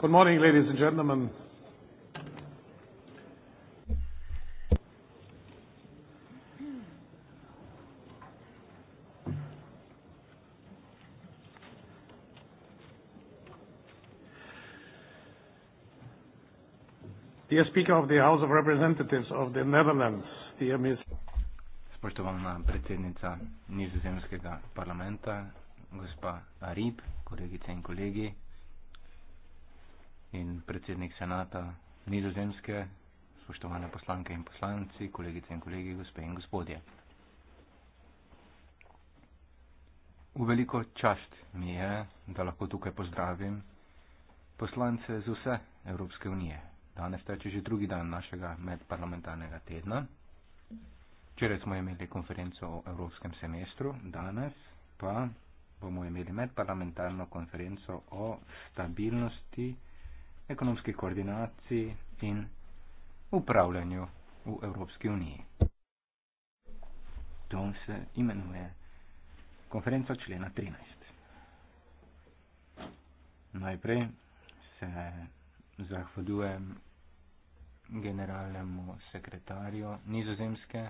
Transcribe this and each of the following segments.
Good morning, ladies and gentlemen. Dear Speaker of the House of Representatives of the Netherlands, dear Ms. Spoštovana predsednica nizozemskega parlamenta, gospa Ariep, kolegice in kolegi, in predsednik senata nizozemske, spoštovane poslanke in poslanci, kolegice in kolegi, gospe in gospodje. V veliko čast mi je, da lahko tukaj pozdravim poslance z vse Evropske unije. Danes teče že drugi dan našega medparlamentarnega tedna. Včeraj smo imeli konferenco o evropskem semestru, danes pa bomo imeli medparlamentarno konferenco o stabilnosti ekonomski koordinaciji in upravljanju v Evropski uniji. To se imenuje konferenca člena 13. Najprej se zahvaljujem generalnemu sekretarju nizozemske,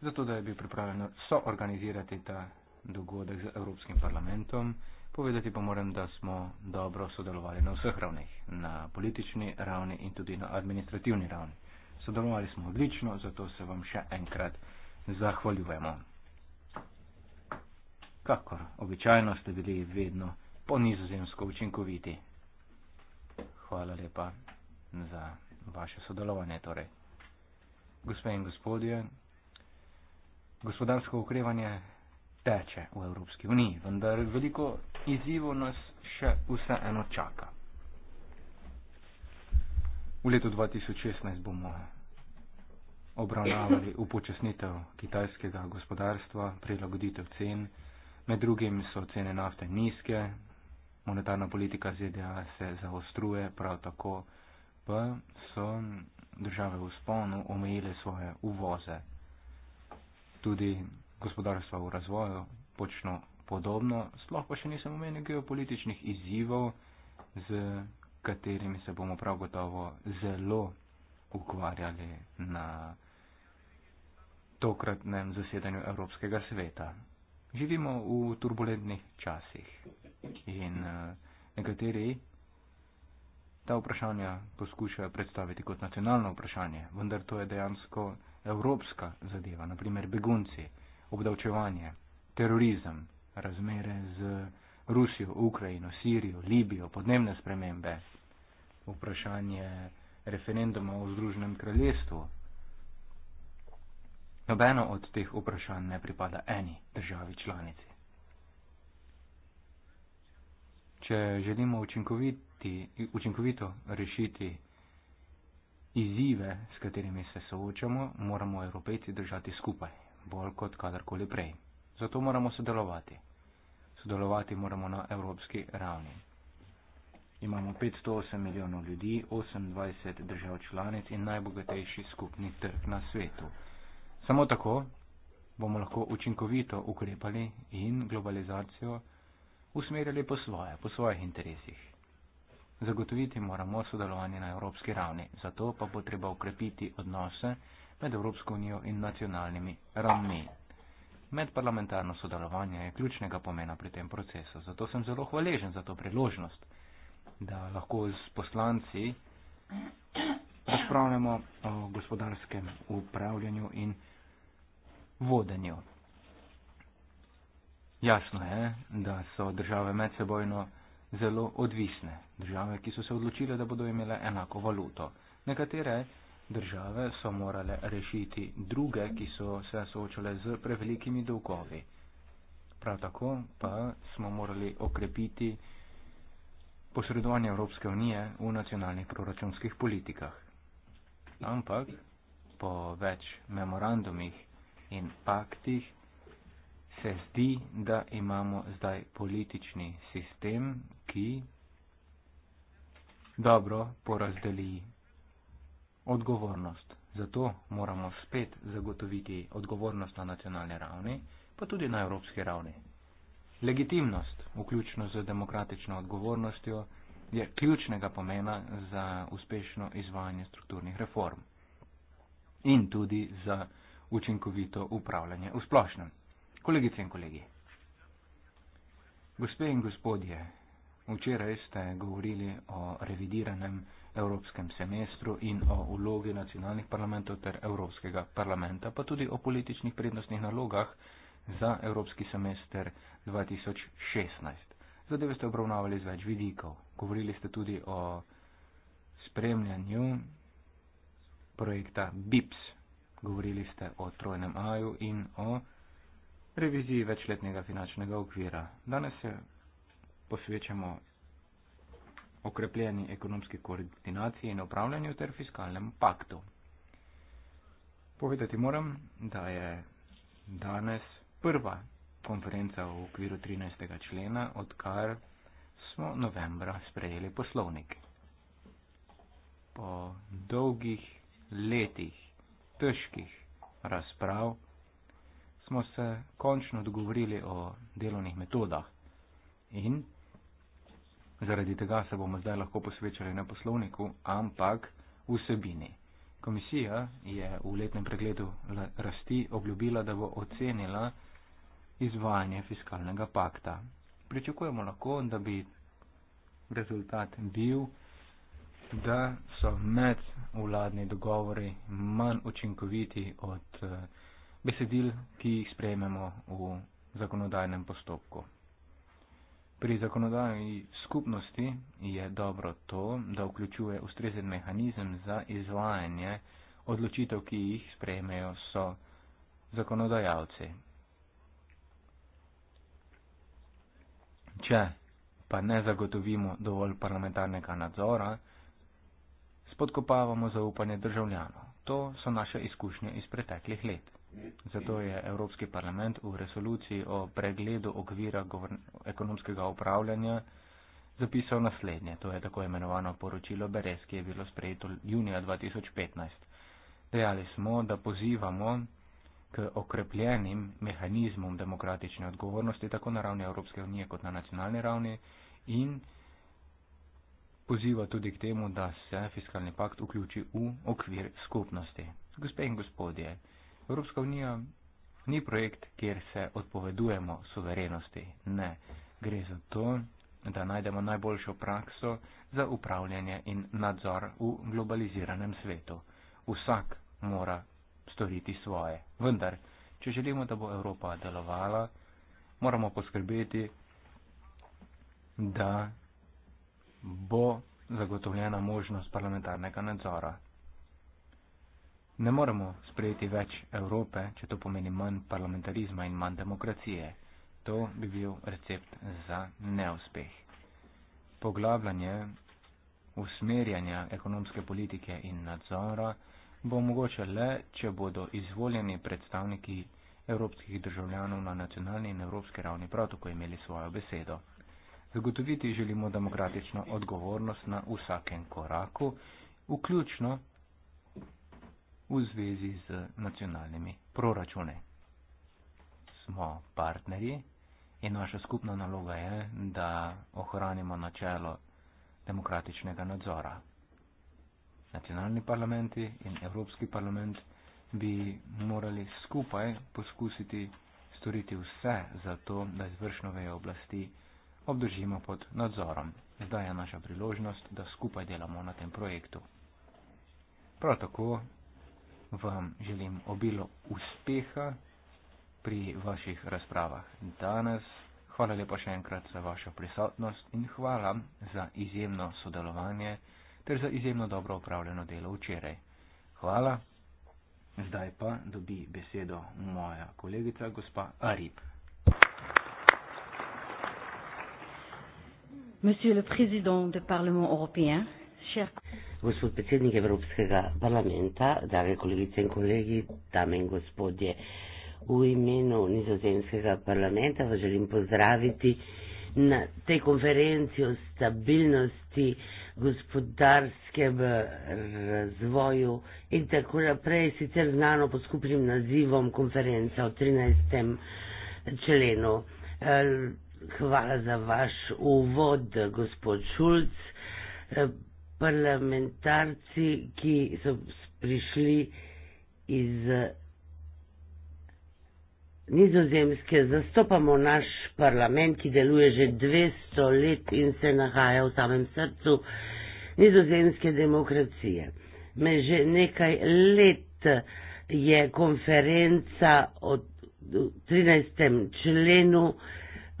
zato da je bil pripravljen soorganizirati ta dogodek z Evropskim parlamentom. Povedati pa moram, da smo dobro sodelovali na vseh ravneh, na politični ravni in tudi na administrativni ravni. Sodelovali smo odlično, zato se vam še enkrat zahvaljujemo. Kakor običajno ste bili vedno po nizozemsko učinkoviti. Hvala lepa za vaše sodelovanje. Torej. Gospe in gospodje, gospodarsko ukrevanje teče v Evropski uniji, vendar veliko izzivov nas še vseeno čaka. V letu 2016 bomo obravnavali upočasnitev kitajskega gospodarstva, prilagoditev cen, med drugim so cene nafte nizke, monetarna politika ZDA se zaostruje, prav tako pa so države v sponu omejile svoje uvoze. Tudi gospodarstva v razvoju počno podobno, sploh pa še nisem omenil geopolitičnih izzivov, z katerimi se bomo prav gotovo zelo ukvarjali na tokratnem zasedanju Evropskega sveta. Živimo v turbulentnih časih in eh, nekateri ta vprašanja poskušajo predstaviti kot nacionalno vprašanje, vendar to je dejansko evropska zadeva, naprimer begunci obdavčevanje, terorizem, razmere z Rusijo, Ukrajino, Sirijo, Libijo, podnebne spremembe, vprašanje referenduma o Združenem kraljestvu. Nobeno od teh vprašanj ne pripada eni državi članici. Če želimo učinkovito rešiti izzive, s katerimi se soočamo, moramo evropejci držati skupaj bolj kot kadarkoli prej. Zato moramo sodelovati. Sodelovati moramo na evropski ravni. Imamo 508 milijonov ljudi, 28 držav članic in najbogatejši skupni trg na svetu. Samo tako bomo lahko učinkovito ukrepali in globalizacijo usmerjali po svoje, po svojih interesih. Zagotoviti moramo sodelovanje na evropski ravni, zato pa bo treba ukrepiti odnose med Evropsko unijo in nacionalnimi ravni. Medparlamentarno sodelovanje je ključnega pomena pri tem procesu, zato sem zelo hvaležen za to priložnost, da lahko s poslanci razpravljamo o gospodarskem upravljanju in vodenju. Jasno je, da so države medsebojno zelo odvisne države, ki so se odločile, da bodo imele enako valuto. Nekatere države so morale rešiti druge, ki so se soočale z prevelikimi dolgovi. Prav tako pa smo morali okrepiti posredovanje Evropske unije v nacionalnih proračunskih politikah. Ampak po več memorandumih in paktih se zdi, da imamo zdaj politični sistem, ki dobro porazdeli. Odgovornost. Zato moramo spet zagotoviti odgovornost na nacionalne ravni, pa tudi na evropski ravni. Legitimnost, vključno z demokratično odgovornostjo, je ključnega pomena za uspešno izvajanje strukturnih reform in tudi za učinkovito upravljanje v splošnem. Kolegice in kolegi, gospe in gospodje, Včeraj ste govorili o revidiranem evropskem semestru in o vlogi nacionalnih parlamentov ter Evropskega parlamenta, pa tudi o političnih prednostnih nalogah za evropski semester 2016. Zadeve ste obravnavali z več vidikov. Govorili ste tudi o spremljanju projekta BIPS. Govorili ste o trojnem aju in o reviziji večletnega finančnega okvira. Danes se posvečamo okrepljeni ekonomski koordinaciji in upravljanju ter fiskalnemu paktu. Povedati moram, da je danes prva konferenca v okviru 13. člena, odkar smo novembra sprejeli poslovnik. Po dolgih letih težkih razprav smo se končno dogovorili o delovnih metodah in Zaradi tega se bomo zdaj lahko posvečali ne poslovniku, ampak vsebini. Komisija je v letnem pregledu rasti obljubila, da bo ocenila izvajanje fiskalnega pakta. Pričakujemo lahko, da bi rezultat bil, da so med vladni dogovori manj učinkoviti od eh, besedil, ki jih sprejmemo v zakonodajnem postopku. Pri zakonodajni skupnosti je dobro to, da vključuje ustrezen mehanizem za izvajanje odločitev, ki jih sprejmejo so zakonodajalci. Če pa ne zagotovimo dovolj parlamentarnega nadzora, spodkopavamo zaupanje državljanov. To so naše izkušnje iz preteklih let. Zato je Evropski parlament v resoluciji o pregledu okvira ekonomskega upravljanja zapisal naslednje. To je tako imenovano poročilo Beres, ki je bilo sprejeto junija 2015. Dejali smo, da pozivamo k okrepljenim mehanizmom demokratične odgovornosti tako na ravni Evropske unije kot na nacionalni ravni in poziva tudi k temu, da se fiskalni pakt vključi v okvir skupnosti. Gospe in gospodje, Evropska unija ni projekt, kjer se odpovedujemo suverenosti. Ne, gre za to, da najdemo najboljšo prakso za upravljanje in nadzor v globaliziranem svetu. Vsak mora storiti svoje. Vendar, če želimo, da bo Evropa delovala, moramo poskrbeti, da bo zagotovljena možnost parlamentarnega nadzora. Ne moremo sprejeti več Evrope, če to pomeni manj parlamentarizma in manj demokracije. To bi bil recept za neuspeh. Poglavljanje usmerjanja ekonomske politike in nadzora bo mogoče le, če bodo izvoljeni predstavniki evropskih državljanov na nacionalni in evropski ravni prav tako imeli svojo besedo. Zagotoviti želimo demokratično odgovornost na vsakem koraku, vključno v zvezi z nacionalnimi proračune. Smo partnerji in naša skupna naloga je, da ohranimo načelo demokratičnega nadzora. Nacionalni parlamenti in Evropski parlament bi morali skupaj poskusiti storiti vse za to, da izvršno vejo oblasti obdržimo pod nadzorom. Zdaj je naša priložnost, da skupaj delamo na tem projektu. Prav tako vam želim obilo uspeha pri vaših razpravah danes. Hvala lepa še enkrat za vašo prisotnost in hvala za izjemno sodelovanje ter za izjemno dobro upravljeno delo včeraj. Hvala. Zdaj pa dobi besedo moja kolegica, gospa Arip. Monsieur le Président du Parlement européen, cher gospod predsednik Evropskega parlamenta, drage kolegice in kolegi, dame in gospodje, v imenu nizozemskega parlamenta vas želim pozdraviti na tej konferenci o stabilnosti, gospodarskem razvoju in tako naprej, sicer znano pod skupnim nazivom konferenca o 13. členu. Hvala za vaš uvod, gospod Šulc parlamentarci, ki so prišli iz nizozemske, zastopamo naš parlament, ki deluje že 200 let in se nahaja v samem srcu nizozemske demokracije. Me že nekaj let je konferenca o 13. členu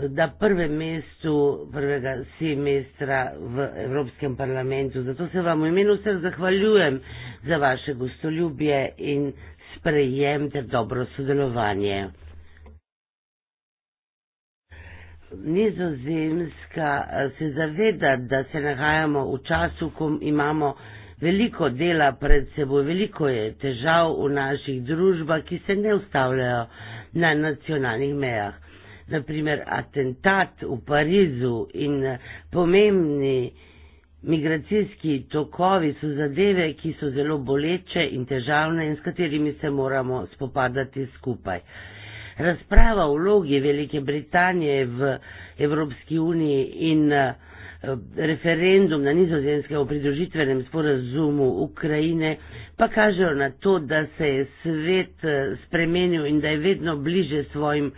da prve mestu, prvega semestra v Evropskem parlamentu. Zato se vam v imenu vseh zahvaljujem za vaše gostoljubje in sprejem ter dobro sodelovanje. Nizozemska eh, se zaveda, da se nahajamo v času, ko imamo veliko dela pred seboj, veliko je težav v naših družbah, ki se ne ustavljajo na nacionalnih mejah naprimer atentat v Parizu in eh, pomembni migracijski tokovi so zadeve, ki so zelo boleče in težavne in s katerimi se moramo spopadati skupaj. Razprava o vlogi Velike Britanije v Evropski uniji in eh, referendum na nizozemskem o pridružitvenem sporazumu Ukrajine pa kažejo na to, da se je svet eh, spremenil in da je vedno bliže svojim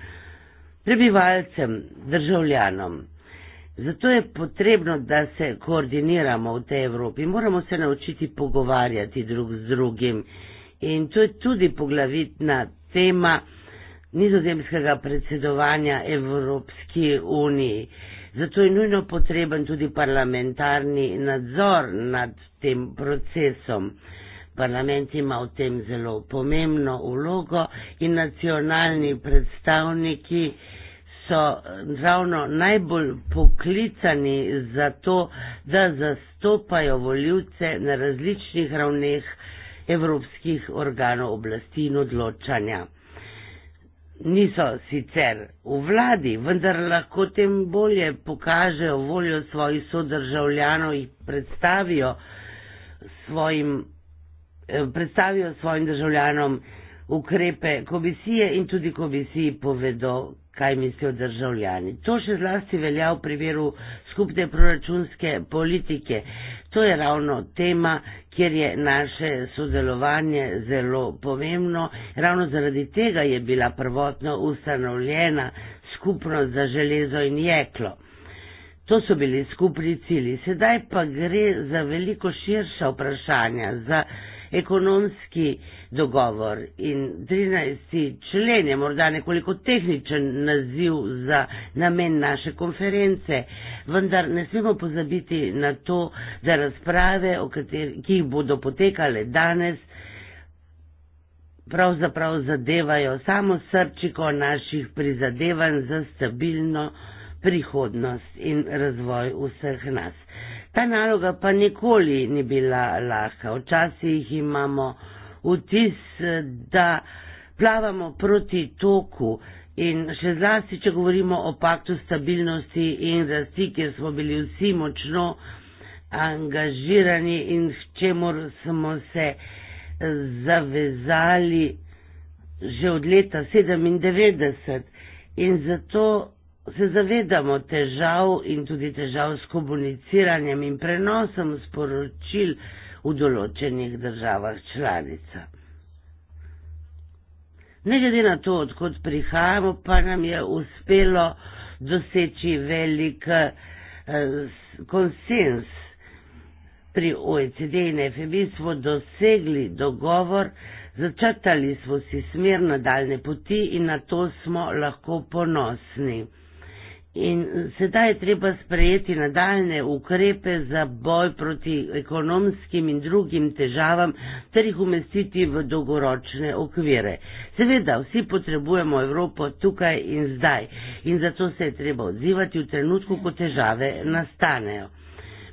prebivalcem, državljanom. Zato je potrebno, da se koordiniramo v tej Evropi. Moramo se naučiti pogovarjati drug z drugim. In to je tudi poglavitna tema nizozemskega predsedovanja Evropski uniji. Zato je nujno potreben tudi parlamentarni nadzor nad tem procesom. Parlament ima v tem zelo pomembno vlogo in nacionalni predstavniki so eh, ravno najbolj poklicani za to, da zastopajo voljivce na različnih ravneh evropskih organov oblasti in odločanja. Niso sicer v vladi, vendar lahko tem bolje pokažejo voljo svojih sodržavljanov in predstavijo svojim Eh, predstavijo svojim državljanom ukrepe komisije in tudi komisiji povedo, kaj mislijo državljani. To še zlasti velja v primeru skupne proračunske politike. To je ravno tema, kjer je naše sodelovanje zelo pomembno. Ravno zaradi tega je bila prvotno ustanovljena skupnost za železo in jeklo. To so bili skupni cili. Sedaj pa gre za veliko širša vprašanja, za ekonomski dogovor in 13. člen je morda nekoliko tehničen naziv za namen naše konference, vendar ne smemo pozabiti na to, da razprave, kateri, ki jih bodo potekale danes, pravzaprav zadevajo samo srčiko naših prizadevanj za stabilno prihodnost in razvoj vseh nas. Ta naloga pa nikoli ni bila lahka. Včasih imamo vtis, da plavamo proti toku in še zlasti, če govorimo o paktu stabilnosti in rasti, kjer smo bili vsi močno angažirani in s čemur smo se zavezali že od leta 97 in zato se zavedamo težav in tudi težav s komuniciranjem in prenosom sporočil v določenih državah članica. Ne glede na to, odkot prihajamo, pa nam je uspelo doseči velik eh, konsens pri OECD in FBI e smo dosegli dogovor, začrtali smo si smer na daljne poti in na to smo lahko ponosni. In sedaj je treba sprejeti nadaljne ukrepe za boj proti ekonomskim in drugim težavam ter jih umestiti v dolgoročne okvire. Seveda, vsi potrebujemo Evropo tukaj in zdaj in zato se je treba odzivati v trenutku, ko težave nastanejo.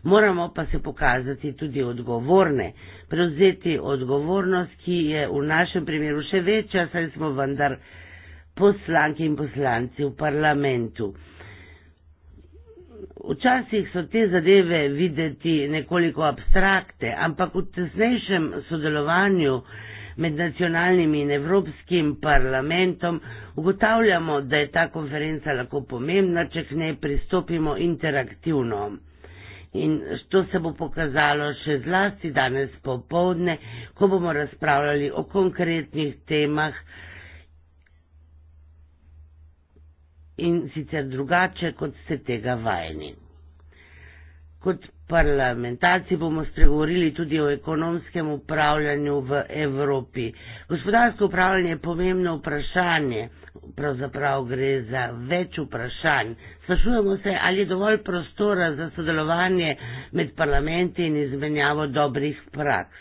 Moramo pa se pokazati tudi odgovorne, prevzeti odgovornost, ki je v našem primeru še večja, saj smo vendar poslanki in poslanci v parlamentu včasih so te zadeve videti nekoliko abstrakte, ampak v tesnejšem sodelovanju med nacionalnim in evropskim parlamentom ugotavljamo, da je ta konferenca lahko pomembna, če k njej pristopimo interaktivno. In to se bo pokazalo še zlasti danes popovdne, ko bomo razpravljali o konkretnih temah, in sicer drugače, kot ste tega vajeni. Kot parlamentarci bomo spregovorili tudi o ekonomskem upravljanju v Evropi. Gospodarsko upravljanje je pomembno vprašanje, pravzaprav gre za več vprašanj. Sprašujemo se, ali je dovolj prostora za sodelovanje med parlamenti in izmenjavo dobrih praks.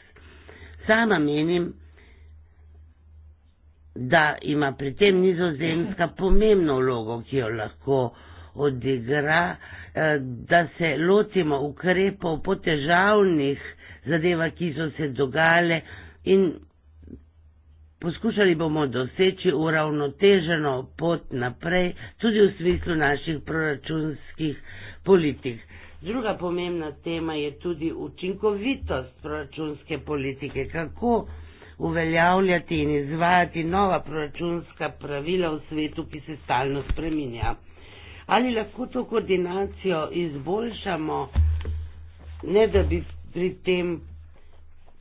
Sama menim, da ima pri tem nizozemska pomembno vlogo, ki jo lahko odigra, eh, da se lotimo ukrepov po težavnih zadevah, ki so se dogajale in poskušali bomo doseči uravnoteženo pot naprej, tudi v smislu naših proračunskih politik. Druga pomembna tema je tudi učinkovitost proračunske politike, kako uveljavljati in izvajati nova proračunska pravila v svetu, ki se stalno spreminja. Ali lahko to koordinacijo izboljšamo, ne da bi pri tem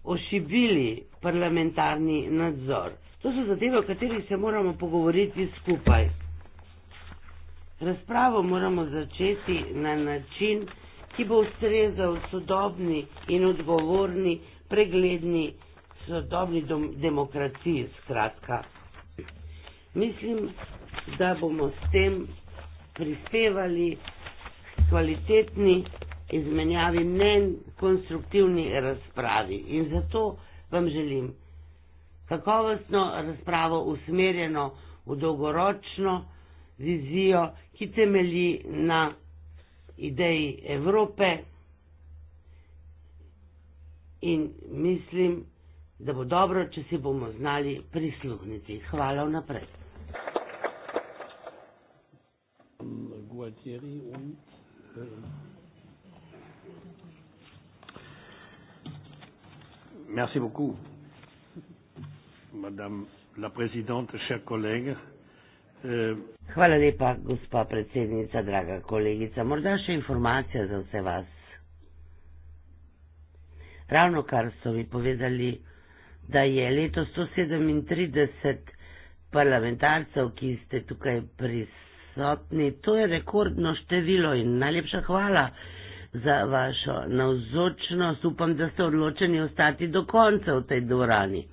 ošibili parlamentarni nadzor? To so zadeve, o katerih se moramo pogovoriti skupaj. Razpravo moramo začeti na način, ki bo ustrezal sodobni in odgovorni pregledni sodobni dom, demokraciji, skratka. Mislim, da bomo s tem prispevali k kvalitetni izmenjavi mnen, konstruktivni razpravi. In zato vam želim kakovostno razpravo usmerjeno v dolgoročno vizijo, ki temelji na ideji Evrope. In mislim, da bo dobro, če si bomo znali prisluhniti. Hvala vnaprej. Äh, merci beaucoup, madame la présidente, chers collègues. Euh, Hvala lepa, gospa predsednica, draga kolegica. Morda še informacija za vse vas. Ravno kar so mi povedali da je leto 137 parlamentarcev, ki ste tukaj prisotni. To je rekordno število in najlepša hvala za vašo navzočnost. Upam, da ste odločeni ostati do konca v tej dvorani.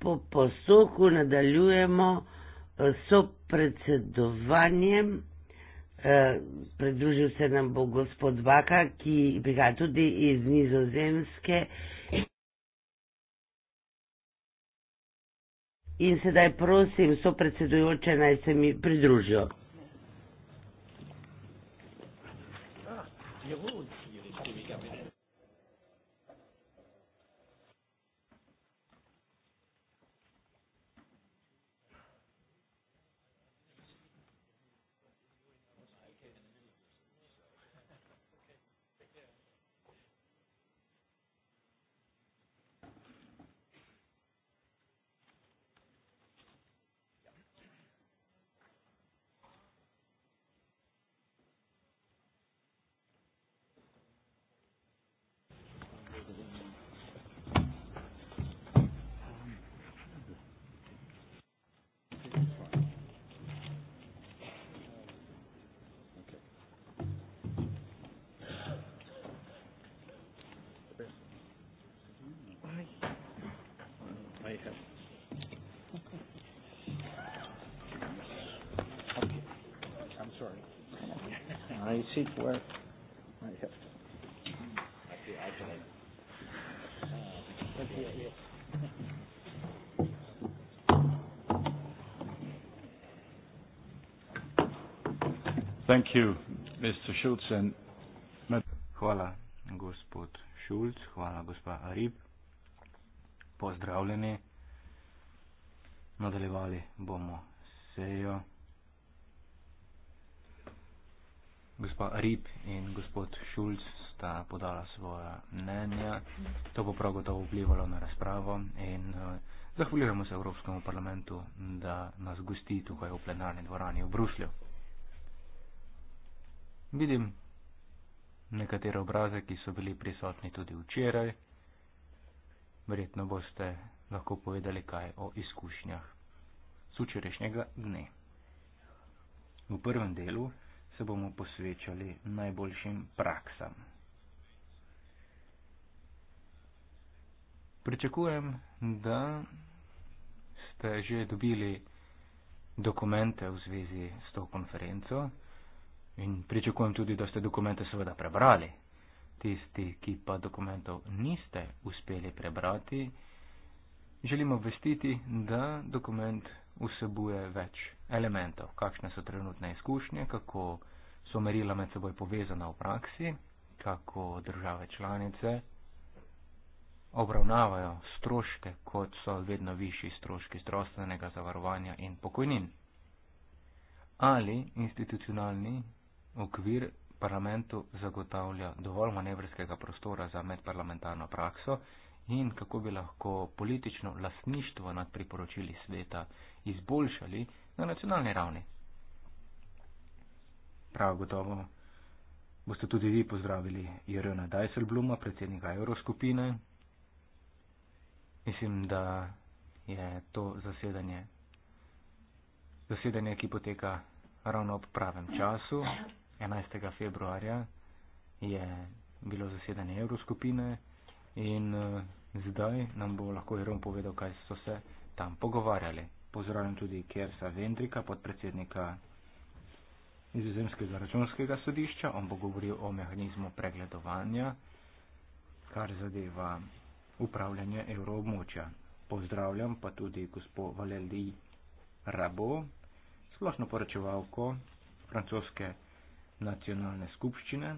Po posluhu nadaljujemo s predsedovanjem. Eh, pridružil se nam bo gospod Vaka, ki prihaja tudi iz Nizozemske. In sedaj prosim, so predsedujoče, naj se mi pridružijo. Thank you, Mr. Schulz and Hvala, gospod Šulc, hvala, gospa Arib. Pozdravljeni. Nadaljevali bomo sejo. Gospa Arib in gospod Šulc sta podala svoja mnenja. To bo prav gotovo vplivalo na razpravo in eh, zahvaljujemo se Evropskemu parlamentu, da nas gosti tukaj v plenarni dvorani v Bruslju. Vidim nekatere obraze, ki so bili prisotni tudi včeraj. Verjetno boste lahko povedali kaj o izkušnjah z včerajšnjega dne. V prvem delu se bomo posvečali najboljšim praksam. Pričakujem, da ste že dobili dokumente v zvezi s to konferenco, In pričakujem tudi, da ste dokumente seveda prebrali. Tisti, ki pa dokumentov niste uspeli prebrati, želimo vestiti, da dokument vsebuje več elementov, kakšne so trenutne izkušnje, kako so merila med seboj povezana v praksi, kako države članice obravnavajo stroške, kot so vedno višji stroški zdravstvenega zavarovanja in pokojnin. Ali institucionalni okvir parlamentu zagotavlja dovolj manevrskega prostora za medparlamentarno prakso in kako bi lahko politično lasništvo nad priporočili sveta izboljšali na nacionalni ravni. Prav gotovo boste tudi vi pozdravili Jorona Dijsselbluma, predsednika Evroskupine. Mislim, da je to zasedanje, zasedanje, ki poteka ravno ob pravem času. 11. februarja je bilo zasedanje Evroskupine in uh, zdaj nam bo lahko Jerom povedal, kaj so se tam pogovarjali. Pozdravljam tudi Kersa Vendrika, podpredsednika izuzemskega računskega sodišča. On bo govoril o mehanizmu pregledovanja, kar zadeva upravljanje evroobmočja. Pozdravljam pa tudi gospo Valeli Rabo, splošno poročevalko francoske nacionalne skupščine.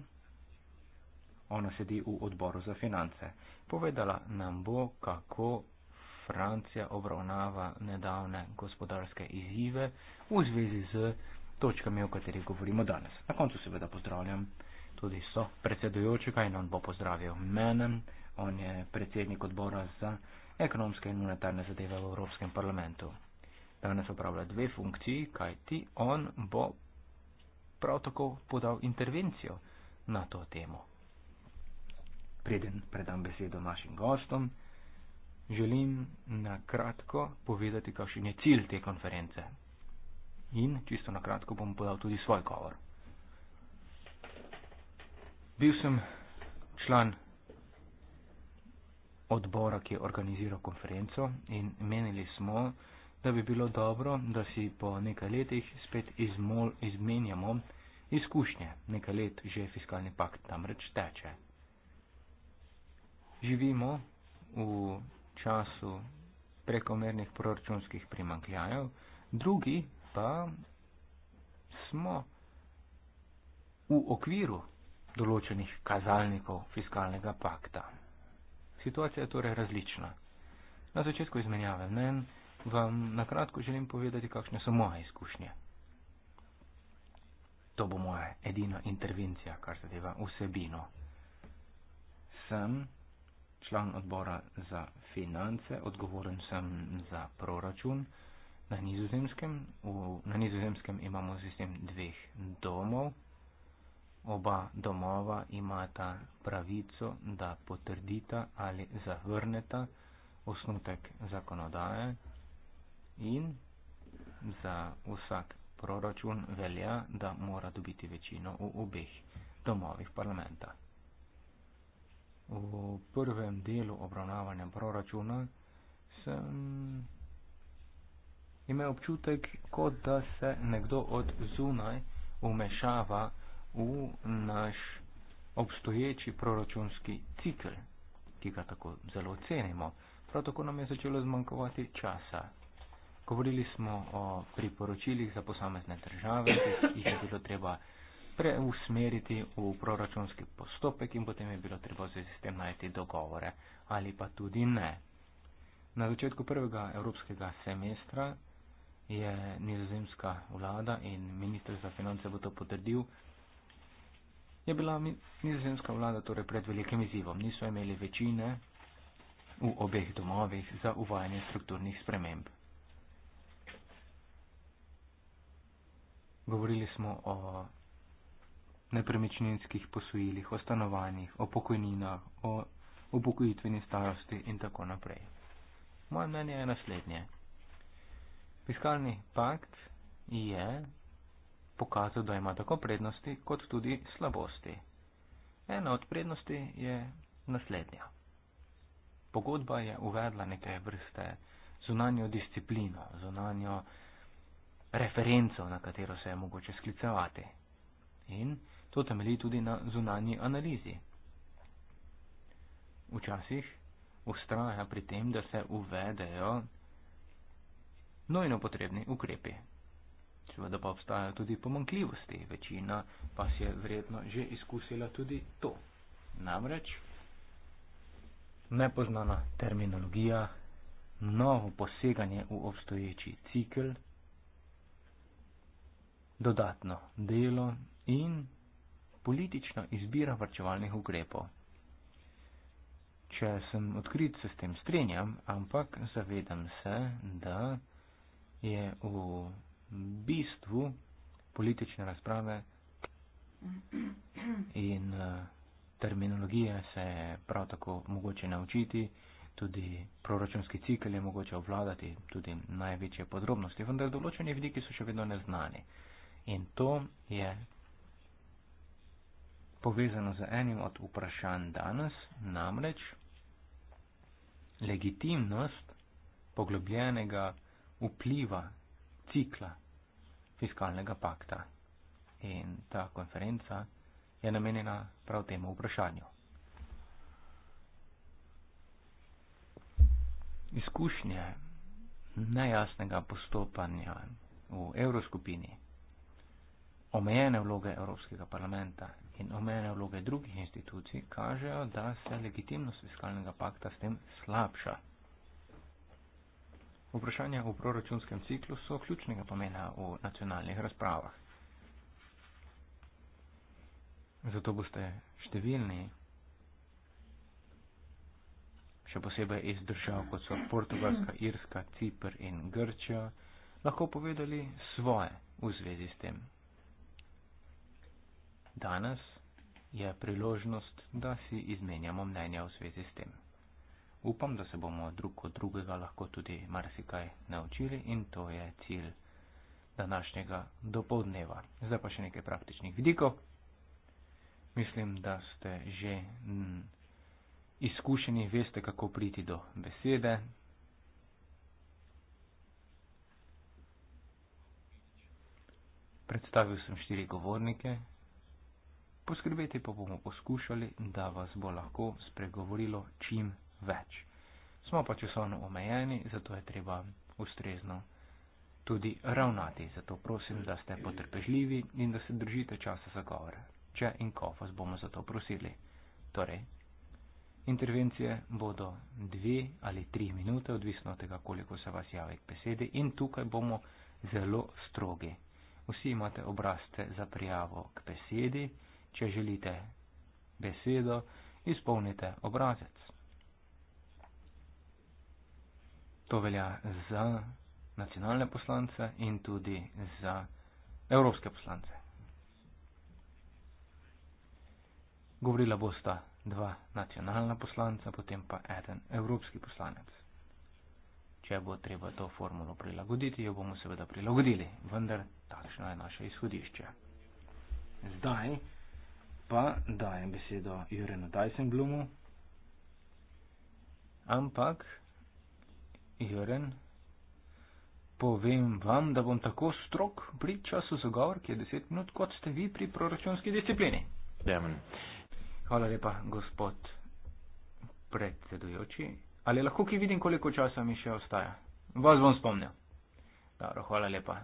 Ona sedi v odboru za finance. Povedala nam bo, kako Francija obravnava nedavne gospodarske izzive v zvezi z točkami, o katerih govorimo danes. Na koncu seveda pozdravljam tudi so predsedujočega in on bo pozdravil mene. On je predsednik odbora za ekonomske in monetarne zadeve v Evropskem parlamentu. Danes opravlja dve funkciji, kajti on bo prav tako podal intervencijo na to temo. Preden predam besedo našim gostom, želim na kratko povedati, kakšen je cilj te konference. In čisto na kratko bom podal tudi svoj govor. Bil sem član odbora, ki je organiziral konferenco in menili smo, da bi bilo dobro, da si po nekaj letih spet izmol, izmenjamo izkušnje. Nekaj let že fiskalni pakt namreč teče. Živimo v času prekomernih proračunskih primankljajev, drugi pa smo v okviru določenih kazalnikov fiskalnega pakta. Situacija je torej različna. Na začetku izmenjave mnen vam na kratko želim povedati, kakšne so moje izkušnje. To bo moja edina intervencija, kar zadeva vsebino. Sem član odbora za finance, odgovoren sem za proračun na nizozemskem. V, na nizozemskem imamo sistem dveh domov. Oba domova imata pravico, da potrdita ali zavrneta osnutek zakonodaje, in za vsak proračun velja, da mora dobiti večino v obeh domovih parlamenta. V prvem delu obravnavanja proračuna sem imel občutek, kot da se nekdo od zunaj umešava v naš obstoječi proračunski cikl, ki ga tako zelo cenimo. Prav tako nam je začelo zmanjkovati časa Govorili smo o priporočilih za posamezne države, ki jih je bilo treba preusmeriti v proračunski postopek in potem je bilo treba za sistem najti dogovore ali pa tudi ne. Na začetku prvega evropskega semestra je nizozemska vlada in ministr za finance bo to potrdil, je bila nizozemska vlada torej pred velikim izzivom. Niso imeli večine v obeh domovih za uvajanje strukturnih sprememb. Govorili smo o nepremičninskih posojilih, o stanovanjih, o pokojninah, o upokojitveni starosti in tako naprej. Moje mnenje je naslednje. Fiskalni pakt je pokazal, da ima tako prednosti kot tudi slabosti. Ena od prednosti je naslednja. Pogodba je uvedla neke vrste zunanjo disciplino, zunanjo disciplino referenco, na katero se je mogoče sklicevati. In to temelji tudi na zunanji analizi. Včasih ustraja pri tem, da se uvedejo nojno potrebni ukrepi. Seveda pa obstajajo tudi pomankljivosti, večina pa si je vredno že izkusila tudi to. Namreč nepoznana terminologija, novo poseganje v obstoječi cikl, dodatno delo in politično izbira vrčevalnih ukrepov. Če sem odkrit, se s tem strinjam, ampak zavedam se, da je v bistvu politične razprave in eh, terminologije se je prav tako mogoče naučiti, tudi proračunski cikl je mogoče obvladati, tudi največje podrobnosti, vendar določeni vidiki so še vedno neznani. In to je povezano z enim od vprašanj danes, namreč legitimnost poglobljenega vpliva cikla fiskalnega pakta. In ta konferenca je namenjena prav temu vprašanju. Izkušnje nejasnega postopanja v evroskupini omejene vloge Evropskega parlamenta in omejene vloge drugih institucij kažejo, da se legitimnost fiskalnega pakta s tem slabša. Vprašanja v proračunskem ciklu so ključnega pomena v nacionalnih razpravah. Zato boste številni, še posebej iz držav, kot so Portugalska, Irska, Cipr in Grčija, lahko povedali svoje v zvezi s tem. Danes je priložnost, da si izmenjamo mnenja v svezi s tem. Upam, da se bomo drug od drugega lahko tudi marsikaj naučili in to je cilj današnjega dopoldneva. Zdaj pa še nekaj praktičnih vidikov. Mislim, da ste že mm, izkušeni, veste, kako priti do besede. Predstavil sem štiri govornike, Poskrbeti pa bomo poskušali, da vas bo lahko spregovorilo čim več. Smo pa časovno omejeni, zato je treba ustrezno tudi ravnati. Zato prosim, da ste potrpežljivi in da se držite časa za govor. Če in ko vas bomo za to prosili. Torej, intervencije bodo dve ali tri minute, odvisno od tega, koliko se vas javi k besedi in tukaj bomo zelo strogi. Vsi imate obraste za prijavo k besedi če želite besedo, izpolnite obrazec. To velja za nacionalne poslance in tudi za evropske poslance. Govorila bosta dva nacionalna poslanca, potem pa eden evropski poslanec. Če bo treba to formulo prilagoditi, jo bomo seveda prilagodili, vendar takšno je naše izhodišče. Zdaj pa dajem besedo Jurenu Dajsenblumu. Ampak, Joren, povem vam, da bom tako strok pri času za govor, ki je 10 minut, kot ste vi pri proračunski disciplini. Demen. Hvala lepa, gospod predsedujoči. Ali lahko ki vidim, koliko časa mi še ostaja? Vas bom spomnil. Dobro, hvala lepa.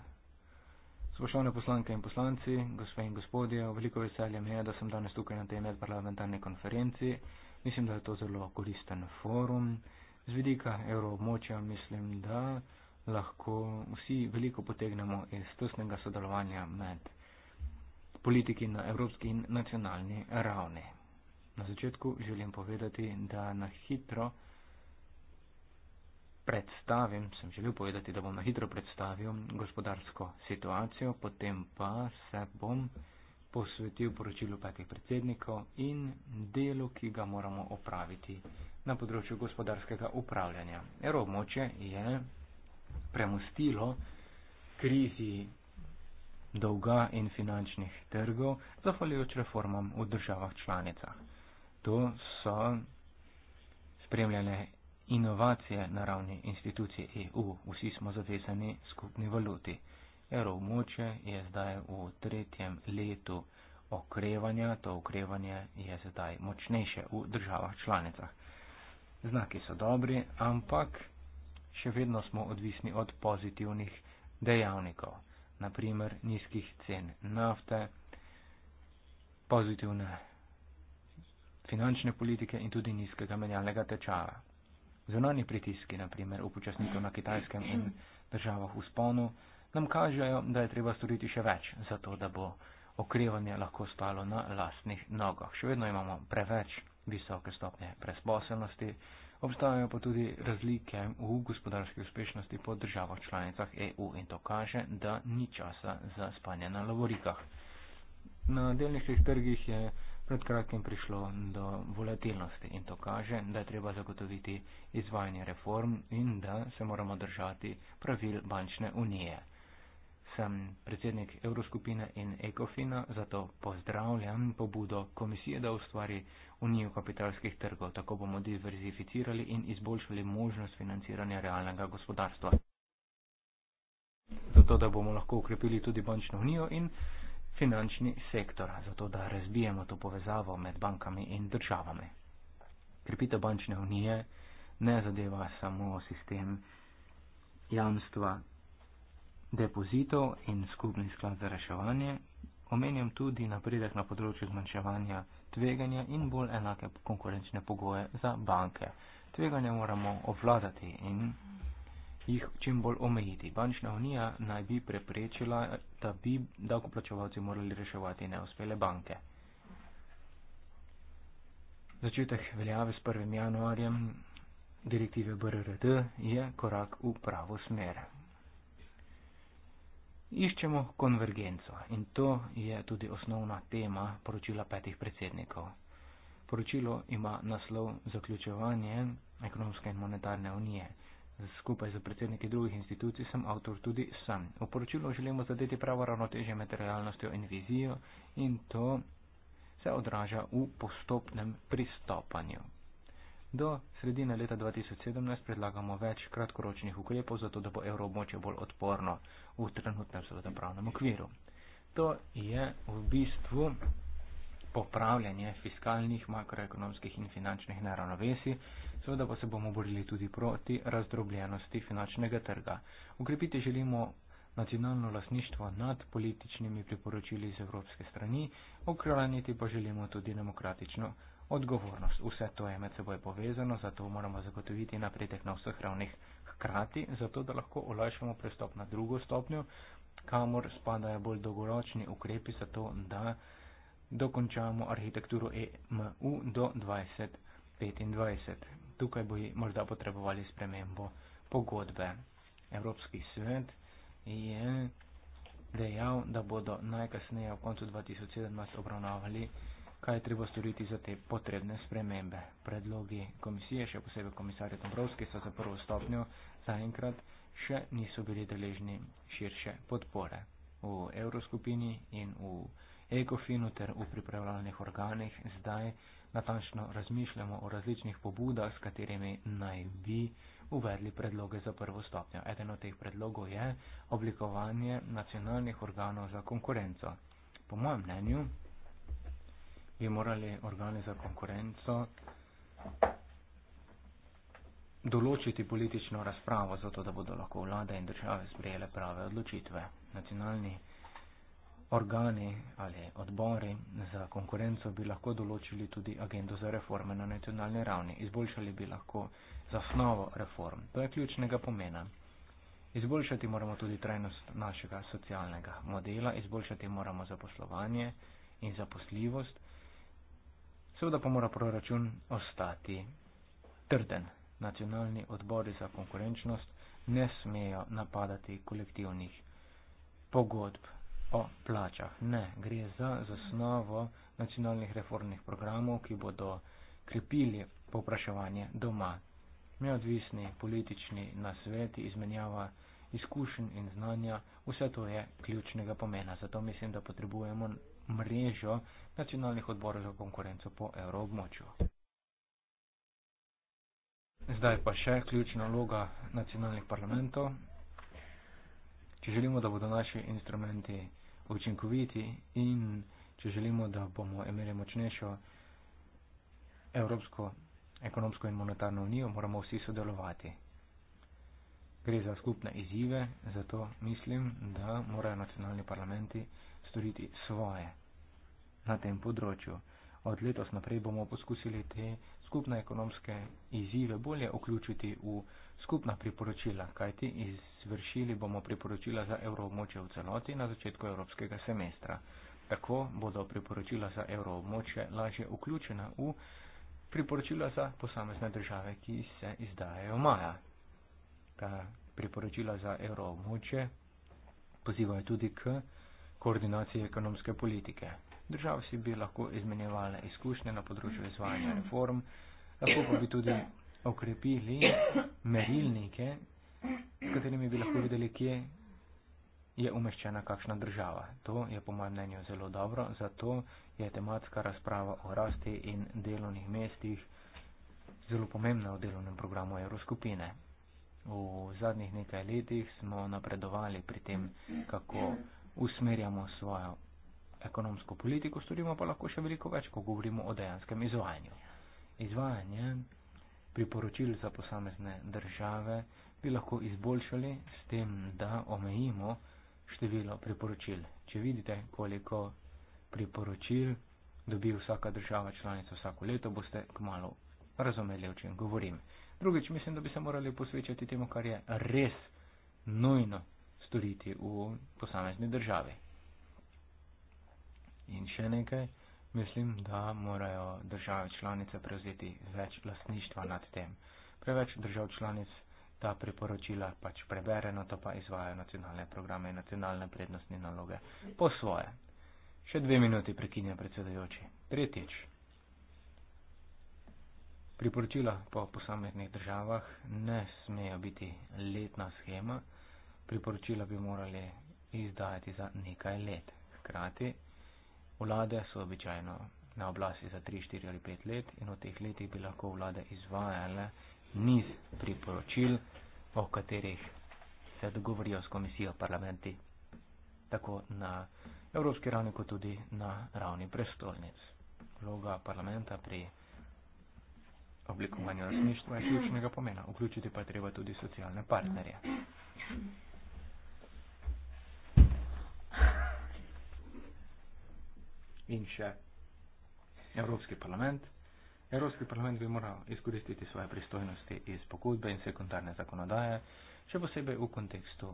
Spoštovane poslanke in poslanci, gospe in gospodje, veliko veselje mi je, da sem danes tukaj na tej medparlamentarni konferenci. Mislim, da je to zelo koristen forum. Z vidika evroobmočja mislim, da lahko vsi veliko potegnemo iz tesnega sodelovanja med politiki na evropski in nacionalni ravni. Na začetku želim povedati, da na hitro predstavim, sem želel povedati, da bom na hitro predstavil gospodarsko situacijo, potem pa se bom posvetil poročilu petih predsednikov in delu, ki ga moramo opraviti na področju gospodarskega upravljanja. Evroobmočje je premustilo krizi dolga in finančnih trgov, zahvaljujoč reformam v državah članicah. To so spremljene inovacije na ravni institucije EU. Vsi smo zavezani skupni valuti. Evroobmočje je zdaj v tretjem letu okrevanja, to okrevanje je zdaj močnejše v državah članicah. Znaki so dobri, ampak še vedno smo odvisni od pozitivnih dejavnikov, naprimer nizkih cen nafte, pozitivne finančne politike in tudi nizkega menjalnega tečaja zunani pritiski, naprimer upočasnitev na kitajskem in državah v sponu, nam kažejo, da je treba storiti še več, zato da bo okrevanje lahko stalo na lastnih nogah. Še vedno imamo preveč visoke stopnje presposobnosti, obstajajo pa tudi razlike v gospodarski uspešnosti po državah članicah EU in to kaže, da ni časa za spanje na lavorikah. Na delničkih trgih je pred kratkim prišlo do volatilnosti in to kaže, da je treba zagotoviti izvajanje reform in da se moramo držati pravil bančne unije. Sem predsednik Evroskupine in Ecofina, zato pozdravljam pobudo komisije, da ustvari unijo kapitalskih trgov. Tako bomo diverzificirali in izboljšali možnost financiranja realnega gospodarstva. Zato, da bomo lahko ukrepili tudi bančno unijo in finančni sektor, zato da razbijemo to povezavo med bankami in državami. Krepitev bančne unije ne zadeva samo sistem jamstva depozitov in skupni sklad za reševanje, omenjam tudi napredek na področju zmanjševanja tveganja in bolj enake konkurenčne pogoje za banke. Tveganja moramo obvladati in jih čim bolj omejiti. Bančna unija naj bi preprečila, da bi davkoplačevalci morali reševati neuspele banke. Začetek veljave s 1. januarjem direktive BRRD je korak v pravo smer. Iščemo konvergenco in to je tudi osnovna tema poročila petih predsednikov. Poročilo ima naslov zaključevanje ekonomske in monetarne unije. Skupaj z predsedniki drugih institucij sem avtor tudi sam. V poročilu želimo zadeti pravo ravnotežje med realnostjo in vizijo in to se odraža v postopnem pristopanju. Do sredine leta 2017 predlagamo več kratkoročnih ukrepov, zato da bo evroobmočje bolj odporno v trenutnem seveda pravnem okviru. To je v bistvu popravljanje fiskalnih, makroekonomskih in finančnih neravnovesij, Seveda pa se bomo borili tudi proti razdrobljenosti finančnega trga. Ukrepiti želimo nacionalno lasništvo nad političnimi priporočili z evropske strani, okraniti pa želimo tudi demokratično odgovornost. Vse to je med seboj povezano, zato moramo zagotoviti napredek na vseh ravnih hkrati, zato da lahko olajšamo prestop na drugo stopnjo, kamor spadajo bolj dolgoročni ukrepi, zato da dokončamo arhitekturo EMU do 2025 tukaj bi morda potrebovali spremembo pogodbe. Evropski svet je dejal, da bodo najkasneje v koncu 2017 obravnavali, kaj je treba storiti za te potrebne spremembe. Predlogi komisije, še posebej komisarja Dombrovski, so za prvo stopnjo zaenkrat še niso bili deležni širše podpore. V evroskupini in v ekofinu ter v pripravljalnih organih zdaj natančno razmišljamo o različnih pobudah, s katerimi naj bi uvedli predloge za prvo stopnjo. Eden od teh predlogov je oblikovanje nacionalnih organov za konkurenco. Po mojem mnenju bi morali organi za konkurenco določiti politično razpravo, zato da bodo lahko vlade in države sprejele prave odločitve. Nacionalni organi ali odbori za konkurenco bi lahko določili tudi agendo za reforme na nacionalni ravni. Izboljšali bi lahko zasnovo reform. To je ključnega pomena. Izboljšati moramo tudi trajnost našega socialnega modela, izboljšati moramo zaposlovanje in zaposljivost. Seveda pa mora proračun ostati trden. Nacionalni odbori za konkurenčnost ne smejo napadati kolektivnih pogodb o plačah. Ne, gre za zasnovo nacionalnih reformnih programov, ki bodo krepili popraševanje doma. Neodvisni politični nasveti, izmenjava izkušenj in znanja, vse to je ključnega pomena. Zato mislim, da potrebujemo mrežo nacionalnih odborov za konkurenco po evroobmočju. Zdaj pa še ključna vloga nacionalnih parlamentov če želimo, da bodo naši instrumenti učinkoviti in če želimo, da bomo imeli močnejšo Evropsko ekonomsko in monetarno unijo, moramo vsi sodelovati. Gre za skupne izzive, zato mislim, da morajo nacionalni parlamenti storiti svoje na tem področju. Od letos naprej bomo poskusili te skupne ekonomske izzive bolje vključiti v skupna priporočila, kajti izvršili bomo priporočila za evroobmočje v celoti na začetku evropskega semestra. Tako bodo priporočila za evroobmočje lažje vključena v priporočila za posamezne države, ki se izdajajo maja. Ta priporočila za evroobmočje pozivajo tudi k koordinaciji ekonomske politike. Države si bi lahko izmenjevale izkušnje na področju izvajanja reform, lahko pa bi tudi okrepili merilnike, s katerimi bi lahko videli, kje je umeščena kakšna država. To je po mojem mnenju zelo dobro, zato je tematska razprava o rasti in delovnih mestih zelo pomembna v delovnem programu Evroskupine. V zadnjih nekaj letih smo napredovali pri tem, kako usmerjamo svojo ekonomsko politiko storimo, pa lahko še veliko več, ko govorimo o dejanskem izvajanju. Izvajanje priporočil za posamezne države bi lahko izboljšali s tem, da omejimo število priporočil. Če vidite, koliko priporočil dobi vsaka država članica vsako leto, boste kmalo razumeli, o čem govorim. Drugič, mislim, da bi se morali posvečati temu, kar je res nujno storiti v posamezni državi. In še nekaj, mislim, da morajo države članice prevzeti več lasništva nad tem. Preveč držav članic ta priporočila pač prebere, na to pa izvajo nacionalne programe in nacionalne prednostne naloge po svoje. Še dve minuti prekinja predsedajoči. Tretjič. Priporočila po posameznih državah ne smejo biti letna schema, priporočila bi morali izdajati za nekaj let. Hkrati Vlade so običajno na oblasti za 3, 4 ali 5 let in v teh letih bi lahko vlade izvajale niz priporočil, o katerih se dogovorijo s komisijo parlamenti, tako na evropski ravni, kot tudi na ravni prestolnic. Vloga parlamenta pri oblikovanju lasništva je ključnega pomena, vključiti pa je treba tudi socialne partnerje. in še Evropski parlament. Evropski parlament bi moral izkoristiti svoje pristojnosti iz pogodbe in sekundarne zakonodaje, še posebej v kontekstu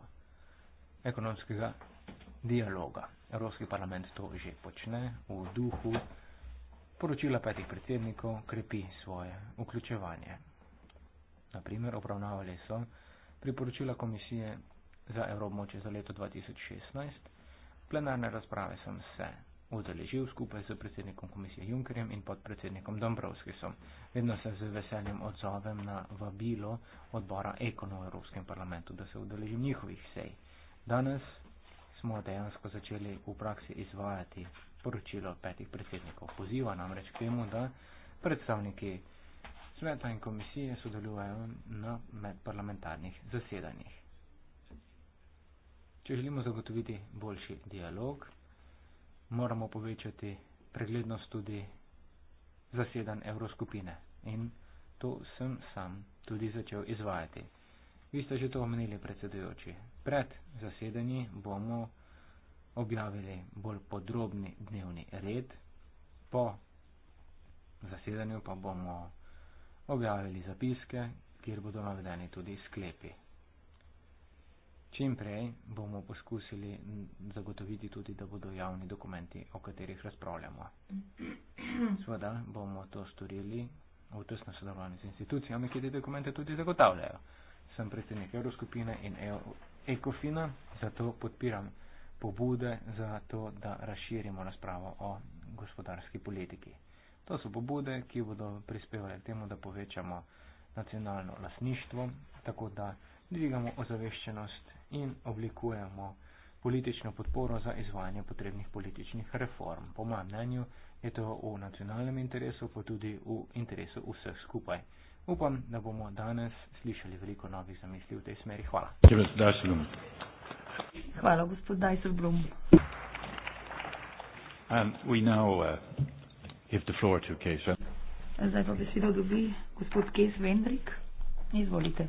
ekonomskega dialoga. Evropski parlament to že počne v duhu poročila petih predsednikov, krepi svoje vključevanje. Naprimer, obravnavali so priporočila komisije za Evropmoče za leto 2016, plenarne razprave sem se udeležil skupaj s predsednikom komisije Junkerjem in podpredsednikom Dombrovskisom. Vedno se z veseljem odzovem na vabilo odbora Ekono v Evropskem parlamentu, da se udeležim njihovih sej. Danes smo dejansko začeli v praksi izvajati poročilo petih predsednikov. Poziva namreč k temu, da predstavniki sveta in komisije sodelujejo na medparlamentarnih zasedanjih. Če želimo zagotoviti boljši dialog, moramo povečati preglednost tudi zasedan evroskupine. In to sem sam tudi začel izvajati. Vi ste že to omenili, predsedujoči. Pred zasedanji bomo objavili bolj podrobni dnevni red, po zasedanju pa bomo objavili zapiske, kjer bodo navedeni tudi sklepi. Čim prej bomo poskusili zagotoviti tudi, da bodo javni dokumenti, o katerih razpravljamo. Sveda bomo to storili v tesno sodelovanju z institucijami, ki te dokumente tudi zagotavljajo. Sem predsednik Evroskupine in e-, Ekofina, zato podpiram pobude za to, da razširimo razpravo o gospodarski politiki. To so pobude, ki bodo prispevali k temu, da povečamo nacionalno lasništvo, tako da dvigamo ozaveščenost in oblikujemo politično podporo za izvajanje potrebnih političnih reform. Po mojem mnenju je to v nacionalnem interesu, pa tudi v interesu vseh skupaj. Upam, da bomo danes slišali veliko novih zamisli v tej smeri. Hvala. Hvala, gospod Dajselblom. Um, uh, Zdaj pa besedo dobi gospod Kes Vendrik. Izvolite.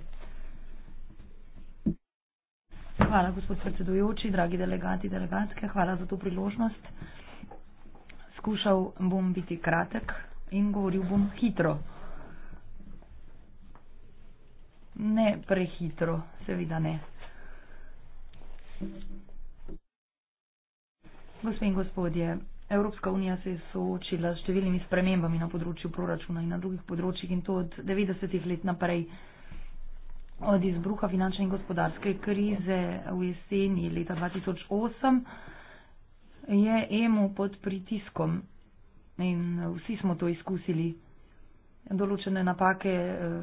Hvala, gospod predsedujoči, dragi delegati, delegatke, hvala za to priložnost. Skušal bom biti kratek in govoril bom hitro. Ne prehitro, seveda ne. Gospe in gospodje, Evropska unija se je soočila s številnimi spremembami na področju proračuna in na drugih področjih in to od 90-ih let naprej od izbruha finančne in gospodarske krize v jeseni leta 2008 je EMU pod pritiskom in vsi smo to izkusili. Določene napake eh,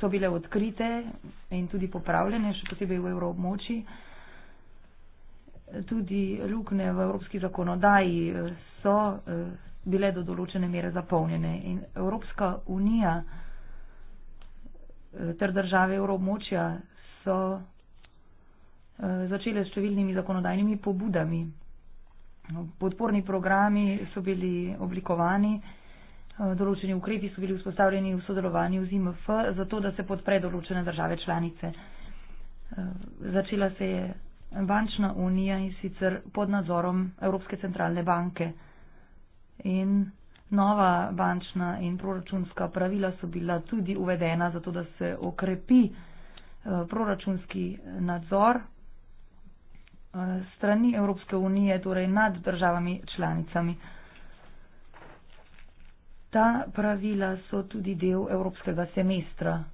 so bile odkrite in tudi popravljene, še posebej v evroobmoči. Tudi rukne v evropski zakonodaji eh, so eh, bile do določene mere zapolnjene in Evropska unija Eh, ter države evroobmočja so eh, začele s številnimi zakonodajnimi pobudami. Podporni programi so bili oblikovani, eh, določeni ukrepi so bili vzpostavljeni v sodelovanju z IMF, zato da se podpre določene države članice. Začela se je bančna unija in sicer pod nadzorom Evropske centralne banke. In Nova bančna in proračunska pravila so bila tudi uvedena zato, da se okrepi eh, proračunski nadzor eh, strani Evropske unije, torej nad državami članicami. Ta pravila so tudi del evropskega semestra.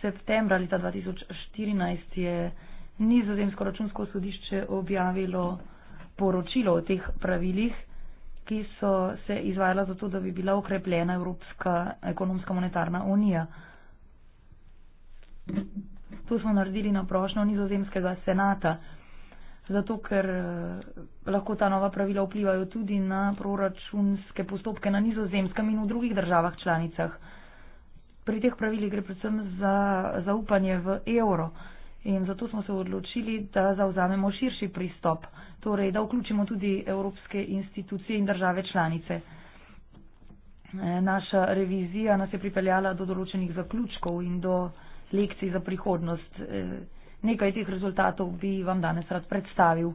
Septembra leta 2014 je nizozemsko računsko sodišče objavilo poročilo o teh pravilih ki so se izvajala zato, da bi bila okrepljena Evropska ekonomska monetarna unija. To smo naredili na prošnjo nizozemskega senata, zato ker eh, lahko ta nova pravila vplivajo tudi na proračunske postopke na nizozemskem in v drugih državah članicah. Pri teh pravilih gre predvsem za zaupanje v evro. In zato smo se odločili, da zauzamemo širši pristop, torej da vključimo tudi evropske institucije in države članice. E, naša revizija nas je pripeljala do določenih zaključkov in do lekcij za prihodnost. E, nekaj teh rezultatov bi vam danes rad predstavil.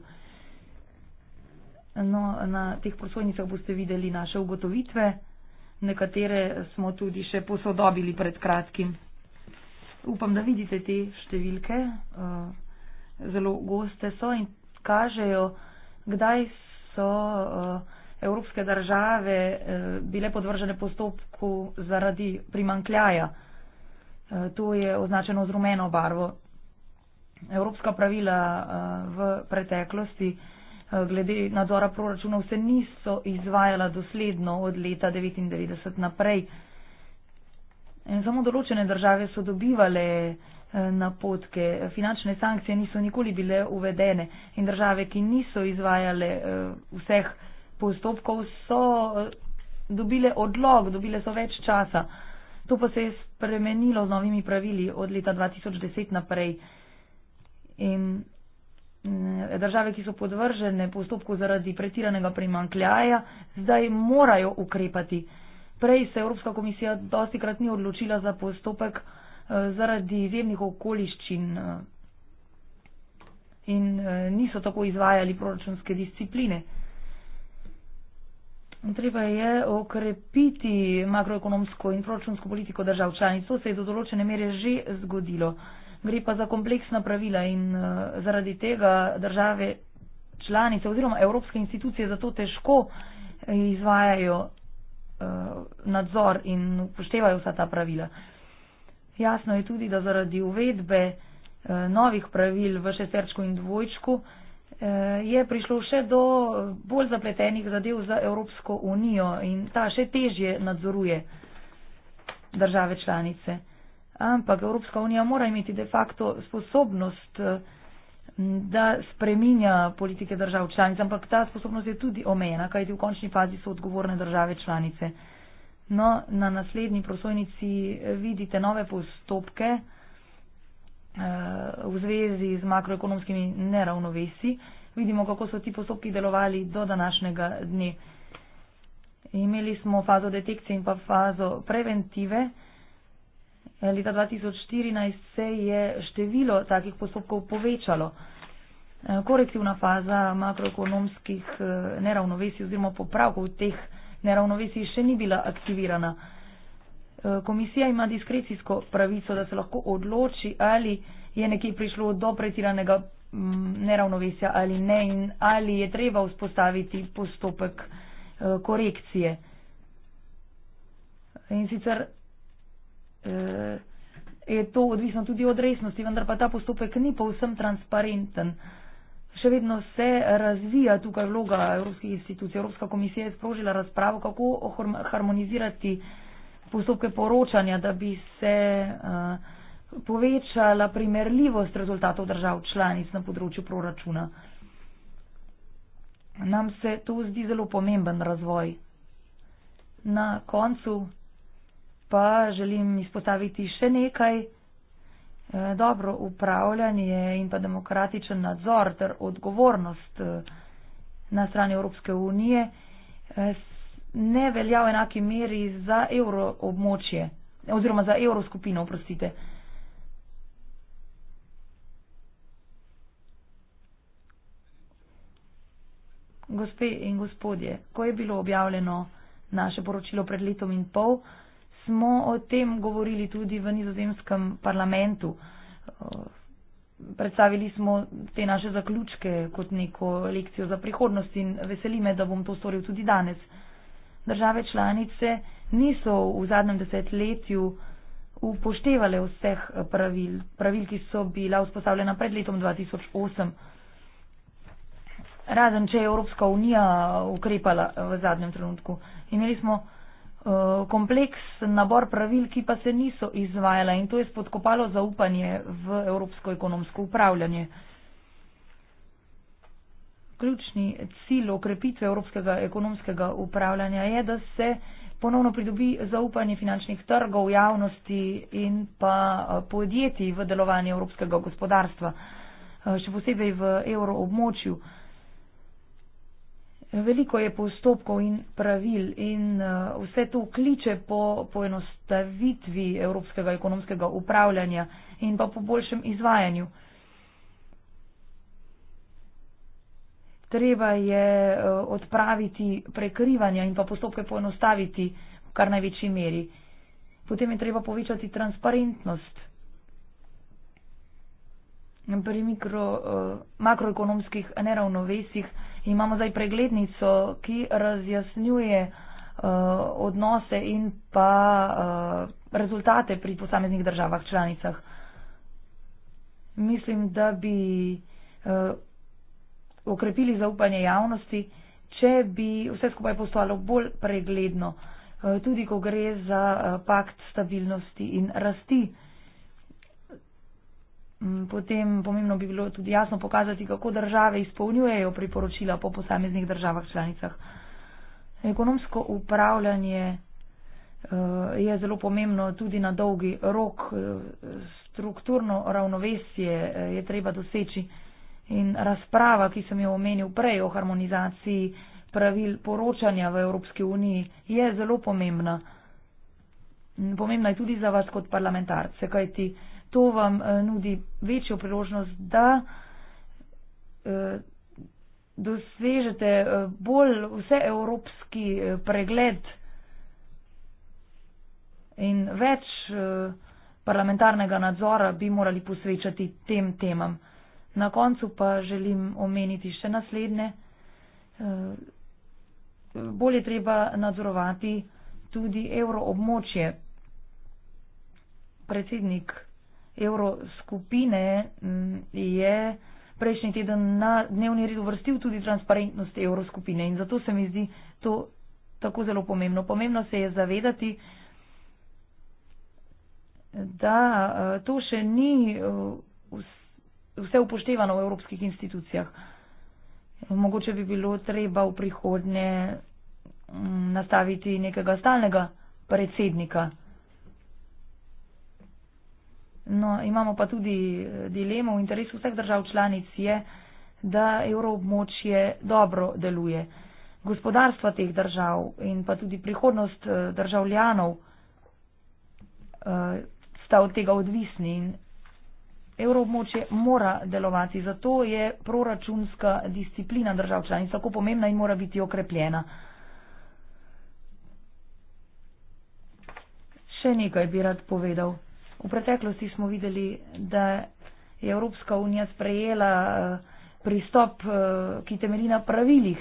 No, na teh prosojnicah boste videli naše ugotovitve, nekatere smo tudi še posodobili pred kratkim upam, da vidite te številke, eh, zelo goste so in kažejo, kdaj so eh, evropske države eh, bile podvržene postopku zaradi primankljaja. To je označeno z rumeno barvo. Evropska pravila v preteklosti glede nadzora proračunov se niso izvajala dosledno od leta 1999 naprej. In samo določene države so dobivale eh, napotke, finančne sankcije niso nikoli bile uvedene in države, ki niso izvajale eh, vseh postopkov, so eh, dobile odlog, dobile so več časa. To pa se je spremenilo z novimi pravili od leta 2010 naprej. In mm, države, ki so podvržene postopku zaradi pretiranega primankljaja, zdaj morajo ukrepati. Prej se Evropska komisija dosti krat ni odločila za postopek eh, zaradi izjemnih okoliščin eh, in eh, niso tako izvajali proračunske discipline. Treba je okrepiti makroekonomsko in proračunsko politiko držav članic. To se je do določene mere že zgodilo. Gre pa za kompleksna pravila in zaradi tega države članice oziroma evropske institucije zato težko izvajajo Eh, nadzor in upoštevajo vsa ta pravila. Jasno je tudi, da zaradi uvedbe eh, novih pravil v šesterčku in dvojčku eh, je prišlo še do bolj zapletenih zadev za Evropsko unijo in ta še težje nadzoruje države članice. Ampak Evropska unija mora imeti de facto sposobnost da spreminja politike držav članic, ampak ta sposobnost je tudi omejena, kajti v končni fazi so odgovorne države članice. No, na naslednji prosojnici vidite nove postopke eh, v zvezi z makroekonomskimi neravnovesi. Vidimo, kako so ti postopki delovali do današnjega dne. Imeli smo fazo detekcije in pa fazo preventive. Leta 2014 se je število takih postopkov povečalo. Eh, korektivna faza makroekonomskih eh, neravnovesij oziroma popravkov teh neravnovesij še ni bila aktivirana. Eh, komisija ima diskrecijsko pravico, da se lahko odloči, ali je nekje prišlo do pretiranega mm, neravnovesja ali ne in ali je treba vzpostaviti postopek korekcije. In sicer Eh, je to odvisno tudi od resnosti, vendar pa ta postopek ni povsem transparenten. Še vedno se razvija tukaj vloga Evropskih institucij. Evropska komisija je sprožila razpravo, kako harmonizirati postopke poročanja, da bi se uh, povečala primerljivost rezultatov držav članic na področju proračuna. Nam se to zdi zelo pomemben razvoj. Na koncu pa želim izpostaviti še nekaj. E, dobro upravljanje in pa demokratičen nadzor ter odgovornost e, na strani Evropske unije e, ne velja v enaki meri za evro območje oziroma za evro skupino, oprostite. Gospe in gospodje, ko je bilo objavljeno naše poročilo pred letom in pol, smo o tem govorili tudi v nizozemskem parlamentu. Predstavili smo te naše zaključke kot neko lekcijo za prihodnost in veseli me, da bom to storil tudi danes. Države članice niso v zadnjem desetletju upoštevale vseh pravil, pravil, ki so bila vzpostavljena pred letom 2008. Razen, če je Evropska unija ukrepala v zadnjem trenutku. Imeli smo Eh, kompleksen nabor pravil, ki pa se niso izvajala in to je spodkopalo zaupanje v evropsko ekonomsko upravljanje. Ključni cilj okrepitve evropskega ekonomskega upravljanja je, da se ponovno pridobi zaupanje finančnih trgov, javnosti in pa eh, podjetij v delovanje evropskega gospodarstva, eh, še posebej v evroobmočju. Veliko je postopkov in pravil in uh, vse to kliče po poenostavitvi evropskega ekonomskega upravljanja in pa po boljšem izvajanju. Treba je uh, odpraviti prekrivanja in pa postopke poenostaviti v kar največji meri. Potem je treba povečati transparentnost pri mikro, eh, makroekonomskih neravnovesjih. Imamo zdaj preglednico, ki razjasnjuje eh, odnose in pa eh, rezultate pri posameznih državah članicah. Mislim, da bi okrepili zaupanje javnosti, če bi vse skupaj postalo bolj pregledno, tudi ko gre za pakt stabilnosti in rasti. Mm, potem pomembno bi bilo tudi jasno pokazati, kako države izpolnjujejo priporočila po posameznih državah članicah. Ekonomsko upravljanje eh, je zelo pomembno tudi na dolgi rok. Eh, strukturno ravnovesje eh, je treba doseči in razprava, ki sem jo omenil prej o harmonizaciji pravil poročanja v Evropski uniji, je zelo pomembna. Mm, pomembna je tudi za vas kot parlamentarce, kajti to vam uh, nudi večjo priložnost, da uh, dosežete uh, bolj vseevropski uh, pregled in več uh, parlamentarnega nadzora bi morali posvečati tem temam. Na koncu pa želim omeniti še naslednje. Bolje treba nadzorovati tudi evroobmočje. Predsednik evroskupine mm, je prejšnji teden na dnevni red uvrstil tudi transparentnost evroskupine in zato se mi zdi to tako zelo pomembno. Pomembno se je zavedati, da e, to še ni e, vse upoštevano v evropskih institucijah. Mogoče bi bilo treba v prihodnje nastaviti nekega stalnega predsednika. No, imamo pa tudi eh, dilemo v interesu vseh držav članic je, da evroobmočje dobro deluje. Gospodarstva teh držav in pa tudi prihodnost eh, državljanov eh, sta od tega odvisni in evroobmočje mora delovati. Zato je proračunska disciplina držav članic tako pomembna in mora biti okrepljena. Še nekaj bi rad povedal. V preteklosti smo videli, da je Evropska unija sprejela eh, pristop, eh, ki temelji na pravilih.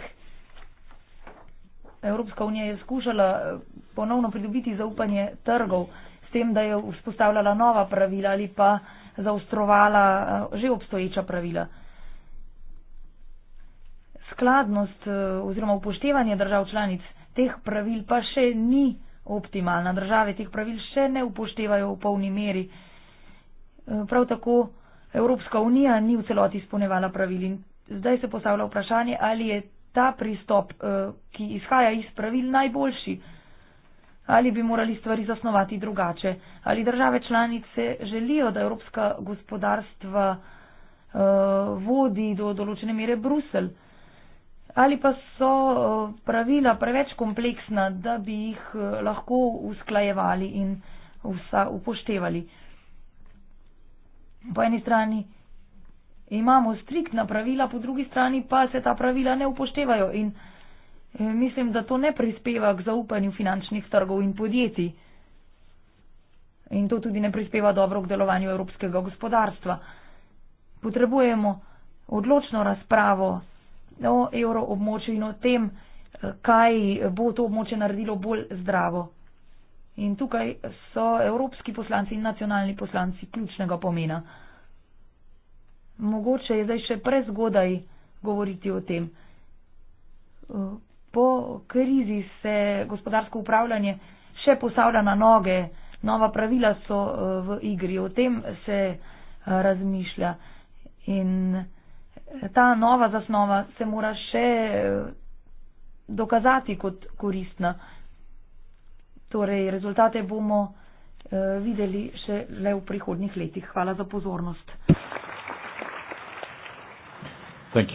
Evropska unija je skušala eh, ponovno pridobiti zaupanje trgov s tem, da je vzpostavljala nova pravila ali pa zaostrovala že obstoječa pravila. Skladnost oziroma upoštevanje držav članic teh pravil pa še ni optimalna. Države teh pravil še ne upoštevajo v polni meri. Eh, prav tako Evropska unija ni v celoti izpolnevala pravil in zdaj se postavlja vprašanje, ali je ta pristop, eh, ki izhaja iz pravil, najboljši. Ali bi morali stvari zasnovati drugače? Ali države članice želijo, da evropska gospodarstva uh, vodi do določene mere Bruselj? ali pa so eh, pravila preveč kompleksna, da bi jih eh, lahko usklajevali in vsa upoštevali. Po eni strani imamo striktna pravila, po drugi strani pa se ta pravila ne upoštevajo in eh, mislim, da to ne prispeva k zaupanju finančnih trgov in podjetij. In to tudi ne prispeva dobro k delovanju evropskega gospodarstva. Potrebujemo odločno razpravo o evro območju in o tem, eh, kaj bo to območje naredilo bolj zdravo. In tukaj so evropski poslanci in nacionalni poslanci ključnega pomena. Mogoče je zdaj še prezgodaj govoriti o tem. Eh, po krizi se gospodarsko upravljanje še postavlja na noge, nova pravila so eh, v igri, o tem se razmišlja. In ta nova zasnova se mora še eh, dokazati kot koristna. Torej, rezultate bomo eh, videli še le v prihodnjih letih. Hvala za pozornost. Um,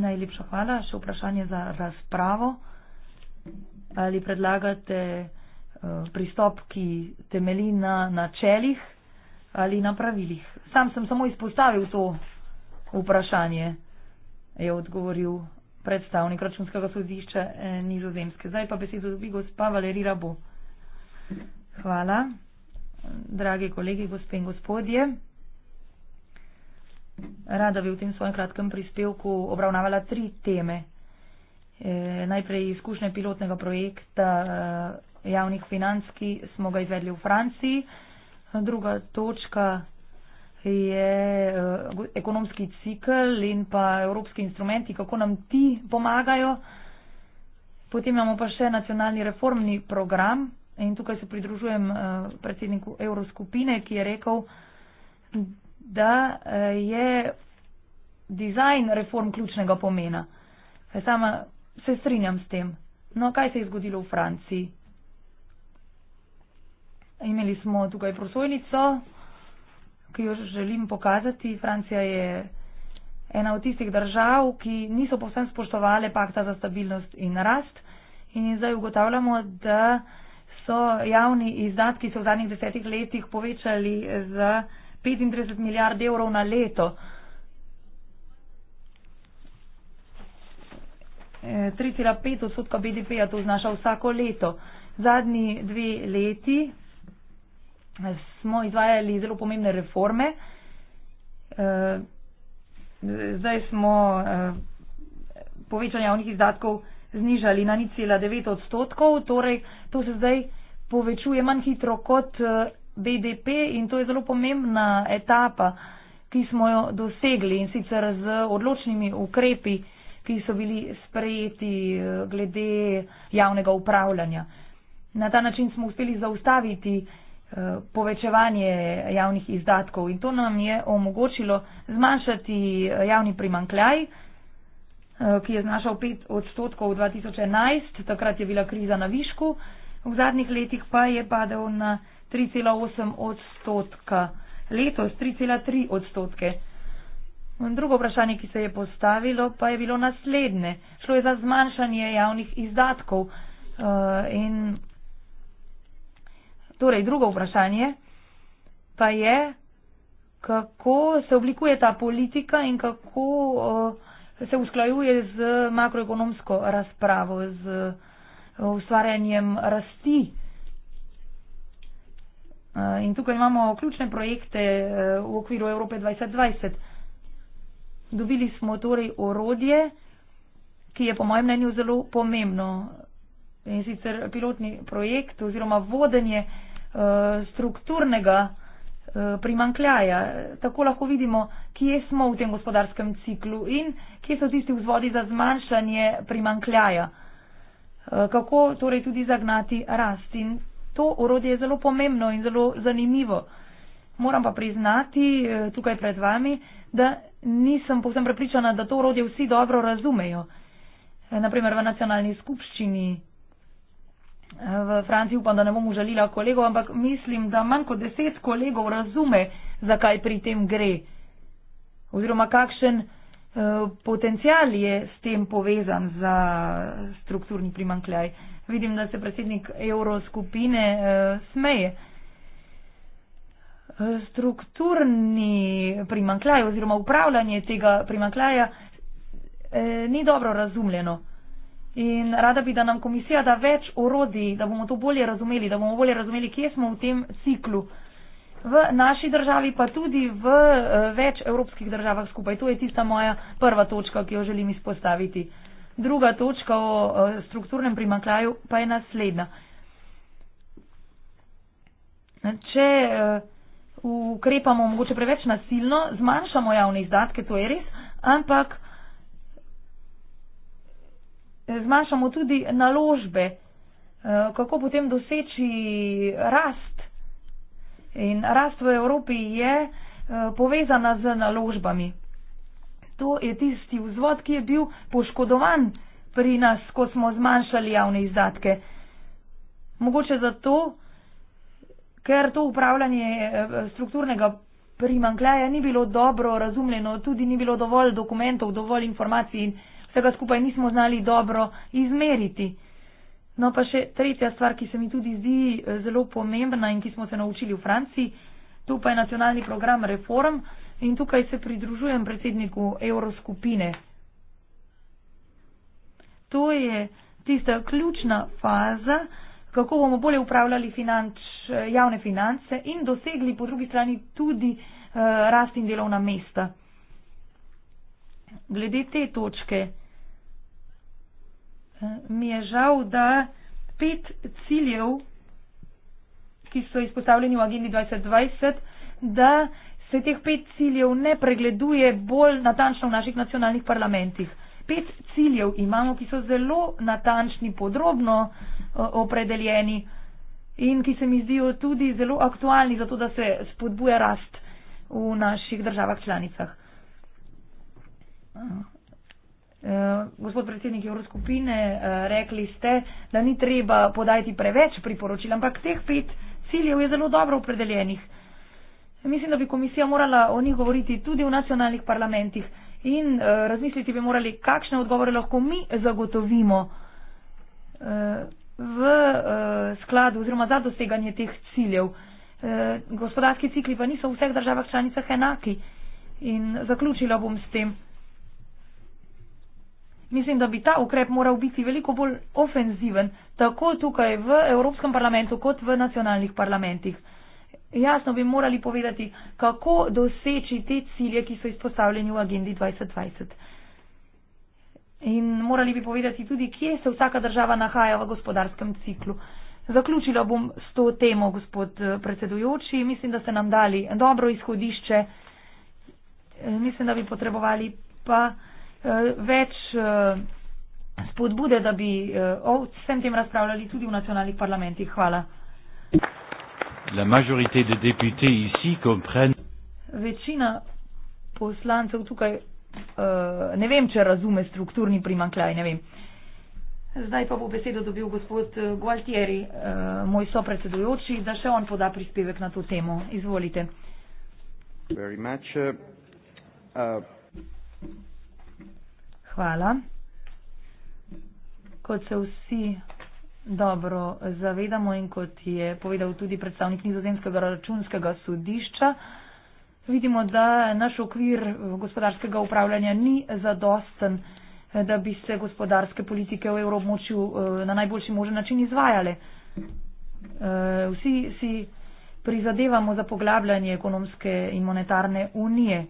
Najlepša hvala. Še vprašanje za razpravo. Ali predlagate eh, pristop, ki temeli na načelih? ali na pravilih. Sam sem samo izpostavil to vprašanje, je odgovoril predstavnik računskega sodišča eh, nizozemske. Zdaj pa besedo dobi gospa Valerija Rabo. Hvala, dragi kolegi, gospe in gospodje. Rada bi v tem svojem kratkem prispevku obravnavala tri teme. E, najprej izkušnje pilotnega projekta eh, javnih financ, ki smo ga izvedli v Franciji. Druga točka je eh, ekonomski cikl in pa evropski instrumenti, kako nam ti pomagajo. Potem imamo pa še nacionalni reformni program in tukaj se pridružujem eh, predsedniku Evroskupine, ki je rekel, da eh, je dizajn reform ključnega pomena. Sama se strinjam s tem. No, kaj se je zgodilo v Franciji? Imeli smo tukaj prosojnico, ki jo želim pokazati. Francija je ena od tistih držav, ki niso povsem spoštovale pakta za stabilnost in rast. In zdaj ugotavljamo, da so javni izdatki se v zadnjih desetih letih povečali za 35 milijard evrov na leto. 3,5 e, odstotka BDP-ja to znaša vsako leto. Zadnji dve leti smo izvajali zelo pomembne reforme. Eh, zdaj smo eh, povečanje javnih izdatkov znižali na nič cela devet odstotkov, torej to se zdaj povečuje manj hitro kot eh, BDP in to je zelo pomembna etapa, ki smo jo dosegli in sicer z odločnimi ukrepi, ki so bili sprejeti glede javnega upravljanja. Na ta način smo uspeli zaustaviti Eh, povečevanje javnih izdatkov in to nam je omogočilo zmanjšati eh, javni primankljaj, eh, ki je znašal 5 odstotkov v 2011, takrat je bila kriza na višku, v zadnjih letih pa je padel na 3,8 odstotka, letos 3,3 odstotke. Drugo vprašanje, ki se je postavilo, pa je bilo naslednje. Šlo je za zmanjšanje javnih izdatkov in torej drugo vprašanje pa je, kako se oblikuje ta politika in kako uh, se usklajuje z makroekonomsko razpravo, z uh, ustvarjanjem rasti. Eh, in tukaj imamo ključne projekte v okviru Evrope 2020. Dobili smo torej orodje, ki je po mojem mnenju zelo pomembno. In sicer pilotni projekt oziroma vodenje uh, Eh, strukturnega eh, primankljaja. Tako lahko vidimo, kje smo v tem gospodarskem ciklu in kje so tisti vzvodi za zmanjšanje primankljaja. Eh, kako torej tudi zagnati rast. In to urodje je zelo pomembno in zelo zanimivo. Moram pa priznati tukaj pred vami, da nisem povsem prepričana, da to urodje vsi dobro razumejo. Naprimer v nacionalni skupščini v Franciji upam, da ne bom užalila kolegov, ampak mislim, da manj kot deset kolegov razume, zakaj pri tem gre. Oziroma, kakšen uh, potencial je s tem povezan za strukturni primankljaj. Vidim, da se predsednik evroskupine uh, smeje. Eh, strukturni primankljaj oziroma upravljanje tega primankljaja eh, ni dobro razumljeno. In rada bi, da nam komisija da več orodij, da bomo to bolje razumeli, da bomo bolje razumeli, kje smo v tem ciklu. V naši državi, pa tudi v eh, več evropskih državah skupaj. To je tista moja prva točka, ki jo želim izpostaviti. Druga točka o eh, strukturnem primankljaju pa je naslednja. Če eh, ukrepamo mogoče preveč nasilno, zmanjšamo javne izdatke, to je res, ampak zmanjšamo tudi naložbe, eh, kako potem doseči rast. In rast v Evropi je eh, povezana z naložbami. To je tisti vzvod, ki je bil poškodovan pri nas, ko smo zmanjšali javne izdatke. Mogoče zato, ker to upravljanje eh, strukturnega primankljaja ni bilo dobro razumljeno, tudi ni bilo dovolj dokumentov, dovolj informacij in informacij vsega skupaj nismo znali dobro izmeriti. No pa še tretja stvar, ki se mi tudi zdi eh, zelo pomembna in ki smo se naučili v Franciji, tu pa je nacionalni program reform in tukaj se pridružujem predsedniku Evroskupine. To je tista ključna faza, kako bomo bolje upravljali finanč, eh, javne finance in dosegli po drugi strani tudi uh, rast in delovna mesta. Glede te točke mi je žal, da pet ciljev, ki so izpostavljeni v agendi 2020, da se teh pet ciljev ne pregleduje bolj natančno v naših nacionalnih parlamentih. Pet ciljev imamo, ki so zelo natančni, podrobno opredeljeni in ki se mi zdijo tudi zelo aktualni za to, da se spodbuja rast v naših državah članicah. Eh, gospod predsednik Evroskupine, eh, rekli ste, da ni treba podajati preveč priporočil, ampak teh pet ciljev je zelo dobro opredeljenih. Mislim, da bi komisija morala o njih govoriti tudi v nacionalnih parlamentih in eh, razmisliti bi morali, kakšne odgovore lahko mi zagotovimo v skladu oziroma za doseganje teh ciljev. Gospodarski cikli pa niso v vseh državah članicah enaki. In zaključila bom s tem mislim, da bi ta ukrep moral biti veliko bolj ofenziven, tako tukaj v Evropskem parlamentu kot v nacionalnih parlamentih. Jasno bi morali povedati, kako doseči te cilje, ki so izpostavljeni v agendi 2020. In morali bi povedati tudi, kje se vsaka država nahaja v gospodarskem ciklu. Zaključila bom s to temo, gospod eh, predsedujoči. Mislim, da ste nam dali dobro izhodišče. Eh, mislim, da bi potrebovali pa. Eh, več eh, spodbude, da bi eh, o vsem tem razpravljali tudi v nacionalnih parlamentih. Hvala. La majorité de députés ici comprennent. Večina poslancev tukaj ne vem, če razume strukturni primankljaj, ne vem. Zdaj pa bo besedo dobil gospod Gualtieri, moj sopredsedujoči, da še on poda prispevek na to temo. Izvolite. Very much. Uh, uh, Hvala. Kot se vsi dobro zavedamo in kot je povedal tudi predstavnik nizozemskega računskega sodišča, vidimo, da naš okvir gospodarskega upravljanja ni zadosten, da bi se gospodarske politike v evroobmočju eh, na najboljši možen način izvajale. Eh, vsi si prizadevamo za poglabljanje ekonomske in monetarne unije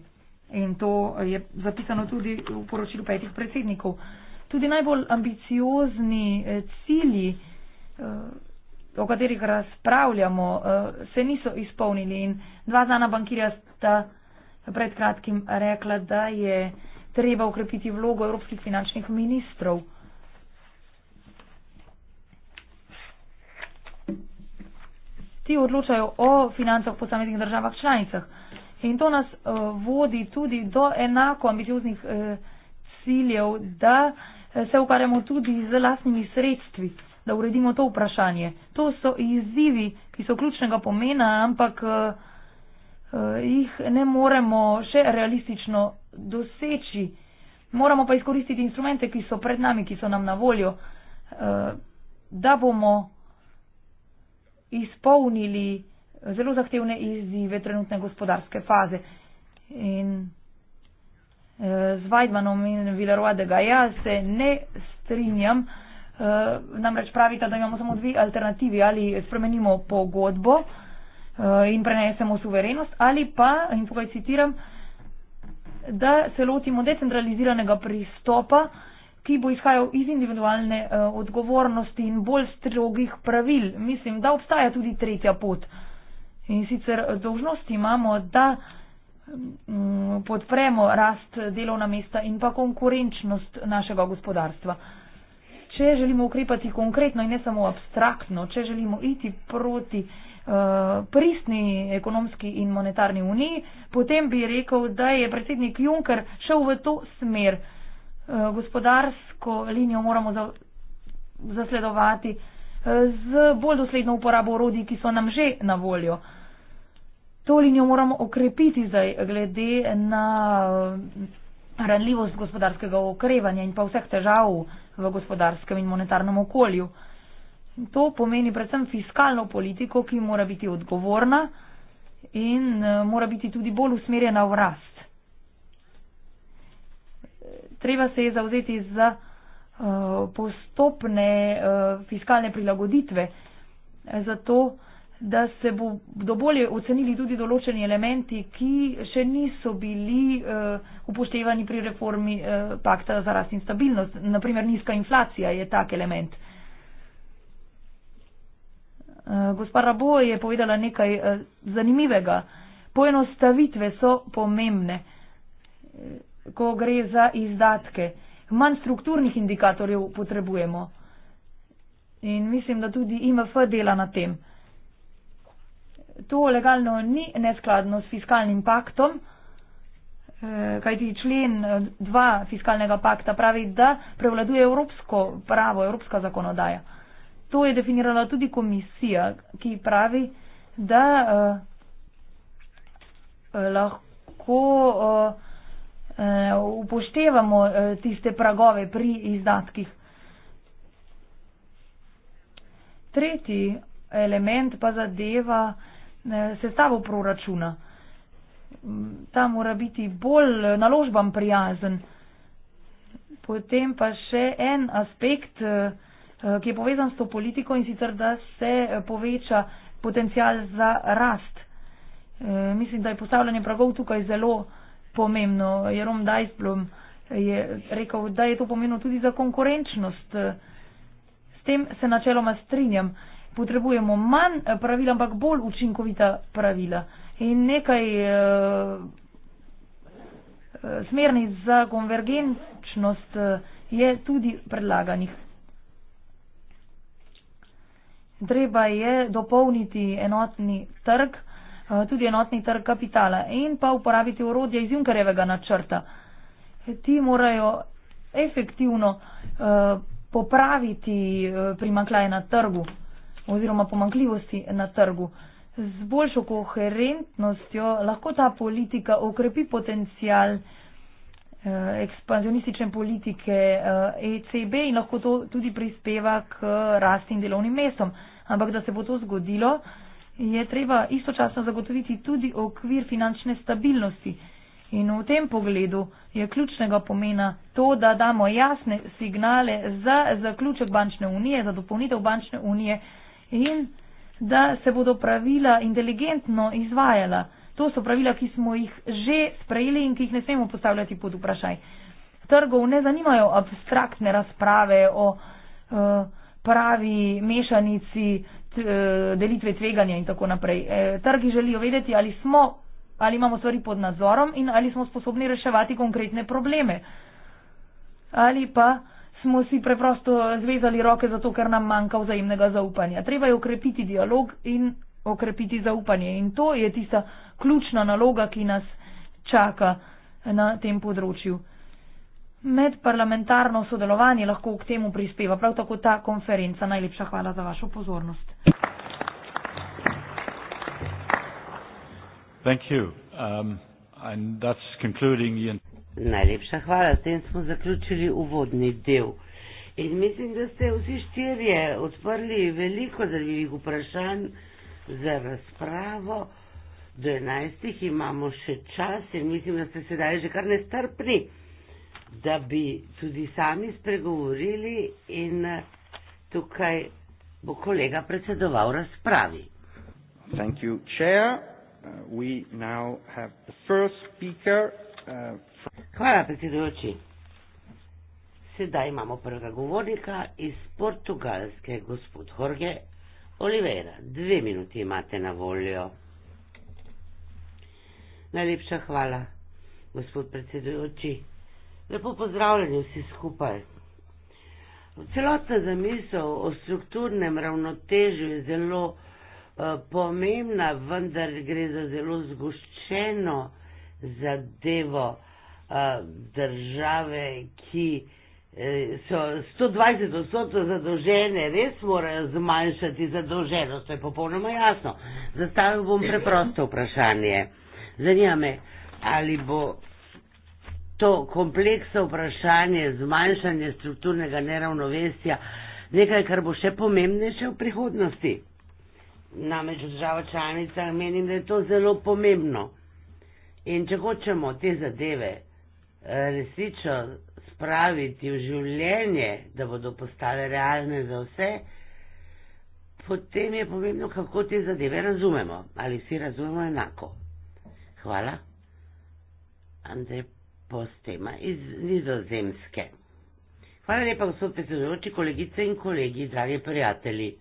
in to je zapisano tudi v poročilu petih predsednikov. Tudi najbolj ambiciozni eh, cilji, eh, o katerih razpravljamo, eh, se niso izpolnili in dva znana bankirja sta pred kratkim rekla, da je treba ukrepiti vlogo evropskih finančnih ministrov. Ti odločajo o financah v posameznih državah članicah. In to nas uh, vodi tudi do enako ambicioznih uh, ciljev, da eh, se ukvarjamo tudi z lastnimi sredstvi, da uredimo to vprašanje. To so izzivi, ki so ključnega pomena, ampak uh, uh, jih ne moremo še realistično doseči. Moramo pa izkoristiti instrumente, ki so pred nami, ki so nam na voljo, uh, da bomo izpolnili zelo zahtevne izzive trenutne gospodarske faze. In eh, z Vajdmanom in Villarodega ja se ne strinjam, eh, namreč pravita, da imamo samo dve alternativi, ali spremenimo pogodbo eh, in prenesemo suverenost, ali pa, in tukaj citiram, da se lotimo decentraliziranega pristopa, ki bo izhajal iz individualne odgovornosti in bolj strogih pravil. Mislim, da obstaja tudi tretja pot. In sicer dožnost imamo, da mm, podpremo rast delovna mesta in pa konkurenčnost našega gospodarstva. Če želimo ukrepati konkretno in ne samo abstraktno, če želimo iti proti eh, pristni ekonomski in monetarni uniji, potem bi rekel, da je predsednik Juncker šel v to smer. Eh, gospodarsko linijo moramo zasledovati eh, z bolj dosledno uporabo orodij, ki so nam že na voljo to linijo moramo okrepiti zdaj, glede na eh, ranljivost gospodarskega okrevanja in pa vseh težav v gospodarskem in monetarnem okolju. To pomeni predvsem fiskalno politiko, ki mora biti odgovorna in eh, mora biti tudi bolj usmerjena v rast. Treba se je zavzeti za eh, postopne fiskalne prilagoditve, zato da se bodo bolje ocenili tudi določeni elementi, ki še niso bili uh, upoštevani pri reformi uh, pakta za rast in stabilnost. Naprimer, nizka inflacija je tak element. Eh, gospa Rabo je povedala nekaj zanimivega. Poenostavitve so pomembne, ko gre za izdatke. Manj strukturnih indikatorjev potrebujemo. In mislim, da tudi IMF dela na tem to legalno ni neskladno s fiskalnim paktom, eh, kajti člen 2 eh, fiskalnega pakta pravi, da prevladuje evropsko pravo, evropska zakonodaja. To je definirala tudi komisija, ki pravi, da eh, lahko upoštevamo tiste pragove pri izdatkih. Tretji element pa zadeva Eh, sestavo proračuna. Ta mora biti bolj naložbam prijazen. Potem pa še en aspekt, eh, eh, ki je povezan s to politiko in sicer, da se poveča potencial za rast. Mislim, da je postavljanje pragov tukaj zelo pomembno. Jerom Dajsblom je rekel, da je to pomembno tudi za konkurenčnost. S tem se načeloma strinjam potrebujemo manj eh, pravil, ampak bolj učinkovita pravila. In nekaj e, smernic za konvergenčnost je tudi predlaganih. Treba je dopolniti enotni trg, tudi enotni trg kapitala in pa uporabiti urodje iz Junkerjevega načrta. Ti morajo efektivno popraviti primaklaje na trgu oziroma pomankljivosti na trgu. Z boljšo koherentnostjo lahko ta politika okrepi potencial eh, ekspanzionistične politike ECB eh, e in lahko to tudi prispeva k rasti in delovnim mestom. Ampak da se bo to zgodilo, je treba istočasno zagotoviti tudi okvir finančne stabilnosti. In v tem pogledu je ključnega pomena to, da damo jasne signale za zaključek bančne unije, za dopolnitev bančne unije in da se bodo pravila inteligentno izvajala. To so pravila, ki smo jih že sprejeli in ki jih ne smemo postavljati pod vprašaj. Trgov ne zanimajo abstraktne razprave o uh, pravi mešanici t, uh, delitve tveganja in tako naprej. E, trgi želijo vedeti, ali, smo, ali imamo stvari pod nadzorom in ali smo sposobni reševati konkretne probleme. Ali pa uh, smo si preprosto zvezali roke zato, ker nam manjka vzajemnega zaupanja. Treba je ukrepiti dialog in okrepiti zaupanje. In to je tista ključna naloga, ki nas čaka na tem področju. Medparlamentarno sodelovanje lahko k temu prispeva prav tako ta konferenca. Najlepša hvala za vašo pozornost. Thank you. Um, and that's concluding the Najlepša hvala, s tem smo zaključili uvodni del. In mislim, da ste vsi štirje odprli veliko zanimivih vprašanj za razpravo. Do enajstih imamo še čas in mislim, da ste sedaj že kar nestrpni, da bi tudi sami spregovorili in eh, tukaj bo kolega predsedoval razpravi. Thank you, chair. Uh, we now have the first speaker. Uh, Hvala, predsedujoči. Sedaj imamo prvega govornika iz Portugalske, gospod Jorge Oliveira. Dve minuti imate na voljo. Najlepša hvala, gospod predsedujoči. Lepo pozdravljeni vsi skupaj. Celotna zamisel o strukturnem ravnotežju je zelo eh, pomembna, vendar gre za zelo zgoščeno zadevo države, ki e, so 120 odstotkov zadolžene, res morajo zmanjšati zadolženost. To je popolnoma jasno. Zastavil bom preprosto vprašanje. Zanima me, ali bo to kompleksno vprašanje zmanjšanje strukturnega neravnovesja nekaj, kar bo še pomembnejše v prihodnosti. Namreč država članica menim, da je to zelo pomembno. In če hočemo te zadeve Eh, resnično spraviti v življenje, da bodo postale realne za vse, potem je pomembno, kako te zadeve razumemo. Ali vsi razumemo enako. Hvala. Andrej Postema iz Nizozemske. Hvala lepa, gospod predsedujoči, kolegice in kolegi, dragi prijatelji.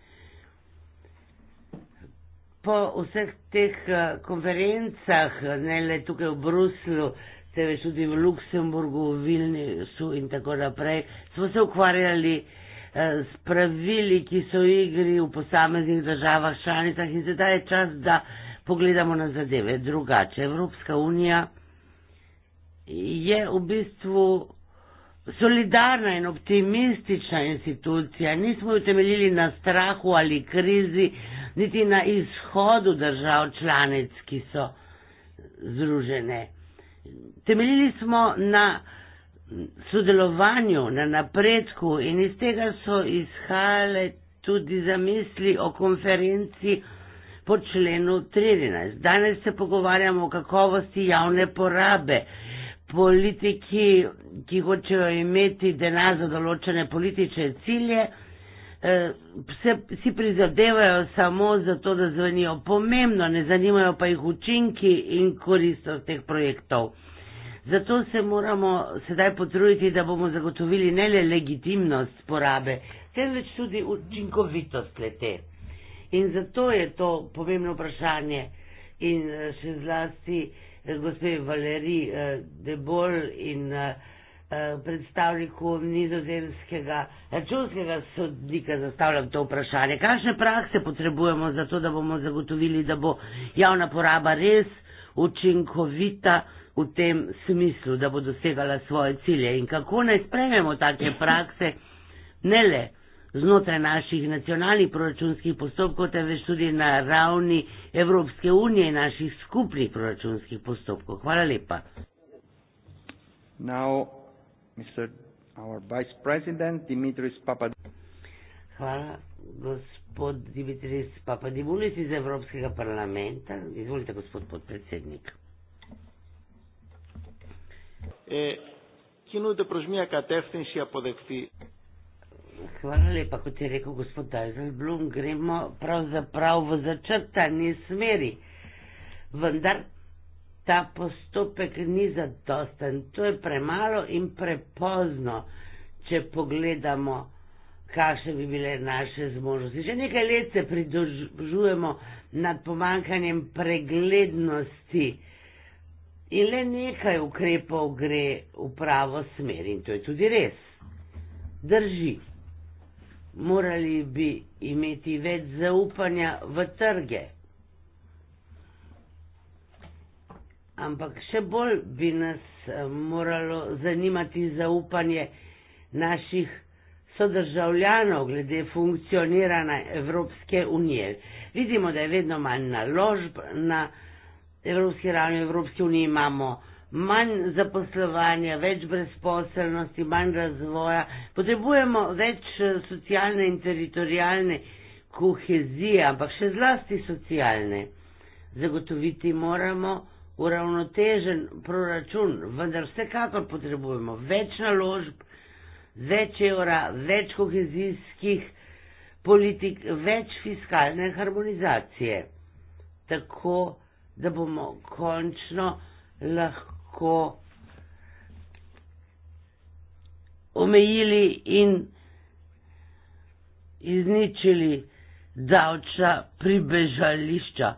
Po vseh teh eh, konferencah, ne le tukaj v Bruslu, ste veš, tudi v Luksemburgu, v Vilniusu in tako naprej, smo se ukvarjali eh, s pravili, ki so v igri v posameznih državah, članicah in sedaj je čas, da pogledamo na zadeve drugače. Evropska unija je v bistvu solidarna in optimistična institucija. Nismo jo temeljili na strahu ali krizi, niti na izhodu držav članic, ki so združene temeljili smo na sodelovanju, na napredku in iz tega so izhajale tudi zamisli o konferenci po členu 13. Danes se pogovarjamo o kakovosti javne porabe. Politiki, ki hočejo imeti denar za določene politične cilje, eh, se, si prizadevajo samo zato, da zvenijo pomembno, ne zanimajo pa jih učinki in koristnost teh projektov. Zato se moramo sedaj potruditi, da bomo zagotovili ne le legitimnost porabe, temveč tudi učinkovitost lete. In zato je to pomembno vprašanje in eh, še zlasti eh, gospe Valeri eh, Debol in predstavniku nizozemskega računskega sodnika zastavljam to vprašanje. Kakšne prakse potrebujemo za to, da bomo zagotovili, da bo javna poraba res učinkovita? v tem smislu, da bo dosegala svoje cilje in kako naj sprejmemo take prakse, ne le znotraj naših nacionalnih proračunskih postopkov, temveč tudi na ravni Evropske unije in naših skupnih proračunskih postopkov. Hvala lepa. Now, Mr, Hvala, gospod Dimitris Papadimulis iz Evropskega parlamenta. Izvolite, gospod podpredsednik ε, κινούνται προς μια κατεύθυνση αποδεκτή. Hvala lepa, kot je rekel gospod Dajzelblum, gremo pravzaprav v začrtani smeri. Vendar ta postopek ni zadosten, to je premalo in prepozno, če pogledamo, kakšne bi bile naše zmožnosti. Že nekaj let se pridružujemo nad pomankanjem preglednosti eh, In le nekaj ukrepov gre v pravo smer in to je tudi res. Drži, morali bi imeti več zaupanja v trge. Ampak še bolj bi nas eh, moralo zanimati zaupanje naših sodržavljanov glede funkcioniranja Evropske unije. Vidimo, da je vedno manj naložb na ložb, na evropski ravni, v Evropski uniji imamo manj zaposlovanja, več brezposelnosti, manj razvoja, potrebujemo več eh, socialne in teritorijalne kohezije, ampak še zlasti socialne. Zagotoviti moramo uravnotežen proračun, vendar vsekakor potrebujemo več naložb, več evra, več kohezijskih politik, več fiskalne harmonizacije. Tako da bomo končno lahko omejili in izničili davčna pribežališča.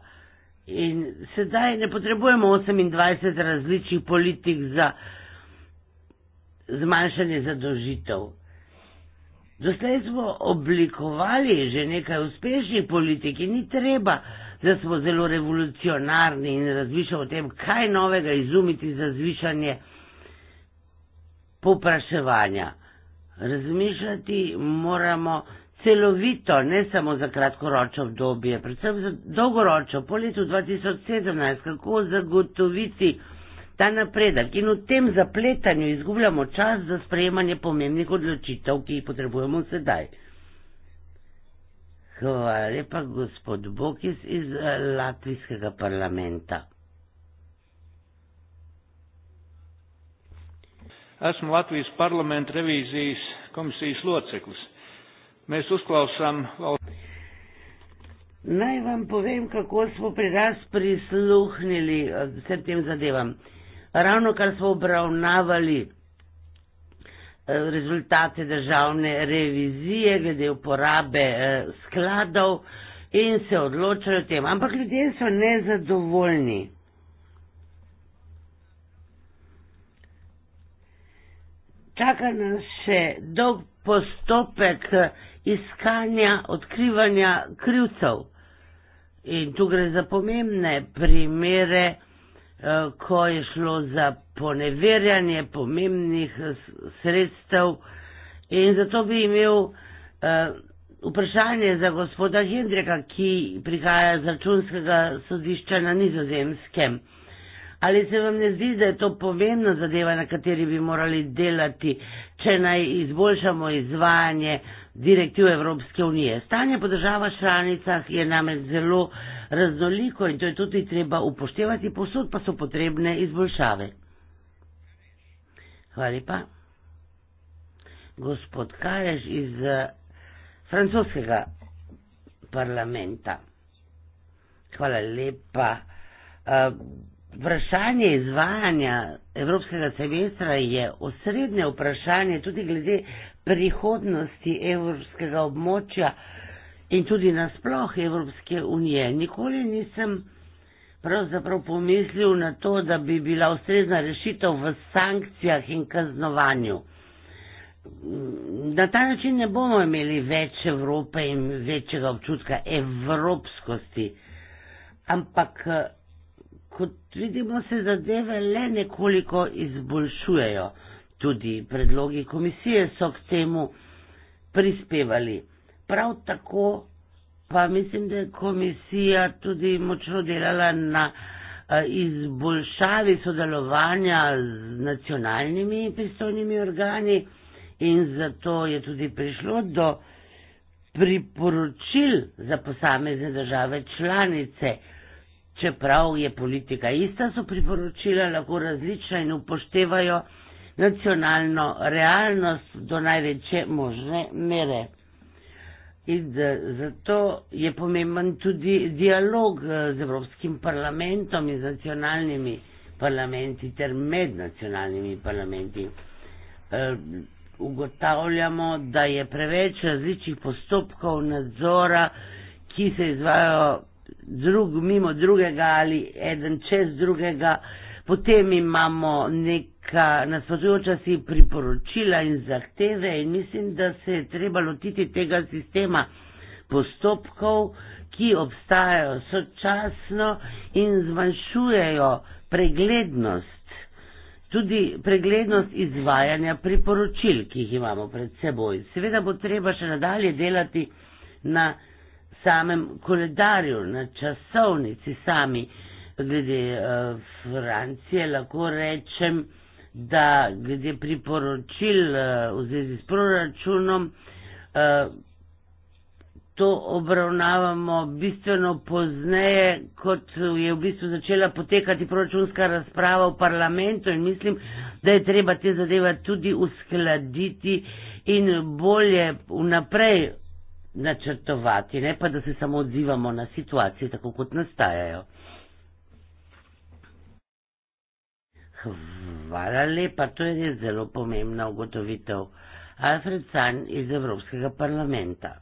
In sedaj ne potrebujemo 28 različnih politik za zmanjšanje zadožitev. Doslej smo oblikovali že nekaj uspešnih politik in ni treba, zdaj smo zelo revolucionarni in razmišljamo o tem, kaj novega izumiti za zvišanje popraševanja. Razmišljati moramo celovito, ne samo za kratkoročno obdobje, predvsem za dolgoročno, po letu 2017, kako zagotoviti ta napredek. In v tem zapletanju izgubljamo čas za sprejemanje pomembnih odločitev, ki jih potrebujemo sedaj. Hvala lepa, gospod Bokis iz eh, Latvijskega parlamenta. Esmu Latvijas parlament revīzijas komisijas loceklis. Mēs uzklausām. Lai vam povem, kako smo pri nas prisluhnili eh, vsem tem zadevam. Ravno kar smo obravnavali Eh, rezultate državne revizije glede uporabe eh, skladov in se odločajo o tem. Ampak ljudje so nezadovoljni. Čaka nas še dolg postopek eh, iskanja, odkrivanja krivcev. In tu gre za pomembne primere ko je šlo za poneverjanje pomembnih eh, sredstev in zato bi imel eh, vprašanje za gospoda Hendrika, ki prihaja z računskega sodišča na nizozemskem. Ali se vam ne zdi, da je to pomembna zadeva, na kateri bi morali delati, če naj izboljšamo izvajanje direktiv Evropske unije? Stanje po državah članicah je namreč zelo raznoliko in to je tudi treba upoštevati, posod pa so potrebne izboljšave. Hvala lepa. Gospod Kareš iz eh, francoskega parlamenta. Hvala lepa. Eh, vprašanje izvajanja Evropskega semestra je osrednje vprašanje tudi glede prihodnosti Evropskega območja in tudi nasploh Evropske unije. Nikoli nisem pravzaprav pomislil na to, da bi bila ustrezna rešitev v sankcijah in kaznovanju. Na ta način ne bomo imeli več Evrope in večjega občutka evropskosti, ampak kot vidimo, se zadeve le nekoliko izboljšujejo. Tudi predlogi komisije so k temu prispevali. Prav tako pa mislim, da je komisija tudi močno delala na eh, izboljšavi sodelovanja z nacionalnimi pristojnimi organi in zato je tudi prišlo do priporočil za posamezne države članice. Čeprav je politika ista, so priporočila lahko različna in upoštevajo nacionalno realnost do največje možne mere. In da, zato je pomemben tudi dialog eh, z Evropskim parlamentom in z nacionalnimi parlamenti ter mednacionalnimi parlamenti. E, ugotavljamo, da je preveč različnih postopkov nadzora, ki se izvajo drug, mimo drugega ali eden čez drugega. Potem imamo nek Skratka, nasprotujoča si priporočila in zahteve in mislim, da se je treba lotiti tega sistema postopkov, ki obstajajo sočasno in zmanjšujejo preglednost, tudi preglednost izvajanja priporočil, ki jih imamo pred seboj. Seveda bo treba še nadalje delati na samem koledarju, na časovnici sami. Glede uh, Francije lahko rečem, da glede priporočil eh, v zvezi s proračunom, eh, to obravnavamo bistveno pozneje, kot je v bistvu začela potekati proračunska razprava v parlamentu in mislim, da je treba te zadeve tudi uskladiti in bolje vnaprej načrtovati, ne pa da se samo odzivamo na situacije, tako kot nastajajo. Hvala lepa, to je res zelo pomembna ugotovitev. Alfred Sanj iz Evropskega parlamenta.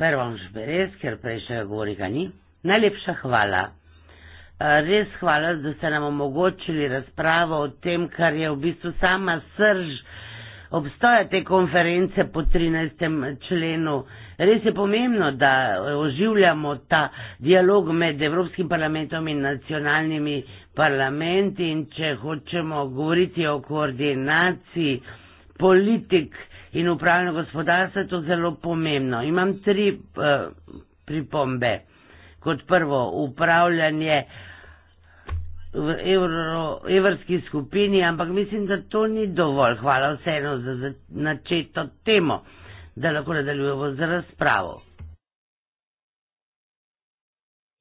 Prvo vam že res, ker prejšnjega govori ga ni. Najlepša hvala. Res hvala, da ste nam omogočili razpravo o tem, kar je v bistvu sama srž obstajate konference po 13. členu. Res je pomembno, da oživljamo ta dialog med Evropskim parlamentom in nacionalnimi parlamenti in če hočemo govoriti o koordinaciji politik in upravljanja gospodarstva, je to zelo pomembno. Imam tri uh, pripombe. Kot prvo, upravljanje uh, v evro, evropski skupini, ampak mislim, da to ni dovolj. Hvala vseeno za načeto temo, da lahko nadaljujemo z razpravo.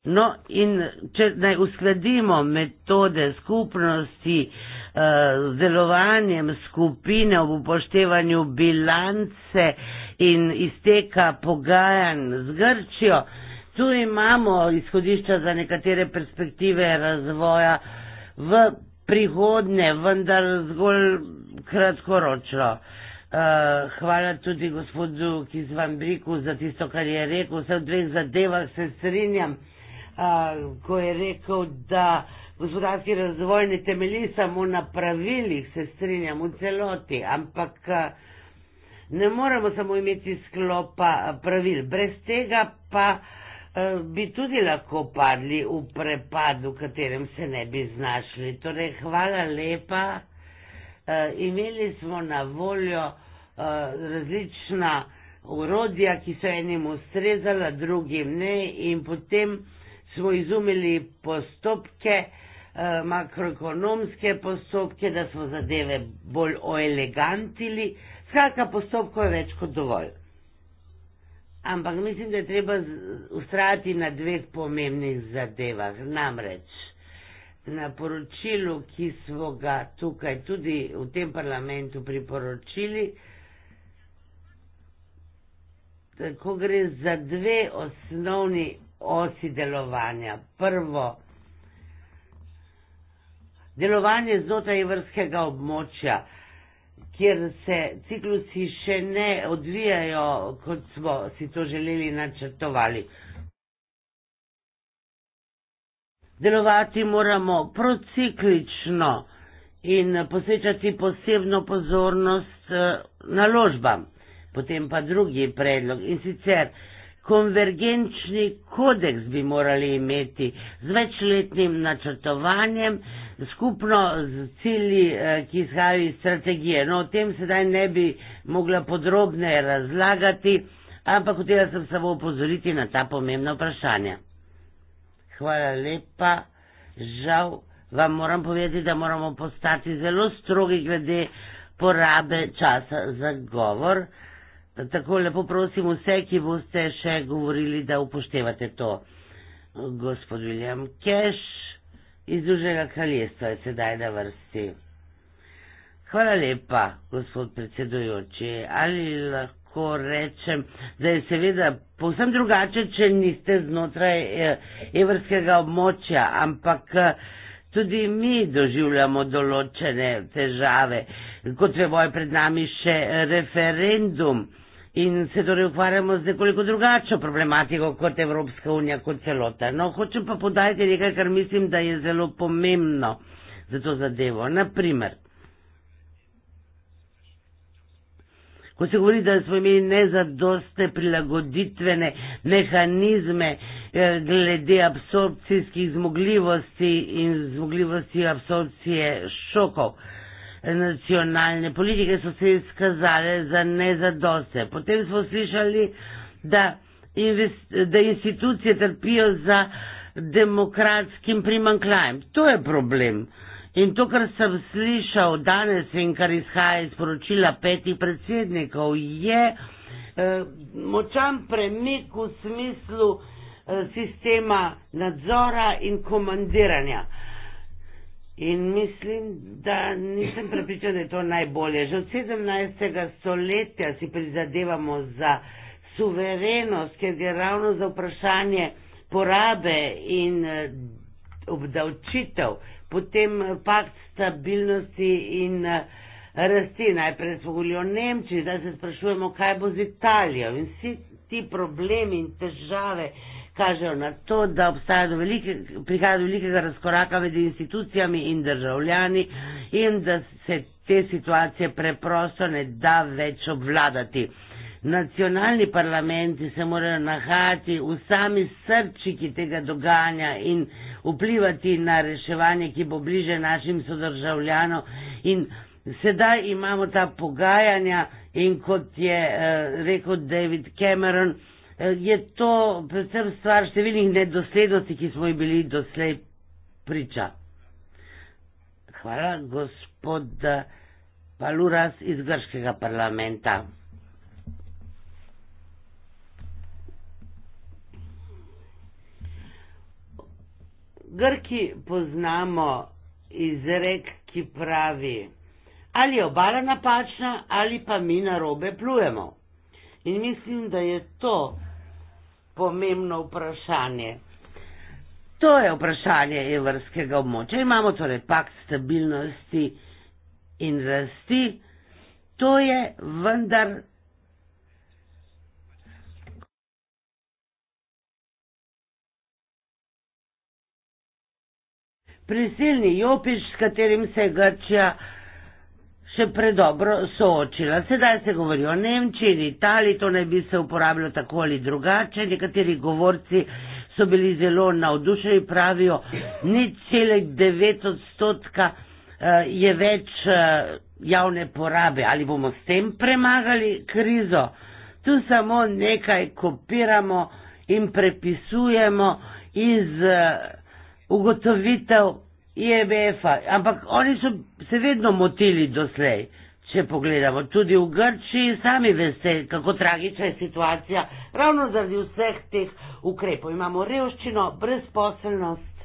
No, in če naj uskladimo metode skupnosti eh, z uh, delovanjem skupine ob upoštevanju bilance in izteka pogajanj z Grčijo, uh, Tu imamo izhodišča za nekatere perspektive razvoja v prihodne, vendar zgolj kratkoročno. Eh, hvala tudi gospodu Kizvambriku za tisto, kar je rekel. Vse v dveh zadevah se strinjam, eh, ko je rekel, da gospodarski razvoj ne temelji samo na pravilih, se strinjam v celoti, ampak eh, ne moremo samo imeti sklopa pravil. Brez tega pa. Eh, bi tudi lahko padli v prepad, v katerem se ne bi znašli. Torej, hvala lepa. Uh, imeli smo na voljo uh, različna urodja, ki so enim ustrezala, drugim ne, in potem smo izumili postopke, uh, makroekonomske postopke, da smo zadeve bolj oelegantili. Skratka, postopkov je več kot dovolj. Ampak mislim, da je treba ustrajati na dveh pomembnih zadevah. Namreč na poročilu, ki smo ga tukaj tudi v tem parlamentu priporočili, tako gre za dve osnovni osi delovanja. Prvo, delovanje znotraj vrskega območja kjer se ciklusi še ne odvijajo, kot smo si to želeli načrtovali. Delovati moramo prociklično in posvečati posebno pozornost eh, naložbam, potem pa drugi predlog in sicer konvergenčni kodeks bi morali imeti z večletnim načrtovanjem, skupno z cilji, eh, ki izhajajo iz strategije. No, o tem sedaj ne bi mogla podrobne razlagati, ampak hotela sem samo upozoriti na ta pomembna vprašanja. Hvala lepa. Žal vam moram povedati, da moramo postati zelo strogi glede porabe časa za govor. Tako lepo prosim vse, ki boste še govorili, da upoštevate to. Gospod William Cash iz Združenega kraljestva je sedaj na vrsti. Hvala lepa, gospod predsedujoči. Ali lahko rečem, da je seveda povsem drugače, če niste znotraj eh, evrskega območja, ampak eh, tudi mi doživljamo določene težave, kot je boj pred nami še referendum. In se torej ukvarjamo z nekoliko drugačno problematiko kot Evropska unija kot celota. No, hočem pa podati nekaj, kar mislim, da je zelo pomembno za to zadevo. Naprimer, ko se govori, da smo imeli nezadoste prilagoditvene mehanizme eh, glede absorpcijskih zmogljivosti in zmogljivosti absorpcije šokov nacionalne politike so se izkazale za nezadoste. Potem smo slišali, da, da institucije trpijo za demokratskim primanklajem. To je problem. In to, kar sem slišal danes in kar izhaja iz poročila petih predsednikov, je eh, močan premik v smislu eh, sistema nadzora in komandiranja. In mislim, da nisem prepričan, da je to najbolje. Že od 17. stoletja si prizadevamo za suverenost, ker gre ravno za vprašanje porabe in eh, obdavčitev, potem eh, pakt stabilnosti in eh, rasti. Najprej smo govorili o Nemčiji, zdaj se sprašujemo, kaj bo z Italijo in vsi ti problemi in težave kažejo na to, da velike, prihaja do velikega razkoraka med institucijami in državljani in da se te situacije preprosto ne da več obvladati. Nacionalni parlamenti se morajo nahajati v sami srčiki tega dogajanja in vplivati na reševanje, ki bo bliže našim sodržavljanom. In sedaj imamo ta pogajanja in kot je eh, rekel David Cameron, eh, Eh, je to predvsem stvar številnih nedoslednosti, ki smo jih bili doslej priča. Hvala, gospod eh, Paluras iz grškega parlamenta. Grki poznamo izrek, ki pravi, ali je obala napačna, ali pa mi na robe plujemo. In mislim, da je to pomembno vprašanje. To je vprašanje evrskega območja. Imamo torej pakt stabilnosti in rasti. To je vendar. Prisilni jopič, s katerim se je Grčija še predobro soočila. Sedaj se govori o Nemčiji in Italiji, to naj bi se uporabljalo tako ali drugače. Nekateri govorci so bili zelo navdušeni, pravijo, ni celek devet odstotka eh, je več eh, javne porabe. Ali bomo s tem premagali krizo? Tu samo nekaj kopiramo in prepisujemo iz eh, ugotovitev IMF-a, e ampak oni so se vedno motili doslej, če pogledamo, tudi v Grčiji, sami veste, kako tragična je situacija, ravno zaradi vseh teh ukrepov. Imamo revščino, brezposelnost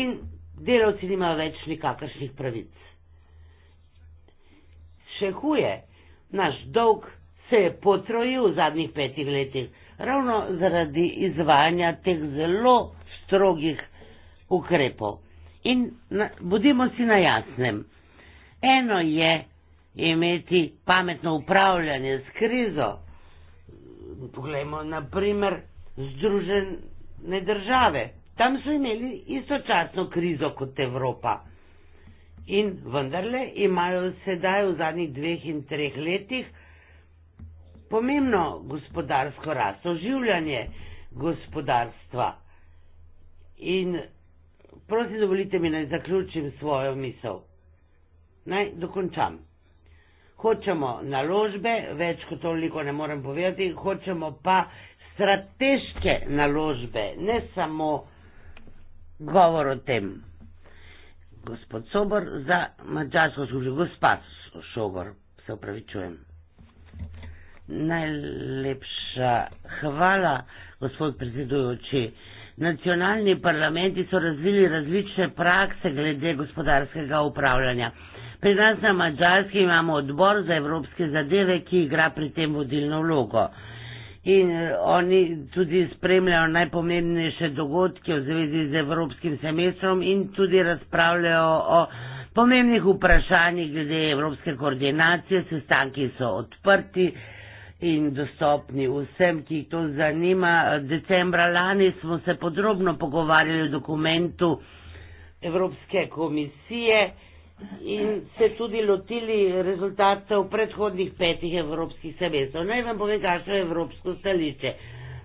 in delavci nimajo več nikakršnih pravic. Še huje, naš dolg se je potrojil v zadnjih petih letih, ravno zaradi izvajanja teh zelo strogih ukrepov. In na, bodimo si na jasnem. Eno je imeti pametno upravljanje s krizo. Poglejmo, naprimer, združene države. Tam so imeli istočasno krizo kot Evropa. In vendarle imajo sedaj v zadnjih dveh in treh letih pomembno gospodarsko rast, oživljanje gospodarstva. In prosim, dovolite mi, naj zaključim svojo misel. Naj dokončam. Hočemo naložbe, več kot toliko ne morem povedati, hočemo pa strateške naložbe, ne samo govor o tem. Gospod Sobor za mačarsko službo, gospod Sobor, se upravičujem. Najlepša hvala, gospod predsedujoči nacionalni parlamenti so razvili različne prakse glede gospodarskega upravljanja. Pri nas na Mačarski imamo odbor za evropske zadeve, ki igra pri tem vodilno vlogo. In eh, oni tudi spremljajo najpomembnejše dogodke v zvezi z evropskim semestrom in tudi razpravljajo o pomembnih vprašanjih glede evropske koordinacije. Sestanki so odprti, in dostopni vsem, ki jih to zanima. Decembra lani smo se podrobno pogovarjali o dokumentu Evropske komisije in se tudi lotili rezultatov predhodnih petih evropskih semestrov. Naj vam povem, kakšno je evropsko stališče.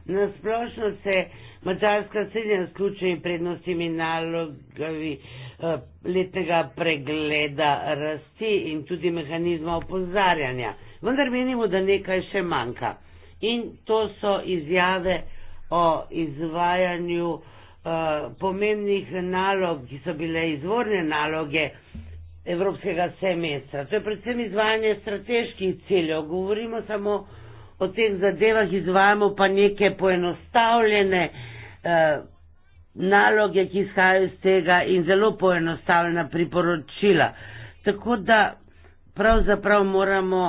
Nasplošno se je Mačarska srednja s ključnimi prednostimi nalogami eh, letnega pregleda rasti in tudi mehanizma opozarjanja. Vendar menimo, da nekaj še manjka. In to so izjave o izvajanju uh, pomembnih nalog, ki so bile izvorne naloge Evropskega semestra. To je predvsem izvajanje strateških ciljev. Govorimo samo o teh zadevah, izvajamo pa neke poenostavljene uh, Eh, naloge, ki izhajajo iz tega in zelo poenostavljena priporočila. Tako da pravzaprav moramo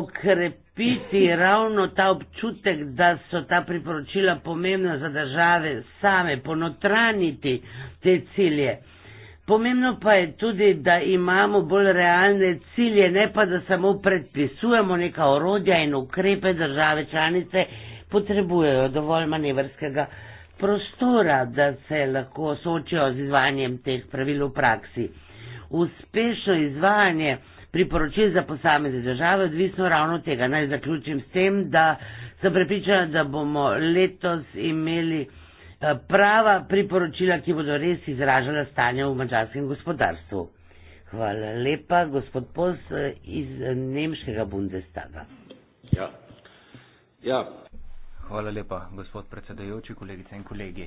okrepiti ravno ta občutek, da so ta priporočila pomembna za države same, ponotraniti te cilje. Pomembno pa je tudi, da imamo bolj realne cilje, ne pa da samo predpisujemo neka orodja in ukrepe države članice potrebujejo dovolj manevrskega prostora prostora, da se lahko soočajo z izvajanjem teh pravil v praksi. Uspešno izvajanje priporočil za posamezne države odvisno ravno tega. Naj zaključim s tem, da sem prepričana, da bomo letos imeli eh, prava priporočila, ki bodo res izražala stanje v mačarskem gospodarstvu. Hvala lepa, gospod Pos eh, iz nemškega Bundestaga. Ja. Ja, Hvala lepa, gospod predsedajoči, kolegice in kolegi.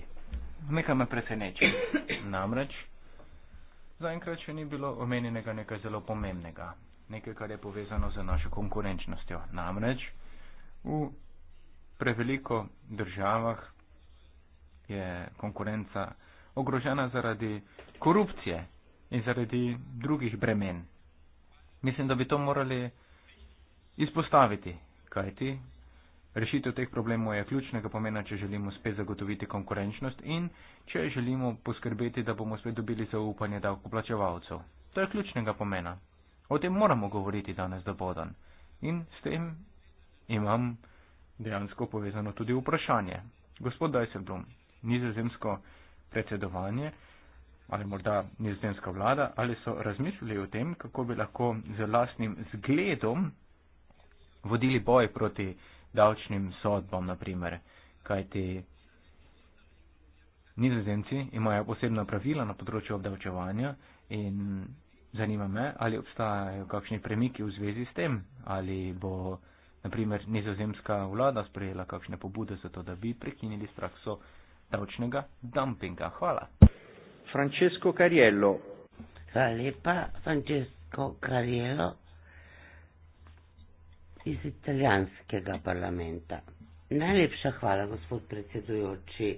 Nekaj me preseneča. Namreč, zaenkrat še ni bilo omenjenega nekaj zelo pomembnega, nekaj, kar je povezano z našo konkurenčnostjo. Namreč, v preveliko državah je konkurenca ogrožena zaradi korupcije in zaradi drugih bremen. Mislim, da bi to morali izpostaviti, kajti Rešitev teh problemov je ključnega pomena, če želimo spet zagotoviti konkurenčnost in če želimo poskrbeti, da bomo spet dobili zaupanje davkoplačevalcev. To je ključnega pomena. O tem moramo govoriti danes dobodan. In s tem imam dejansko povezano tudi vprašanje. Gospod Dajseblum, nizozemsko predsedovanje ali morda nizozemska vlada, ali so razmislili o tem, kako bi lahko z lastnim zgledom vodili boj proti davčnim sodbom, naprimer, kajti nizozemci imajo posebna pravila na področju obdavčevanja in zanima me, ali obstajajo kakšni premiki v zvezi s tem, ali bo naprimer nizozemska vlada sprejela kakšne pobude za to, da bi prekinili strakso davčnega dumpinga. Hvala. Francesco Carriello. Hvala lepa, Francesco Carriello iz italijanskega parlamenta. Najlepša hvala, gospod predsedujoči.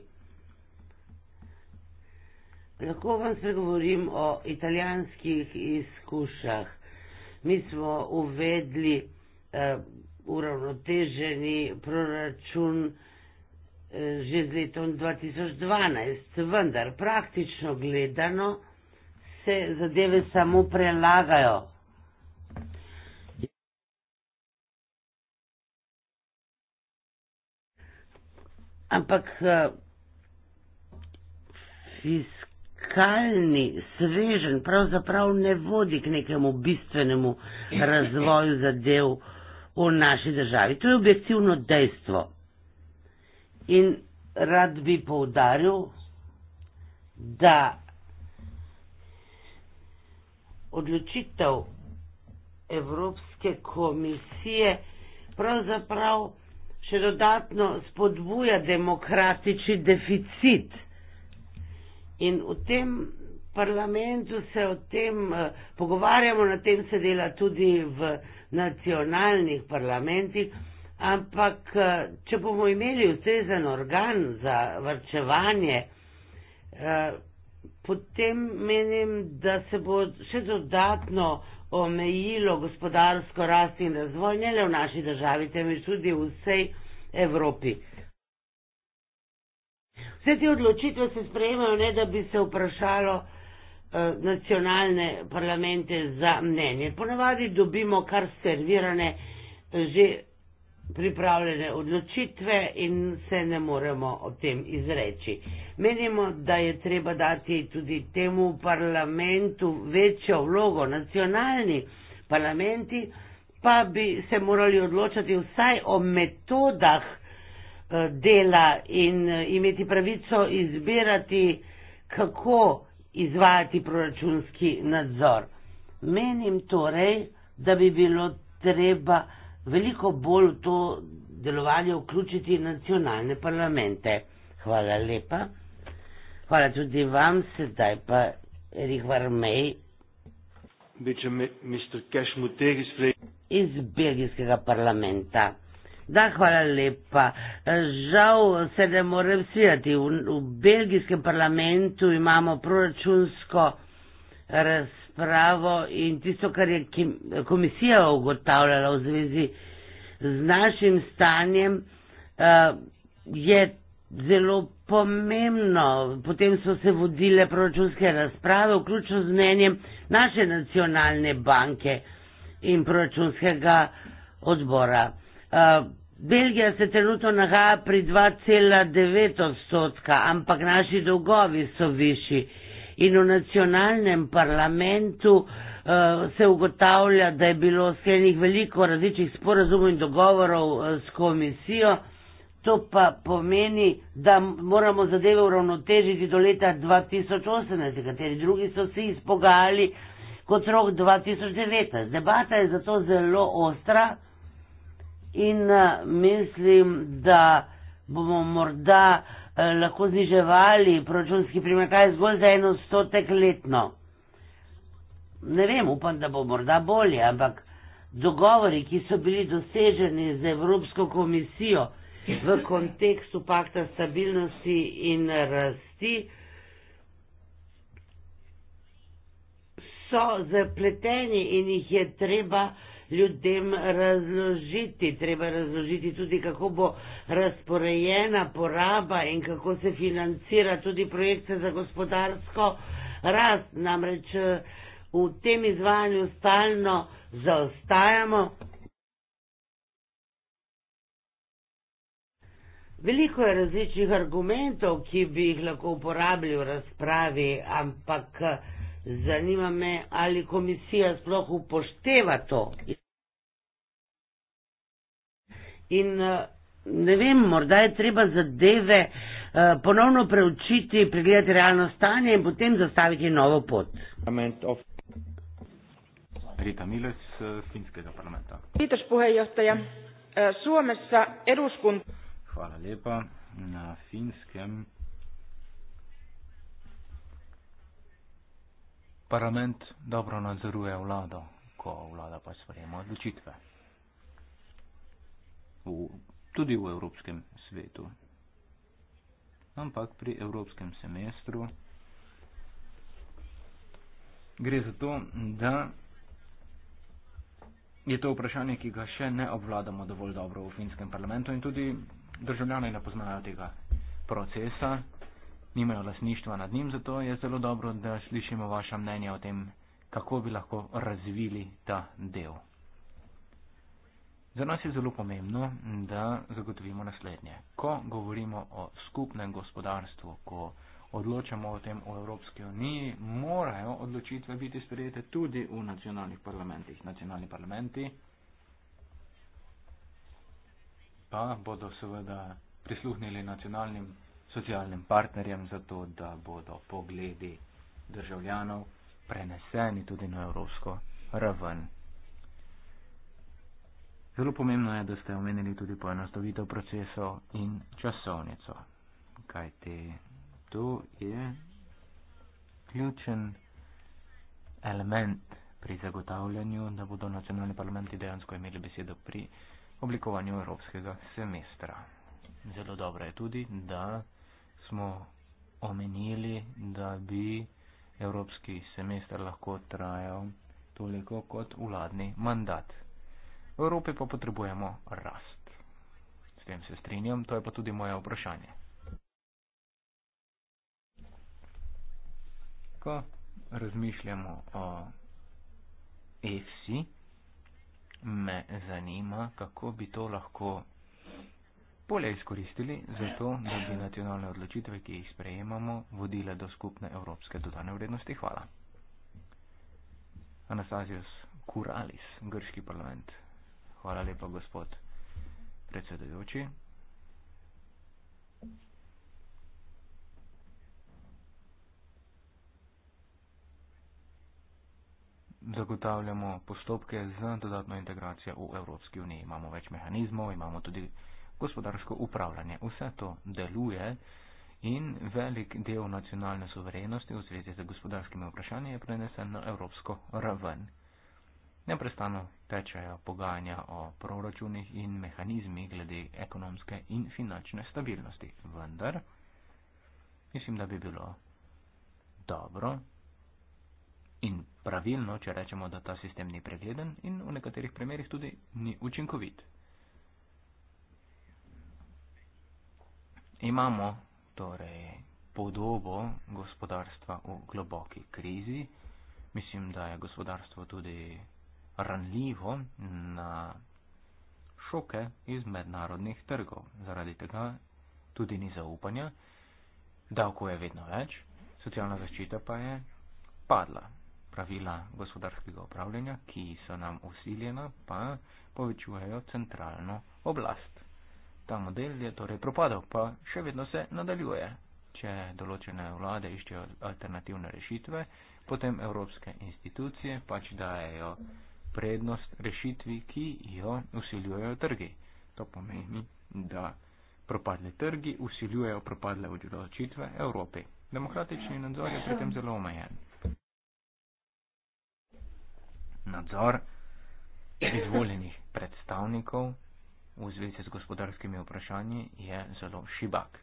Lahko vam spregovorim o italijanskih izkušnjah. Mi smo uvedli eh, uravnoteženi proračun eh, že z letom 2012, vendar praktično gledano se zadeve samo prelagajo. ampak eh, fiskalni svežen pravzaprav ne vodi k nekemu bistvenemu razvoju zadev v naši državi. To je objektivno dejstvo. In rad bi poudaril, da odločitev Evropske komisije pravzaprav še dodatno spodbuja demokratični deficit. In v tem parlamentu se o tem uh, pogovarjamo, na tem se dela tudi v nacionalnih parlamentih, ampak uh, če bomo imeli ustrezen organ za vrčevanje, uh, eh, potem menim, da se bo še dodatno omejilo gospodarsko rast in razvoj ne le v naši državi, temveč tudi v vsej Evropi. Vse te odločitve se sprejemajo, ne da bi se vprašalo eh, nacionalne parlamente za mnenje. Ponavadi dobimo kar servirane eh, že. Eh, pripravljene odločitve in se ne moremo o tem izreči. Menimo, da je treba dati tudi temu parlamentu večjo vlogo. Nacionalni parlamenti pa bi se morali odločati vsaj o metodah eh, dela in eh, imeti pravico izbirati, kako izvajati proračunski nadzor. Menim torej, da bi bilo treba veliko bolj v to delovanje vključiti nacionalne parlamente. Hvala lepa. Hvala tudi vam, sedaj pa Erik Varmej. Biče mister Kešmutek iz Iz belgijskega parlamenta. Da, hvala lepa. Žal se ne morem svijati. V, v belgijskem parlamentu imamo proračunsko razpravo razpravo in tisto, kar je komisija ugotavljala v zvezi z našim stanjem, eh, je zelo pomembno. Potem so se vodile proračunske razprave, vključno z mnenjem naše nacionalne banke in proračunskega odbora. Eh, Belgija se trenutno nahaja pri 2,9 odstotka, ampak naši dolgovi so višji in v nacionalnem parlamentu uh, se ugotavlja, da je bilo sklenih veliko različnih sporazumov in dogovorov uh, s komisijo. To pa pomeni, da moramo zadeve uravnotežiti do leta 2018, kateri drugi so si izpogajali kot rok 2019. Debata je zato zelo ostra in uh, mislim, da bomo morda uh, Eh, lahko zniževali proračunski primarkaj zgolj za eno stotek letno. Ne vem, upam, da bo morda bolje, ampak dogovori, ki so bili doseženi z Evropsko komisijo v kontekstu pakta stabilnosti in rasti, so zapleteni in jih je treba ljudem razložiti. Treba razložiti tudi, kako bo razporejena poraba in kako se financira tudi projekte za gospodarsko rast. Namreč eh, v tem izvajanju stalno zaostajamo. Veliko je različnih argumentov, ki bi jih lahko uporabili v razpravi, ampak Zanima me, ali komisija sploh upošteva to. In eh, ne vem, morda je treba zadeve eh, ponovno preučiti, pregledati realno stanje in potem zastaviti novo pot. Rita Miles, eh, finskega parlamenta. Pitaš, puhejostaja, Suomessa eduskunta. Hvala lepa. Na finskem. parlament dobro nadzoruje vlado, ko vlada pa sprejema odločitve. V, tudi v evropskem svetu. Ampak pri evropskem semestru gre za to, da je to vprašanje, ki ga še ne obvladamo dovolj dobro v finskem parlamentu in tudi državljani ne poznajo tega procesa nimajo lasništva nad njim, zato je zelo dobro, da slišimo vaše mnenje o tem, kako bi lahko razvili ta del. Za nas je zelo pomembno, da zagotovimo naslednje. Ko govorimo o skupnem gospodarstvu, ko odločamo o tem v Evropski uniji, morajo odločitve biti sprejete tudi v nacionalnih parlamentih. Nacionalni parlamenti pa bodo seveda prisluhnili nacionalnim socialnim partnerjem zato, da bodo pogledi državljanov preneseni tudi na evropsko raven. Zelo pomembno je, da ste omenili tudi poenostavitev procesov in časovnico, kajti tu je ključen element pri zagotavljanju, da bodo nacionalni parlamenti dejansko imeli besedo pri oblikovanju evropskega semestra. Zelo dobro je tudi, da smo omenili, da bi evropski semester lahko trajal toliko kot vladni mandat. V Evropi pa potrebujemo rast. S tem se strinjam, to je pa tudi moje vprašanje. Ko razmišljamo o EFSI, me zanima, kako bi to lahko bolje izkoristili za to, da bi nacionalne odločitve, ki jih sprejemamo, vodile do skupne evropske dodane vrednosti. Hvala. Anastasios Kuralis, grški parlament. Hvala lepa, gospod predsedujoči. Zagotavljamo postopke za dodatno integracijo v Evropski uniji. Imamo več mehanizmov, imamo tudi gospodarsko upravljanje. Vse to deluje in velik del nacionalne suverenosti v zvezi z gospodarskimi vprašanji je prenesen na evropsko raven. Neprestano tečejo pogajanja o proračunih in mehanizmi glede ekonomske in finančne stabilnosti. Vendar, mislim, da bi bilo dobro in pravilno, če rečemo, da ta sistem ni pregleden in v nekaterih primerjih tudi ni učinkovit. Imamo torej podobo gospodarstva v globoki krizi. Mislim, da je gospodarstvo tudi ranljivo na šoke iz mednarodnih trgov. Zaradi tega tudi ni zaupanja, davko je vedno več, socialna zaščita pa je padla. Pravila gospodarskega upravljanja, ki so nam usiljena, pa povečujejo centralno oblast. Ta model je torej propadal, pa še vedno se nadaljuje. Če določene vlade iščejo alternativne rešitve, potem evropske institucije pač dajejo prednost rešitvi, ki jo usiljujejo trgi. To pomeni, da propadli trgi usiljujejo propadle odločitve Evropi. Demokratični nadzor je pri tem zelo omejen. Nadzor izvoljenih predstavnikov v zvezi z gospodarskimi vprašanji je zelo šibak.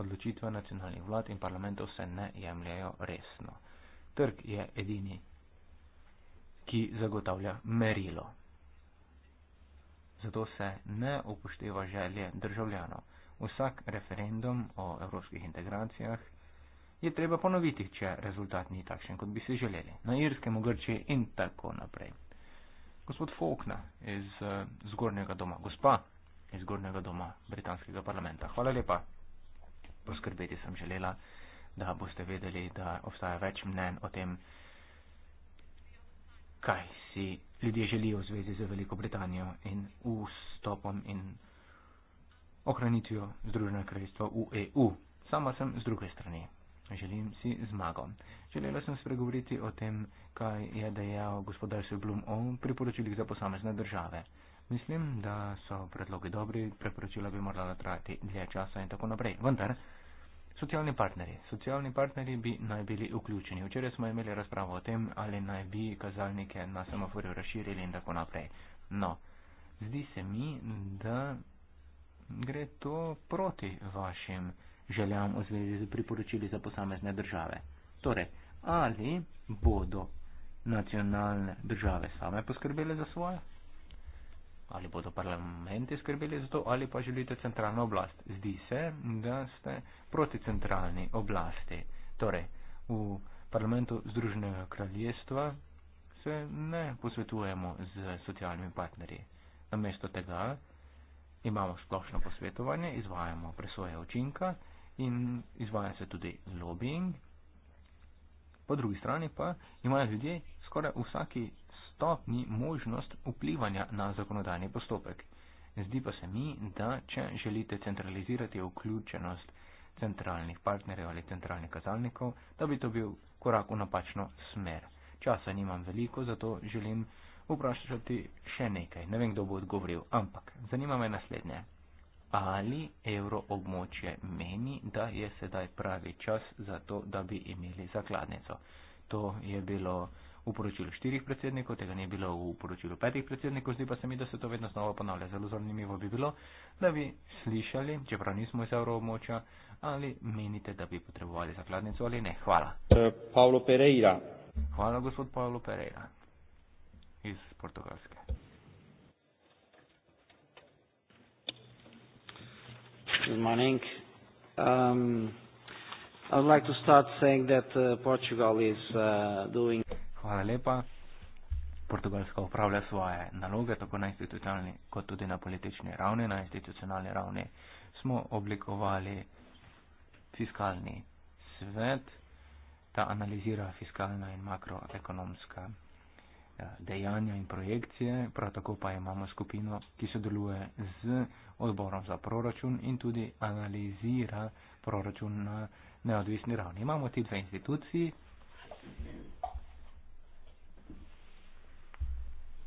Odločitve nacionalnih vlad in parlamentov se ne jemljajo resno. Trg je edini, ki zagotavlja merilo. Zato se ne upošteva želje državljanov. Vsak referendum o evropskih integracijah je treba ponoviti, če rezultat ni takšen, kot bi si želeli. Na Irskem, v Grčiji in tako naprej gospod Faulkner iz uh, zgornjega doma, gospa iz zgornjega doma britanskega parlamenta. Hvala lepa. Poskrbeti sem želela, da boste vedeli, da obstaja več mnen o tem, kaj si ljudje želijo v zvezi z Veliko Britanijo in vstopom in ohranitvijo Združenega kraljestva v EU. Sama sem z druge strani želim si zmago. Želela sem spregovoriti o tem, kaj je dejal gospodar Seblum o priporočilih za posamezne države. Mislim, da so predlogi dobri, priporočila bi morala trajati dlje časa in tako naprej. Vendar, socialni partnerji, socialni partnerji bi naj bili vključeni. Včeraj smo imeli razpravo o tem, ali naj bi kazalnike na semaforju razširili in tako naprej. No, zdi se mi, da gre to proti vašim željam v zvezi z priporočili za posamezne države. Torej, ali bodo nacionalne države same poskrbele za svoje, ali bodo parlamenti skrbeli za to, ali pa želite centralno oblast. Zdi se, da ste proti centralni oblasti. Torej, v parlamentu Združenega kraljestva se ne posvetujemo z socialnimi partnerji. Namesto tega imamo splošno posvetovanje, izvajamo presoje učinka, in izvaja se tudi lobbying. Po drugi strani pa imajo ljudje skoraj vsaki stopni možnost vplivanja na zakonodajni postopek. Zdi pa se mi, da če želite centralizirati vključenost centralnih partnerjev ali centralnih kazalnikov, da bi to bil korak v napačno smer. Časa nimam veliko, zato želim vprašati še nekaj. Ne vem, kdo bo odgovoril, ampak zanima me naslednje ali evroobmočje meni, da je sedaj pravi čas za to, da bi imeli zakladnico. To je bilo v poročilu štirih predsednikov, tega ni bilo v poročilu petih predsednikov, zdi pa se mi, da se to vedno znova ponavlja. Zelo zanimivo bi bilo, da bi slišali, čeprav nismo iz evroobmočja, ali menite, da bi potrebovali zakladnico ali ne. Hvala. Eh, Pavlo Pereira. Hvala, gospod Pavlo Pereira iz Portugalske. Good morning. Um, I would like to start saying that uh, Portugal is uh, doing. Hvala lepa. Portugalska upravlja svoje naloge tako na institucionalni kot tudi na politični ravni. Na institucionalni ravni smo oblikovali fiskalni svet, ta analizira fiskalna in makroekonomska uh, dejanja in projekcije, prav tako pa imamo skupino, ki sodeluje z uh, odborom za proračun in tudi analizira proračun na neodvisni ravni. Imamo ti dve instituciji.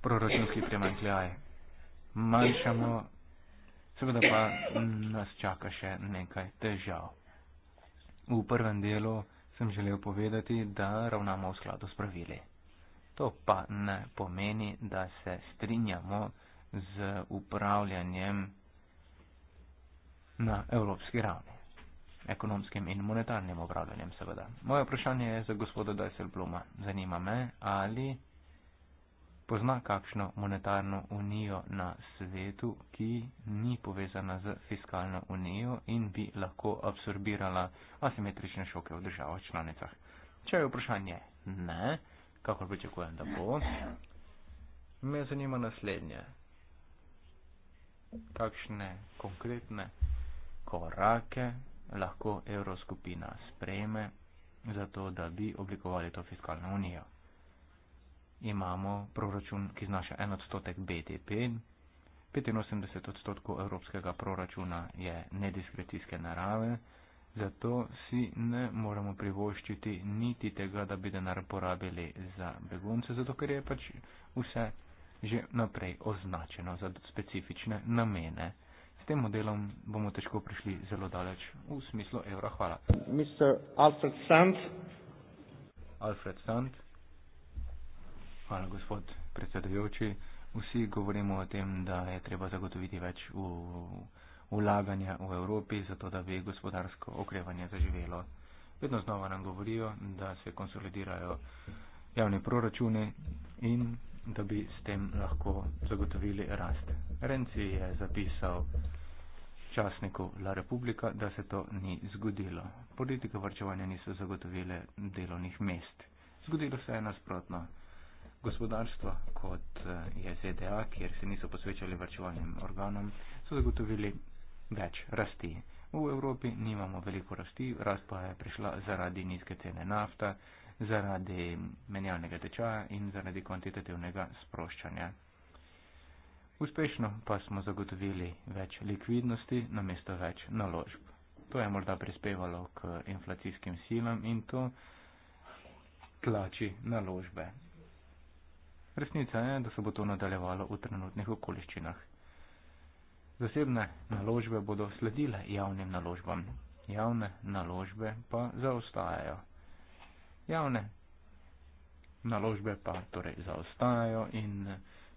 Proračunski premanjkljaj manjšamo, seveda pa nas čaka še nekaj težav. V prvem delu sem želel povedati, da ravnamo v skladu s pravili. To pa ne pomeni, da se strinjamo z upravljanjem na evropski ravni, ekonomskem in monetarnem upravljanjem seveda. Moje vprašanje je za gospoda Dajselbluma. Zanima me, ali pozna kakšno monetarno unijo na svetu, ki ni povezana z fiskalno unijo in bi lahko absorbirala asimetrične šoke v državah članicah. Če je vprašanje ne, kakor pričakujem, da bo, me zanima naslednje. Kakšne konkretne korake lahko evroskupina sprejme, zato da bi oblikovali to fiskalno unijo. Imamo proračun, ki znaša en odstotek BTP, 85 odstotkov evropskega proračuna je nediskrecijske narave, zato si ne moremo privoščiti niti tega, da bi denar porabili za begunce, zato ker je pač vse že naprej označeno za specifične namene tem modelom bomo težko prišli zelo daleč v smislu evra. Hvala. Mr. Alfred Sand. Alfred Sand. Hvala, gospod predsedujoči. Vsi govorimo o tem, da je treba zagotoviti več v, ulaganja v Evropi, zato da bi gospodarsko okrevanje zaživelo. Vedno znova nam govorijo, da se konsolidirajo javne proračune in da bi s tem lahko zagotovili rast. Renzi je zapisal, časniku La Republika, da se to ni zgodilo. Politike varčevanja niso zagotovile delovnih mest. Zgodilo se je nasprotno. Gospodarstvo, kot eh, je ZDA, kjer se niso posvečali varčevalnim organom, so zagotovili več rasti. V Evropi nimamo veliko rasti, rast pa je prišla zaradi nizke cene nafta, zaradi menjalnega tečaja in zaradi kvantitativnega sproščanja. Uspešno pa smo zagotovili več likvidnosti na mesto več naložb. To je morda prispevalo k inflacijskim silam in to tlači naložbe. Resnica je, da se bo to nadaljevalo v trenutnih okoliščinah. Zasebne naložbe bodo sledile javnim naložbam, javne naložbe pa zaostajajo. Javne naložbe pa torej zaostajajo in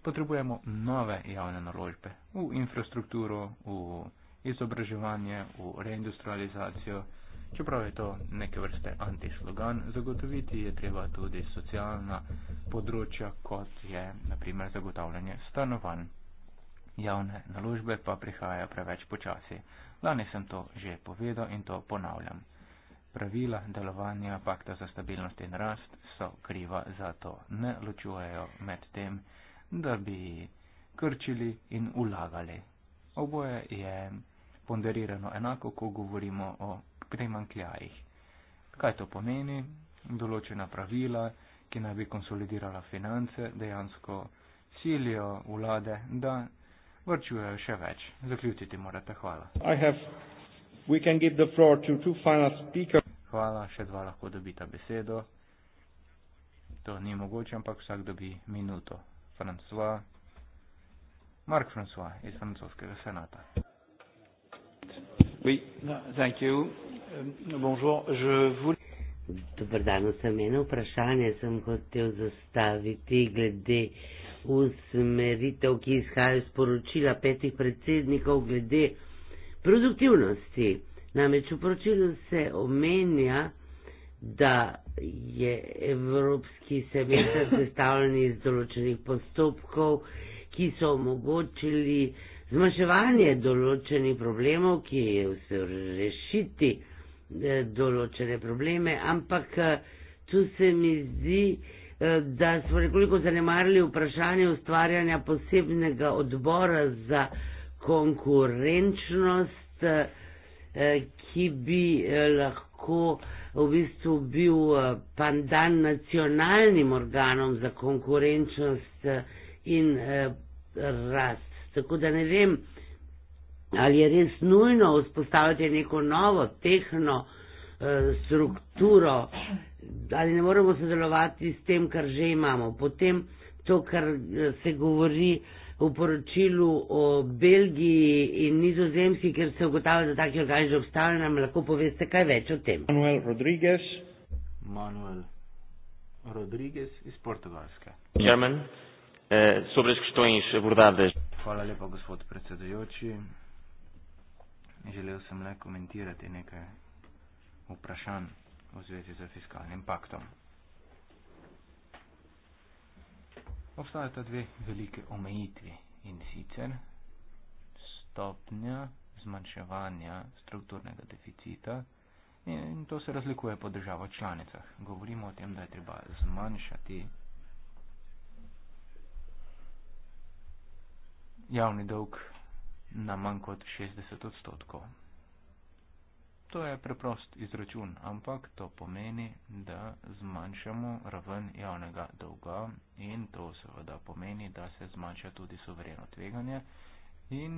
potrebujemo nove javne naložbe v infrastrukturo, v izobraževanje, v reindustrializacijo. Čeprav je to neke vrste antislogan, zagotoviti je treba tudi socialna področja, kot je naprimer zagotavljanje stanovanj. Javne naložbe pa prihajajo preveč počasi. Lani sem to že povedal in to ponavljam. Pravila delovanja Pakta za stabilnost in rast so kriva za to. Ne ločujejo med tem, da bi krčili in ulagali. Oboje je ponderirano enako, ko govorimo o primankljajih. Kaj to pomeni? Določena pravila, ki naj bi konsolidirala finance, dejansko silijo vlade, da vrčujejo še več. Zaključiti morate, hvala. Hvala, še dva lahko dobita besedo. To ni mogoče, ampak vsak dobi minuto. Francois, Mark Francois iz francoskega senata. Oui, no, thank you. Um, bonjour, je vous... Dobar dan, sem eno vprašanje sem hotel zastaviti glede usmeritev, ki izhajajo iz poročila petih predsednikov glede produktivnosti. Namreč v poročilu se omenja, da je Evropski svet sestavljen iz določenih postopkov, ki so omogočili zmaševanje določenih problemov, ki je vse rešiti eh, določene probleme, ampak eh, tu se mi zdi, eh, da smo nekoliko zanemarili vprašanje ustvarjanja posebnega odbora za konkurenčnost, ki bi lahko v bistvu bil eh, pandan nacionalnim organom za konkurenčnost eh, in eh, rast. Tako da ne vem, ali je res nujno vzpostaviti neko novo tehno strukturo, ali ne moramo sodelovati s tem, kar že imamo. Potem to, kar se govori, v poročilu o Belgiji in Nizozemski, ker se ugotavlja, da taki organi že obstajajo, nam lahko poveste kaj več o tem. Manuel Rodriguez. Manuel Rodriguez iz Portugalske. German. Eh, sobre as questões abordadas. Hvala lepa, gospod predsedujoči. Želel sem le komentirati nekaj vprašanj v zvezi z fiskalnim paktom. obstajata dve velike omejitvi in sicer stopnja zmanjševanja strukturnega deficita in to se razlikuje po državo članicah. Govorimo o tem, da je treba zmanjšati javni dolg na manj kot 60 odstotkov. To je preprost izračun, ampak to pomeni, da zmanjšamo raven javnega dolga in to seveda pomeni, da se zmanjša tudi suvereno tveganje in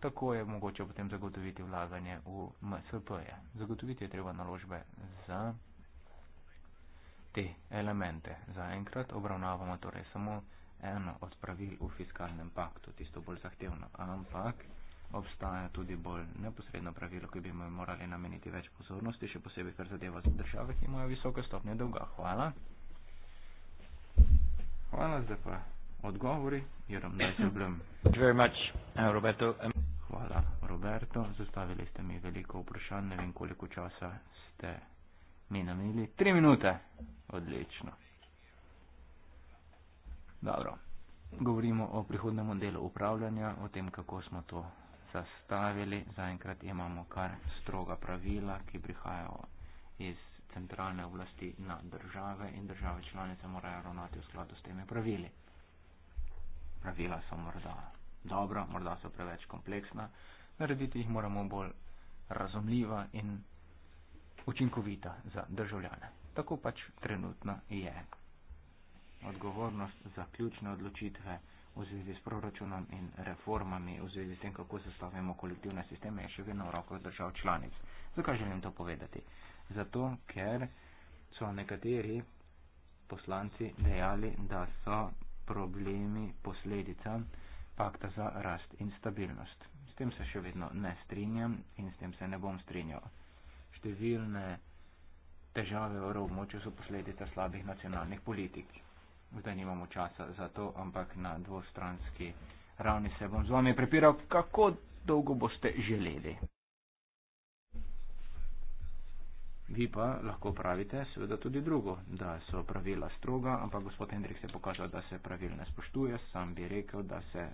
tako je mogoče potem zagotoviti vlaganje v MSP-je. Zagotoviti je treba naložbe za te elemente. Zaenkrat obravnavamo torej samo eno od pravil v fiskalnem paktu, tisto bolj zahtevno, ampak obstaja tudi bolj neposredno pravilo, ki bi mu morali nameniti več pozornosti, še posebej, kar zadeva za države, ki imajo visoke stopnje dolga. Hvala. Hvala zdaj pa odgovori, jer vam naj problem. Hvala, Roberto. Zastavili ste mi veliko vprašanj, ne vem koliko časa ste mi namenili. Tri minute. Odlično. Dobro. Govorimo o prihodnem modelu upravljanja, o tem, kako smo to zastavili. Zaenkrat imamo kar stroga pravila, ki prihajajo iz centralne oblasti na države in države članice morajo ravnati v skladu s temi pravili. Pravila so morda dobra, morda so preveč kompleksna, narediti jih moramo bolj razumljiva in učinkovita za državljane. Tako pač trenutno je. Odgovornost za ključne odločitve v zvezi s proračunom in reformami, v zvezi s tem, kako sestavimo kolektivne sisteme, je še vedno v rokah držav članic. Zakaj želim to povedati? Zato, ker so nekateri poslanci dejali, da so problemi posledica pakta za rast in stabilnost. S tem se še vedno ne strinjam in s tem se ne bom strinjal. Številne težave v evroobmočju so posledica slabih nacionalnih politik zdaj nimamo časa za to, ampak na dvostranski ravni se bom z vami prepiral, kako dolgo boste želeli. Vi pa lahko pravite, seveda tudi drugo, da so pravila stroga, ampak gospod Hendrik se je pokazal, da se pravil ne spoštuje, sam bi rekel, da se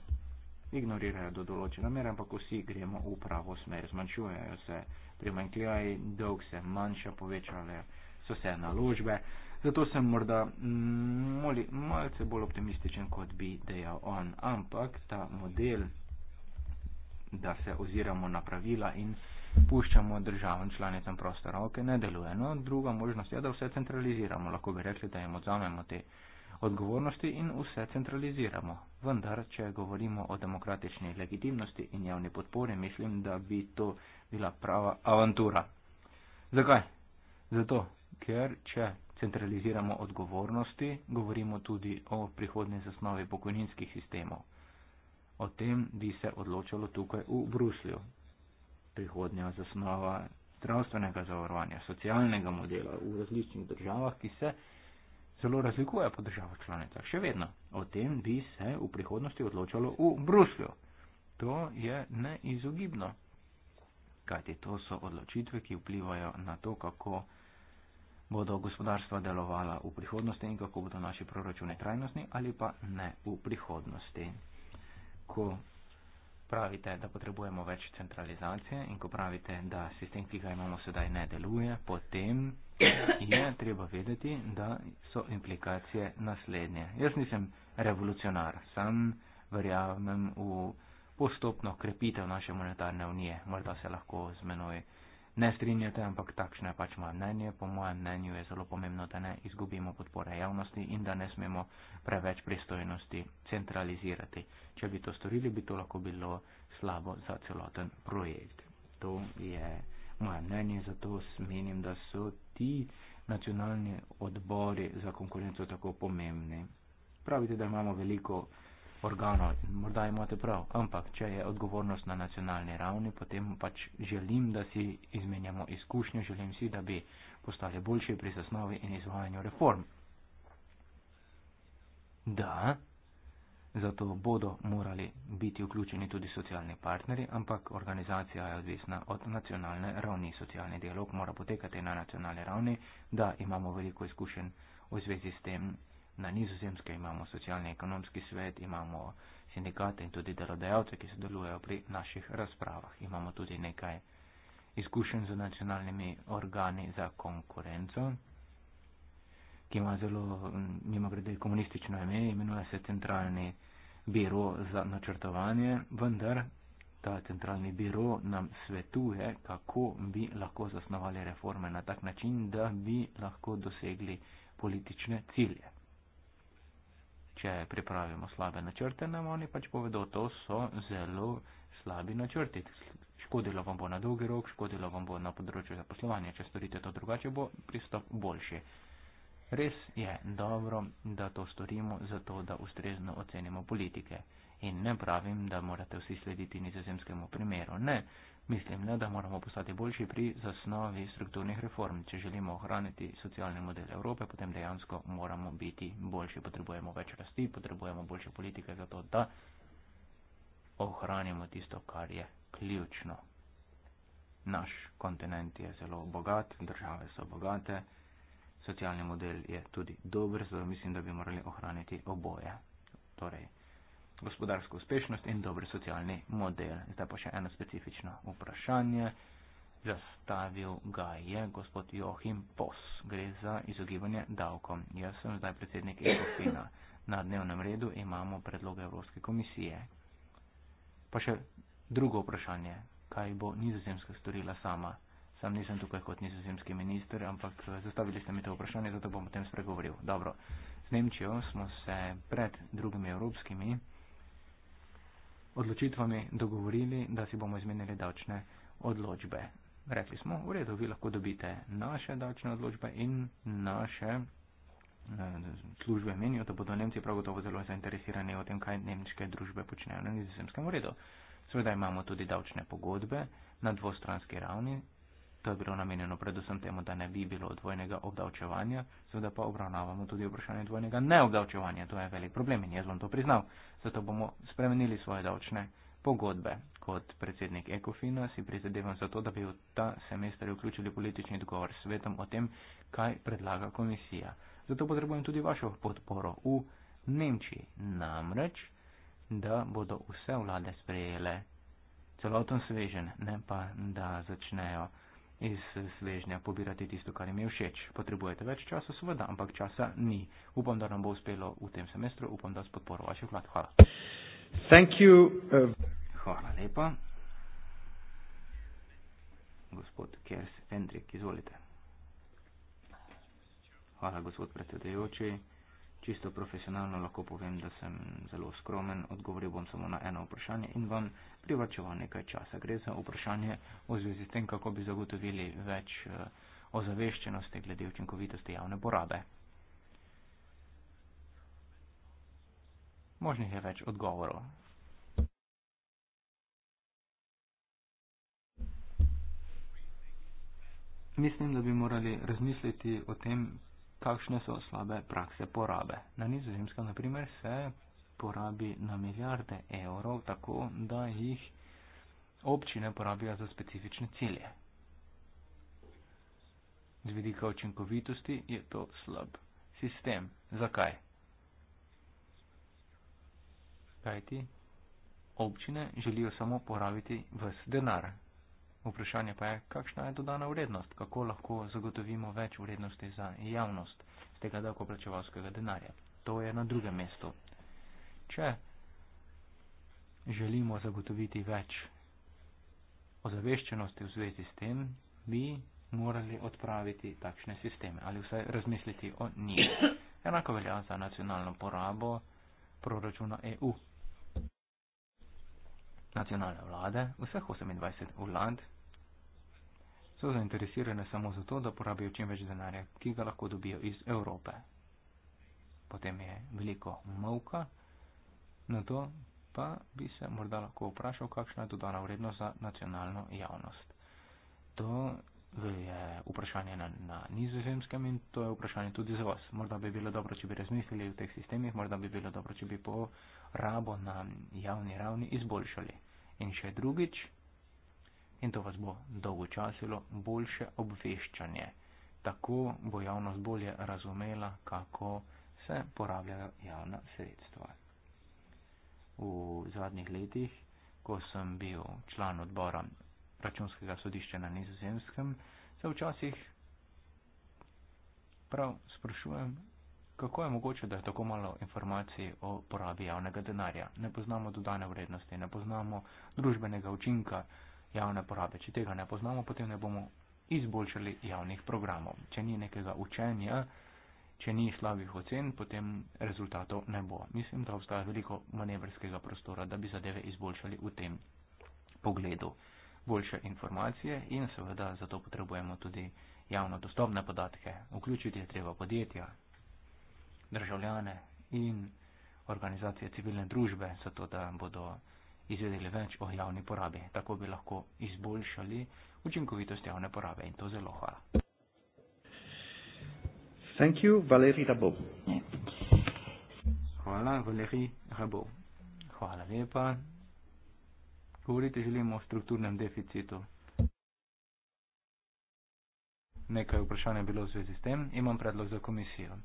ignorirajo do določene mere, ampak vsi gremo v pravo smer, zmanjšujejo se primankljaji, dolg se manjša, povečale so se naložbe. Zato sem morda mm, moli, malce bolj optimističen, kot bi dejal on. Ampak ta model, da se oziramo na pravila in puščamo državam članicam proste roke, ne deluje. No, druga možnost je, da vse centraliziramo. Lahko bi rekli, da jim odzamemo te odgovornosti in vse centraliziramo. Vendar, če govorimo o demokratični legitimnosti in javni podpori, mislim, da bi to bila prava avantura. Zakaj? Zato, ker če centraliziramo odgovornosti, govorimo tudi o prihodni zasnovi pokojninskih sistemov. O tem bi se odločalo tukaj v Bruslju. Prihodnja zasnova zdravstvenega zavarovanja, socialnega modela v različnih državah, ki se zelo razlikuje po državah članicah. Še vedno o tem bi se v prihodnosti odločalo v Bruslju. To je neizogibno, kajti to so odločitve, ki vplivajo na to, kako bodo gospodarstva delovala v prihodnosti in kako bodo naši proračuni trajnostni ali pa ne v prihodnosti. Ko pravite, da potrebujemo več centralizacije in ko pravite, da sistem, ki ga imamo sedaj, ne deluje, potem je treba vedeti, da so implikacije naslednje. Jaz nisem revolucionar, sem verjamem v postopno krepitev naše monetarne unije. Morda se lahko z menoj ne strinjate, ampak takšne pač moje mnenje. Po mojem mnenju je zelo pomembno, da ne izgubimo podpore javnosti in da ne smemo preveč pristojnosti centralizirati. Če bi to storili, bi to lahko bilo slabo za celoten projekt. To je moje mnenje, zato menim, da so ti nacionalni odbori za konkurenco tako pomembni. Pravite, da imamo veliko organov in morda imate prav, ampak če je odgovornost na nacionalni ravni, potem pač želim, da si izmenjamo izkušnje, želim si, da bi postali boljši pri zasnovi in izvajanju reform. Da, zato bodo morali biti vključeni tudi socialni partnerji, ampak organizacija je odvisna od nacionalne ravni. Socialni dialog mora potekati na nacionalni ravni, da imamo veliko izkušenj v zvezi s tem na nizozemske imamo socialni ekonomski svet, imamo sindikate in tudi delodajalce, ki sodelujejo pri naših razpravah. Imamo tudi nekaj izkušenj z nacionalnimi organi za konkurenco, ki ima zelo, mimo grede, komunistično ime, imenuje se centralni biro za načrtovanje, vendar ta centralni biro nam svetuje, kako bi lahko zasnovali reforme na tak način, da bi lahko dosegli politične cilje če pripravimo slabe načrte, nam oni pač povedo, to so zelo slabi načrti. Škodilo vam bo na dolgi rok, škodilo vam bo na področju zaposlovanja, če storite to drugače, bo pristop boljši. Res je dobro, da to storimo zato, da ustrezno ocenimo politike. In ne pravim, da morate vsi slediti nizozemskemu primeru. Ne, Mislim, ne, da moramo postati boljši pri zasnovi strukturnih reform. Če želimo ohraniti socialni model Evrope, potem dejansko moramo biti boljši. Potrebujemo več rasti, potrebujemo boljše politike za to, da ohranimo tisto, kar je ključno. Naš kontinent je zelo bogat, države so bogate, socialni model je tudi dober, zato mislim, da bi morali ohraniti oboje. Torej, gospodarsko uspešnost in dober socialni model. Zdaj pa še eno specifično vprašanje. Zastavil ga je gospod Johim Pos. Gre za izogibanje davkom. Jaz sem zdaj predsednik Ekofina. Na dnevnem redu imamo predloge Evropske komisije. Pa še drugo vprašanje. Kaj bo nizozemska storila sama? Sam nisem tukaj kot nizozemski minister, ampak eh, zastavili ste mi to vprašanje, zato bom o tem spregovoril. Dobro. Z Nemčijo smo se pred drugimi evropskimi odločitvami dogovorili, da si bomo izmenili davčne odločbe. Rekli smo, v redu, vi lahko dobite naše davčne odločbe in naše eh, službe menijo, da bodo Nemci prav gotovo zelo zainteresirani o tem, kaj nemške družbe počnejo na nizozemskem uredu. Seveda imamo tudi davčne pogodbe na dvostranski ravni, To je bilo namenjeno predvsem temu, da ne bi bilo dvojnega obdavčevanja, seveda pa obravnavamo tudi vprašanje dvojnega neobdavčevanja. To je velik problem in jaz bom to priznal. Zato bomo spremenili svoje davčne pogodbe. Kot predsednik Ekofina si prizadevam za to, da bi v ta semester vključili politični dogovor s svetom o tem, kaj predlaga komisija. Zato potrebujem tudi vašo podporo v Nemčiji. Namreč, da bodo vse vlade sprejele celoten svežen, ne pa da začnejo iz svežnja pobirati tisto, kar jim je všeč. Potrebujete več časa, seveda, ampak časa ni. Upam, da nam bo uspelo v tem semestru, upam, da s podporo vaših vlad. Hvala. You, uh... Hvala lepa. Gospod Kers Hendrik, izvolite. Hvala, gospod predsedujoči čisto profesionalno lahko povem, da sem zelo skromen, odgovoril bom samo na eno vprašanje in vam privačeval nekaj časa. Gre za vprašanje v zvezi s tem, kako bi zagotovili več eh, ozaveščenosti glede učinkovitosti javne porabe. Možnih je več odgovorov. Mislim, da bi morali razmisliti o tem, kakšne so slabe prakse porabe. Na nizozemskem, naprimer, se porabi na milijarde evrov, tako da jih občine porabijo za specifične cilje. Z vidika učinkovitosti je to slab sistem. Zakaj? Kajti občine želijo samo porabiti vse denare. Vprašanje pa je, kakšna je dodana vrednost, kako lahko zagotovimo več vrednosti za javnost z tega davkoplačevalskega denarja. To je na drugem mestu. Če želimo zagotoviti več ozaveščenosti v zvezi s tem, bi morali odpraviti takšne sisteme ali vsaj razmisliti o njih. Enako velja za nacionalno porabo proračuna EU. Nacionalne vlade, vseh 28 vlad so zainteresirane samo zato, da porabijo čim več denarja, ki ga lahko dobijo iz Evrope. Potem je veliko mavka, na to pa bi se morda lahko vprašal, kakšna je dodana vrednost za nacionalno javnost. To je vprašanje na, na nizozemskem in to je vprašanje tudi za vas. Morda bi bilo dobro, če bi razmislili v teh sistemih, morda bi bilo dobro, če bi po rabo na javni ravni izboljšali. In še drugič, in to vas bo dolgočasilo boljše obveščanje. Tako bo javnost bolje razumela, kako se porabljajo javna sredstva. V zadnjih letih, ko sem bil član odbora računskega sodišča na nizozemskem, se včasih prav sprašujem, kako je mogoče, da je tako malo informacij o porabi javnega denarja. Ne poznamo dodane vrednosti, ne poznamo družbenega učinka, javne porabe. Če tega ne poznamo, potem ne bomo izboljšali javnih programov. Če ni nekega učenja, če ni slabih ocen, potem rezultatov ne bo. Mislim, da obstaja veliko manevrskega prostora, da bi zadeve izboljšali v tem pogledu. Boljše informacije in seveda zato potrebujemo tudi javno dostopne podatke. Vključiti je treba podjetja, državljane in organizacije civilne družbe, zato da bodo izvedeli več o javni porabi. Tako bi lahko izboljšali učinkovitost javne porabe in to zelo hvala. Thank you, hvala, Valeri Rabo. Hvala lepa. Govoriti želimo o strukturnem deficitu. Nekaj vprašanj je bilo v zvezi s tem. Imam predlog za komisijo.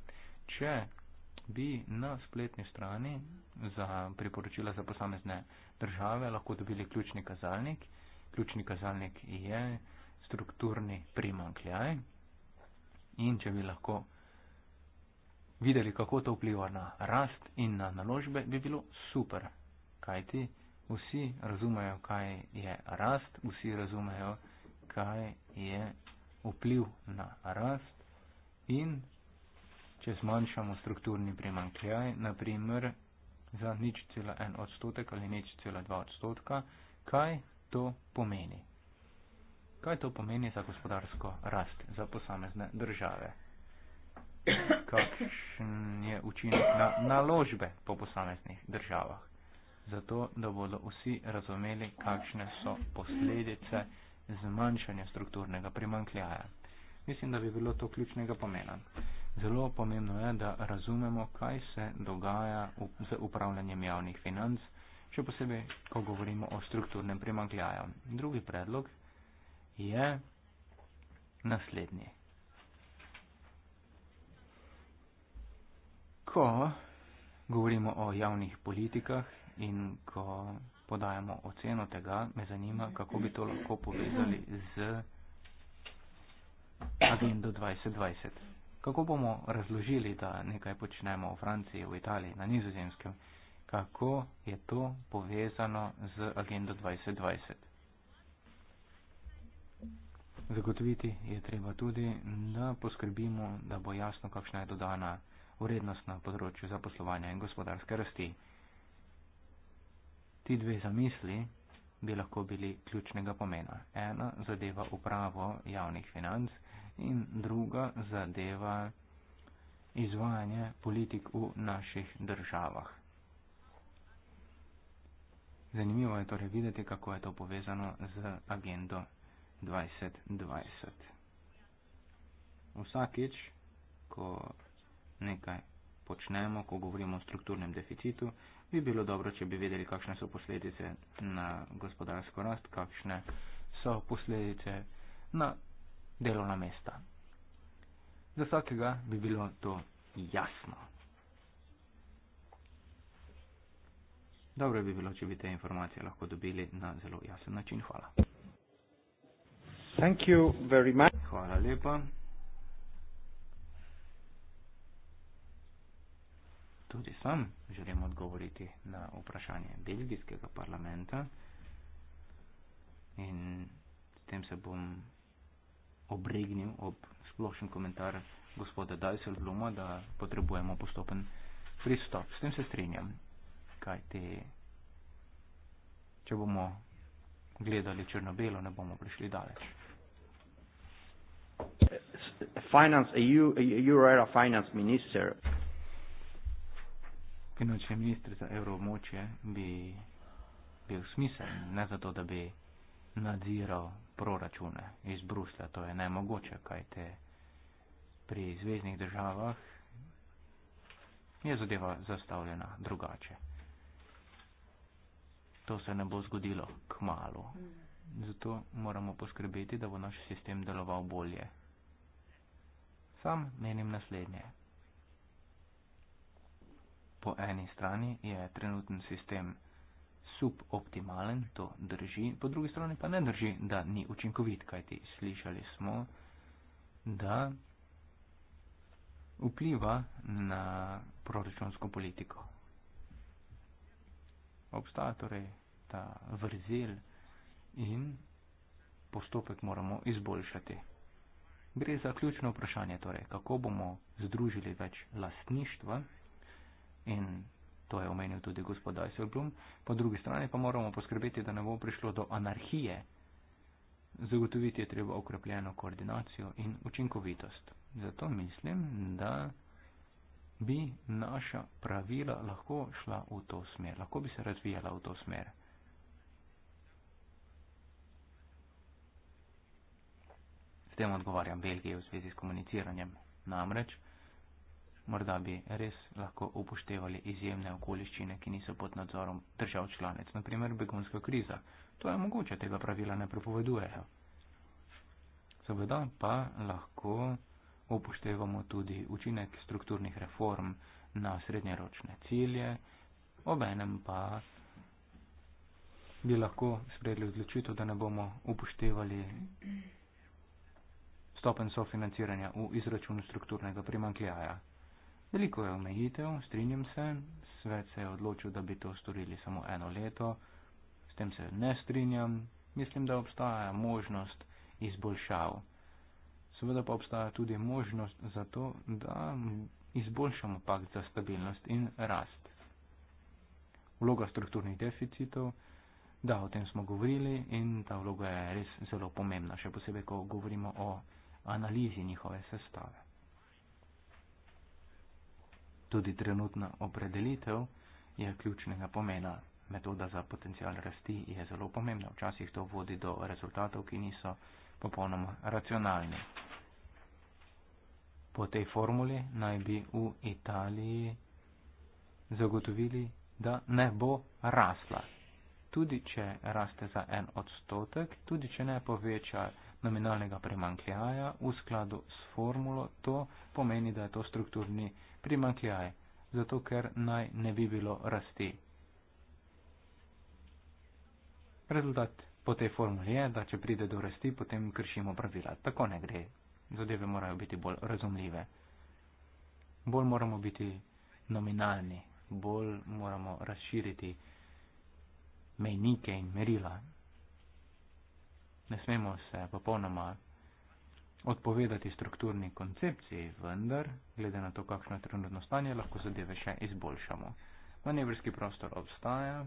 Če bi na spletni strani za priporočila za posamezne države lahko dobili ključni kazalnik. Ključni kazalnik je strukturni primankljaj. In če bi lahko videli, kako to vpliva na rast in na naložbe, bi bilo super. Kajti vsi razumejo, kaj je rast, vsi razumejo, kaj je vpliv na rast. In če zmanjšamo strukturni primankljaj, naprimer za nič cela en odstotek ali nič cela dva odstotka, kaj to pomeni? Kaj to pomeni za gospodarsko rast za posamezne države? Kakšen je učinek na naložbe po posameznih državah? Zato, da bodo vsi razumeli, kakšne so posledice zmanjšanja strukturnega primankljaja. Mislim, da bi bilo to ključnega pomena. Zelo pomembno je, da razumemo, kaj se dogaja z upravljanjem javnih financ, še posebej, ko govorimo o strukturnem primankljaju. Drugi predlog je naslednji. Ko govorimo o javnih politikah in ko podajamo oceno tega, me zanima, kako bi to lahko povezali z agendo 2020 kako bomo razložili, da nekaj počnemo v Franciji, v Italiji, na nizozemskem, kako je to povezano z agendo 2020. Zagotoviti je treba tudi, da poskrbimo, da bo jasno, kakšna je dodana vrednost na področju zaposlovanja in gospodarske rasti. Ti dve zamisli bi lahko bili ključnega pomena. Ena zadeva upravo javnih financ, in druga zadeva izvajanje politik v naših državah. Zanimivo je torej videti, kako je to povezano z agendo 2020. Vsakeč, ko nekaj počnemo, ko govorimo o strukturnem deficitu, bi bilo dobro, če bi vedeli, kakšne so posledice na gospodarsko rast, kakšne so posledice na delovna mesta. Za vsakega bi bilo to jasno. Dobro bi bilo, če bi te informacije lahko dobili na zelo jasen način. Hvala. Thank you very much. Hvala lepa. Tudi sam želim odgovoriti na vprašanje belgijskega parlamenta in s tem se bom obregnil ob splošen komentar gospoda Dajselbluma, da potrebujemo postopen pristop. S tem se strinjam, kaj te, če bomo gledali črno-belo, ne bomo prišli daleč. Finance, you, you are a finance minister. Finančni minister za evroobmočje bi bil smiseln, ne zato, da bi nadziral proračune iz Bruslja. To je nemogoče, kaj te pri zvezdnih državah je zadeva zastavljena drugače. To se ne bo zgodilo k malu. Zato moramo poskrbeti, da bo naš sistem deloval bolje. Sam menim naslednje. Po eni strani je trenutni sistem suboptimalen, to drži, po drugi strani pa ne drži, da ni učinkovit, kajti slišali smo, da vpliva na proračunsko politiko. Obstaja torej ta vrzel in postopek moramo izboljšati. Gre za ključno vprašanje, torej, kako bomo združili več lastništva in to je omenil tudi gospod Dajselblum, po drugi strani pa moramo poskrbeti, da ne bo prišlo do anarhije. Zagotoviti je treba okrepljeno koordinacijo in učinkovitost. Zato mislim, da bi naša pravila lahko šla v to smer, lahko bi se razvijala v to smer. S tem odgovarjam Belgiji v zvezi s komuniciranjem. Namreč, morda bi res lahko upoštevali izjemne okoliščine, ki niso pod nadzorom držav članic, naprimer begunska kriza. To je mogoče, tega pravila ne prepovedujejo. Seveda pa lahko upoštevamo tudi učinek strukturnih reform na srednjeročne cilje, obenem pa bi lahko sprejeli odločitev, da ne bomo upoštevali stopen sofinanciranja v izračunu strukturnega primankljaja. Veliko je omejitev, strinjam se, svet se je odločil, da bi to storili samo eno leto, s tem se ne strinjam, mislim, da obstaja možnost izboljšav. Seveda pa obstaja tudi možnost za to, da izboljšamo pakt za stabilnost in rast. Vloga strukturnih deficitov, da o tem smo govorili in ta vloga je res zelo pomembna, še posebej, ko govorimo o analizi njihove sestave. Tudi trenutna opredelitev je ključnega pomena. Metoda za potencial rasti je zelo pomembna. Včasih to vodi do rezultatov, ki niso popolnoma racionalni. Po tej formuli naj bi v Italiji zagotovili, da ne bo rasla. Tudi če raste za en odstotek, tudi če ne poveča nominalnega premankljaja v skladu s formulo, to pomeni, da je to strukturni premankljaj primankljaj, zato ker naj ne bi bilo rasti. Rezultat po tej formuli je, da če pride do rasti, potem kršimo pravila. Tako ne gre. Zadeve morajo biti bolj razumljive. Bolj moramo biti nominalni, bolj moramo razširiti mejnike in merila. Ne smemo se popolnoma odpovedati strukturni koncepciji, vendar, glede na to, kakšno je trenutno stanje, lahko zadeve še izboljšamo. Manevrski prostor obstaja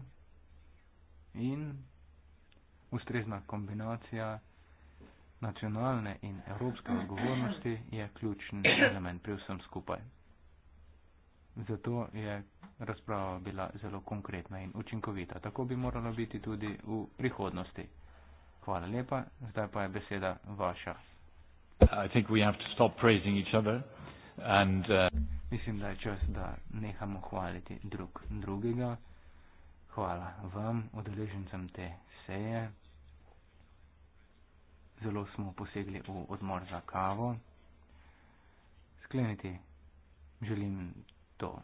in ustrezna kombinacija nacionalne in evropske odgovornosti je ključen element pri vsem skupaj. Zato je razprava bila zelo konkretna in učinkovita. Tako bi moralo biti tudi v prihodnosti. Hvala lepa, zdaj pa je beseda vaša. I think we have to stop praising each other and uh, mislim da je čas da nehamo hvaliti drug drugega hvala vam udeležencem te seje zelo smo posegli v odmor za kavo skleniti želim to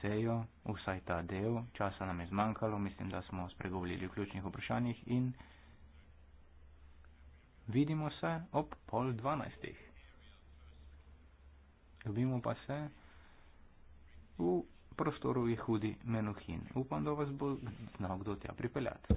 sejo, vsaj ta del, časa nam je zmanjkalo, mislim, da smo spregovorili o ključnih vprašanjih in Vidimo se ob pol dvanajstih. Dobimo pa se v prostoru Jehudi Menuhin. Upam, da vas bo znal kdo tja pripeljati.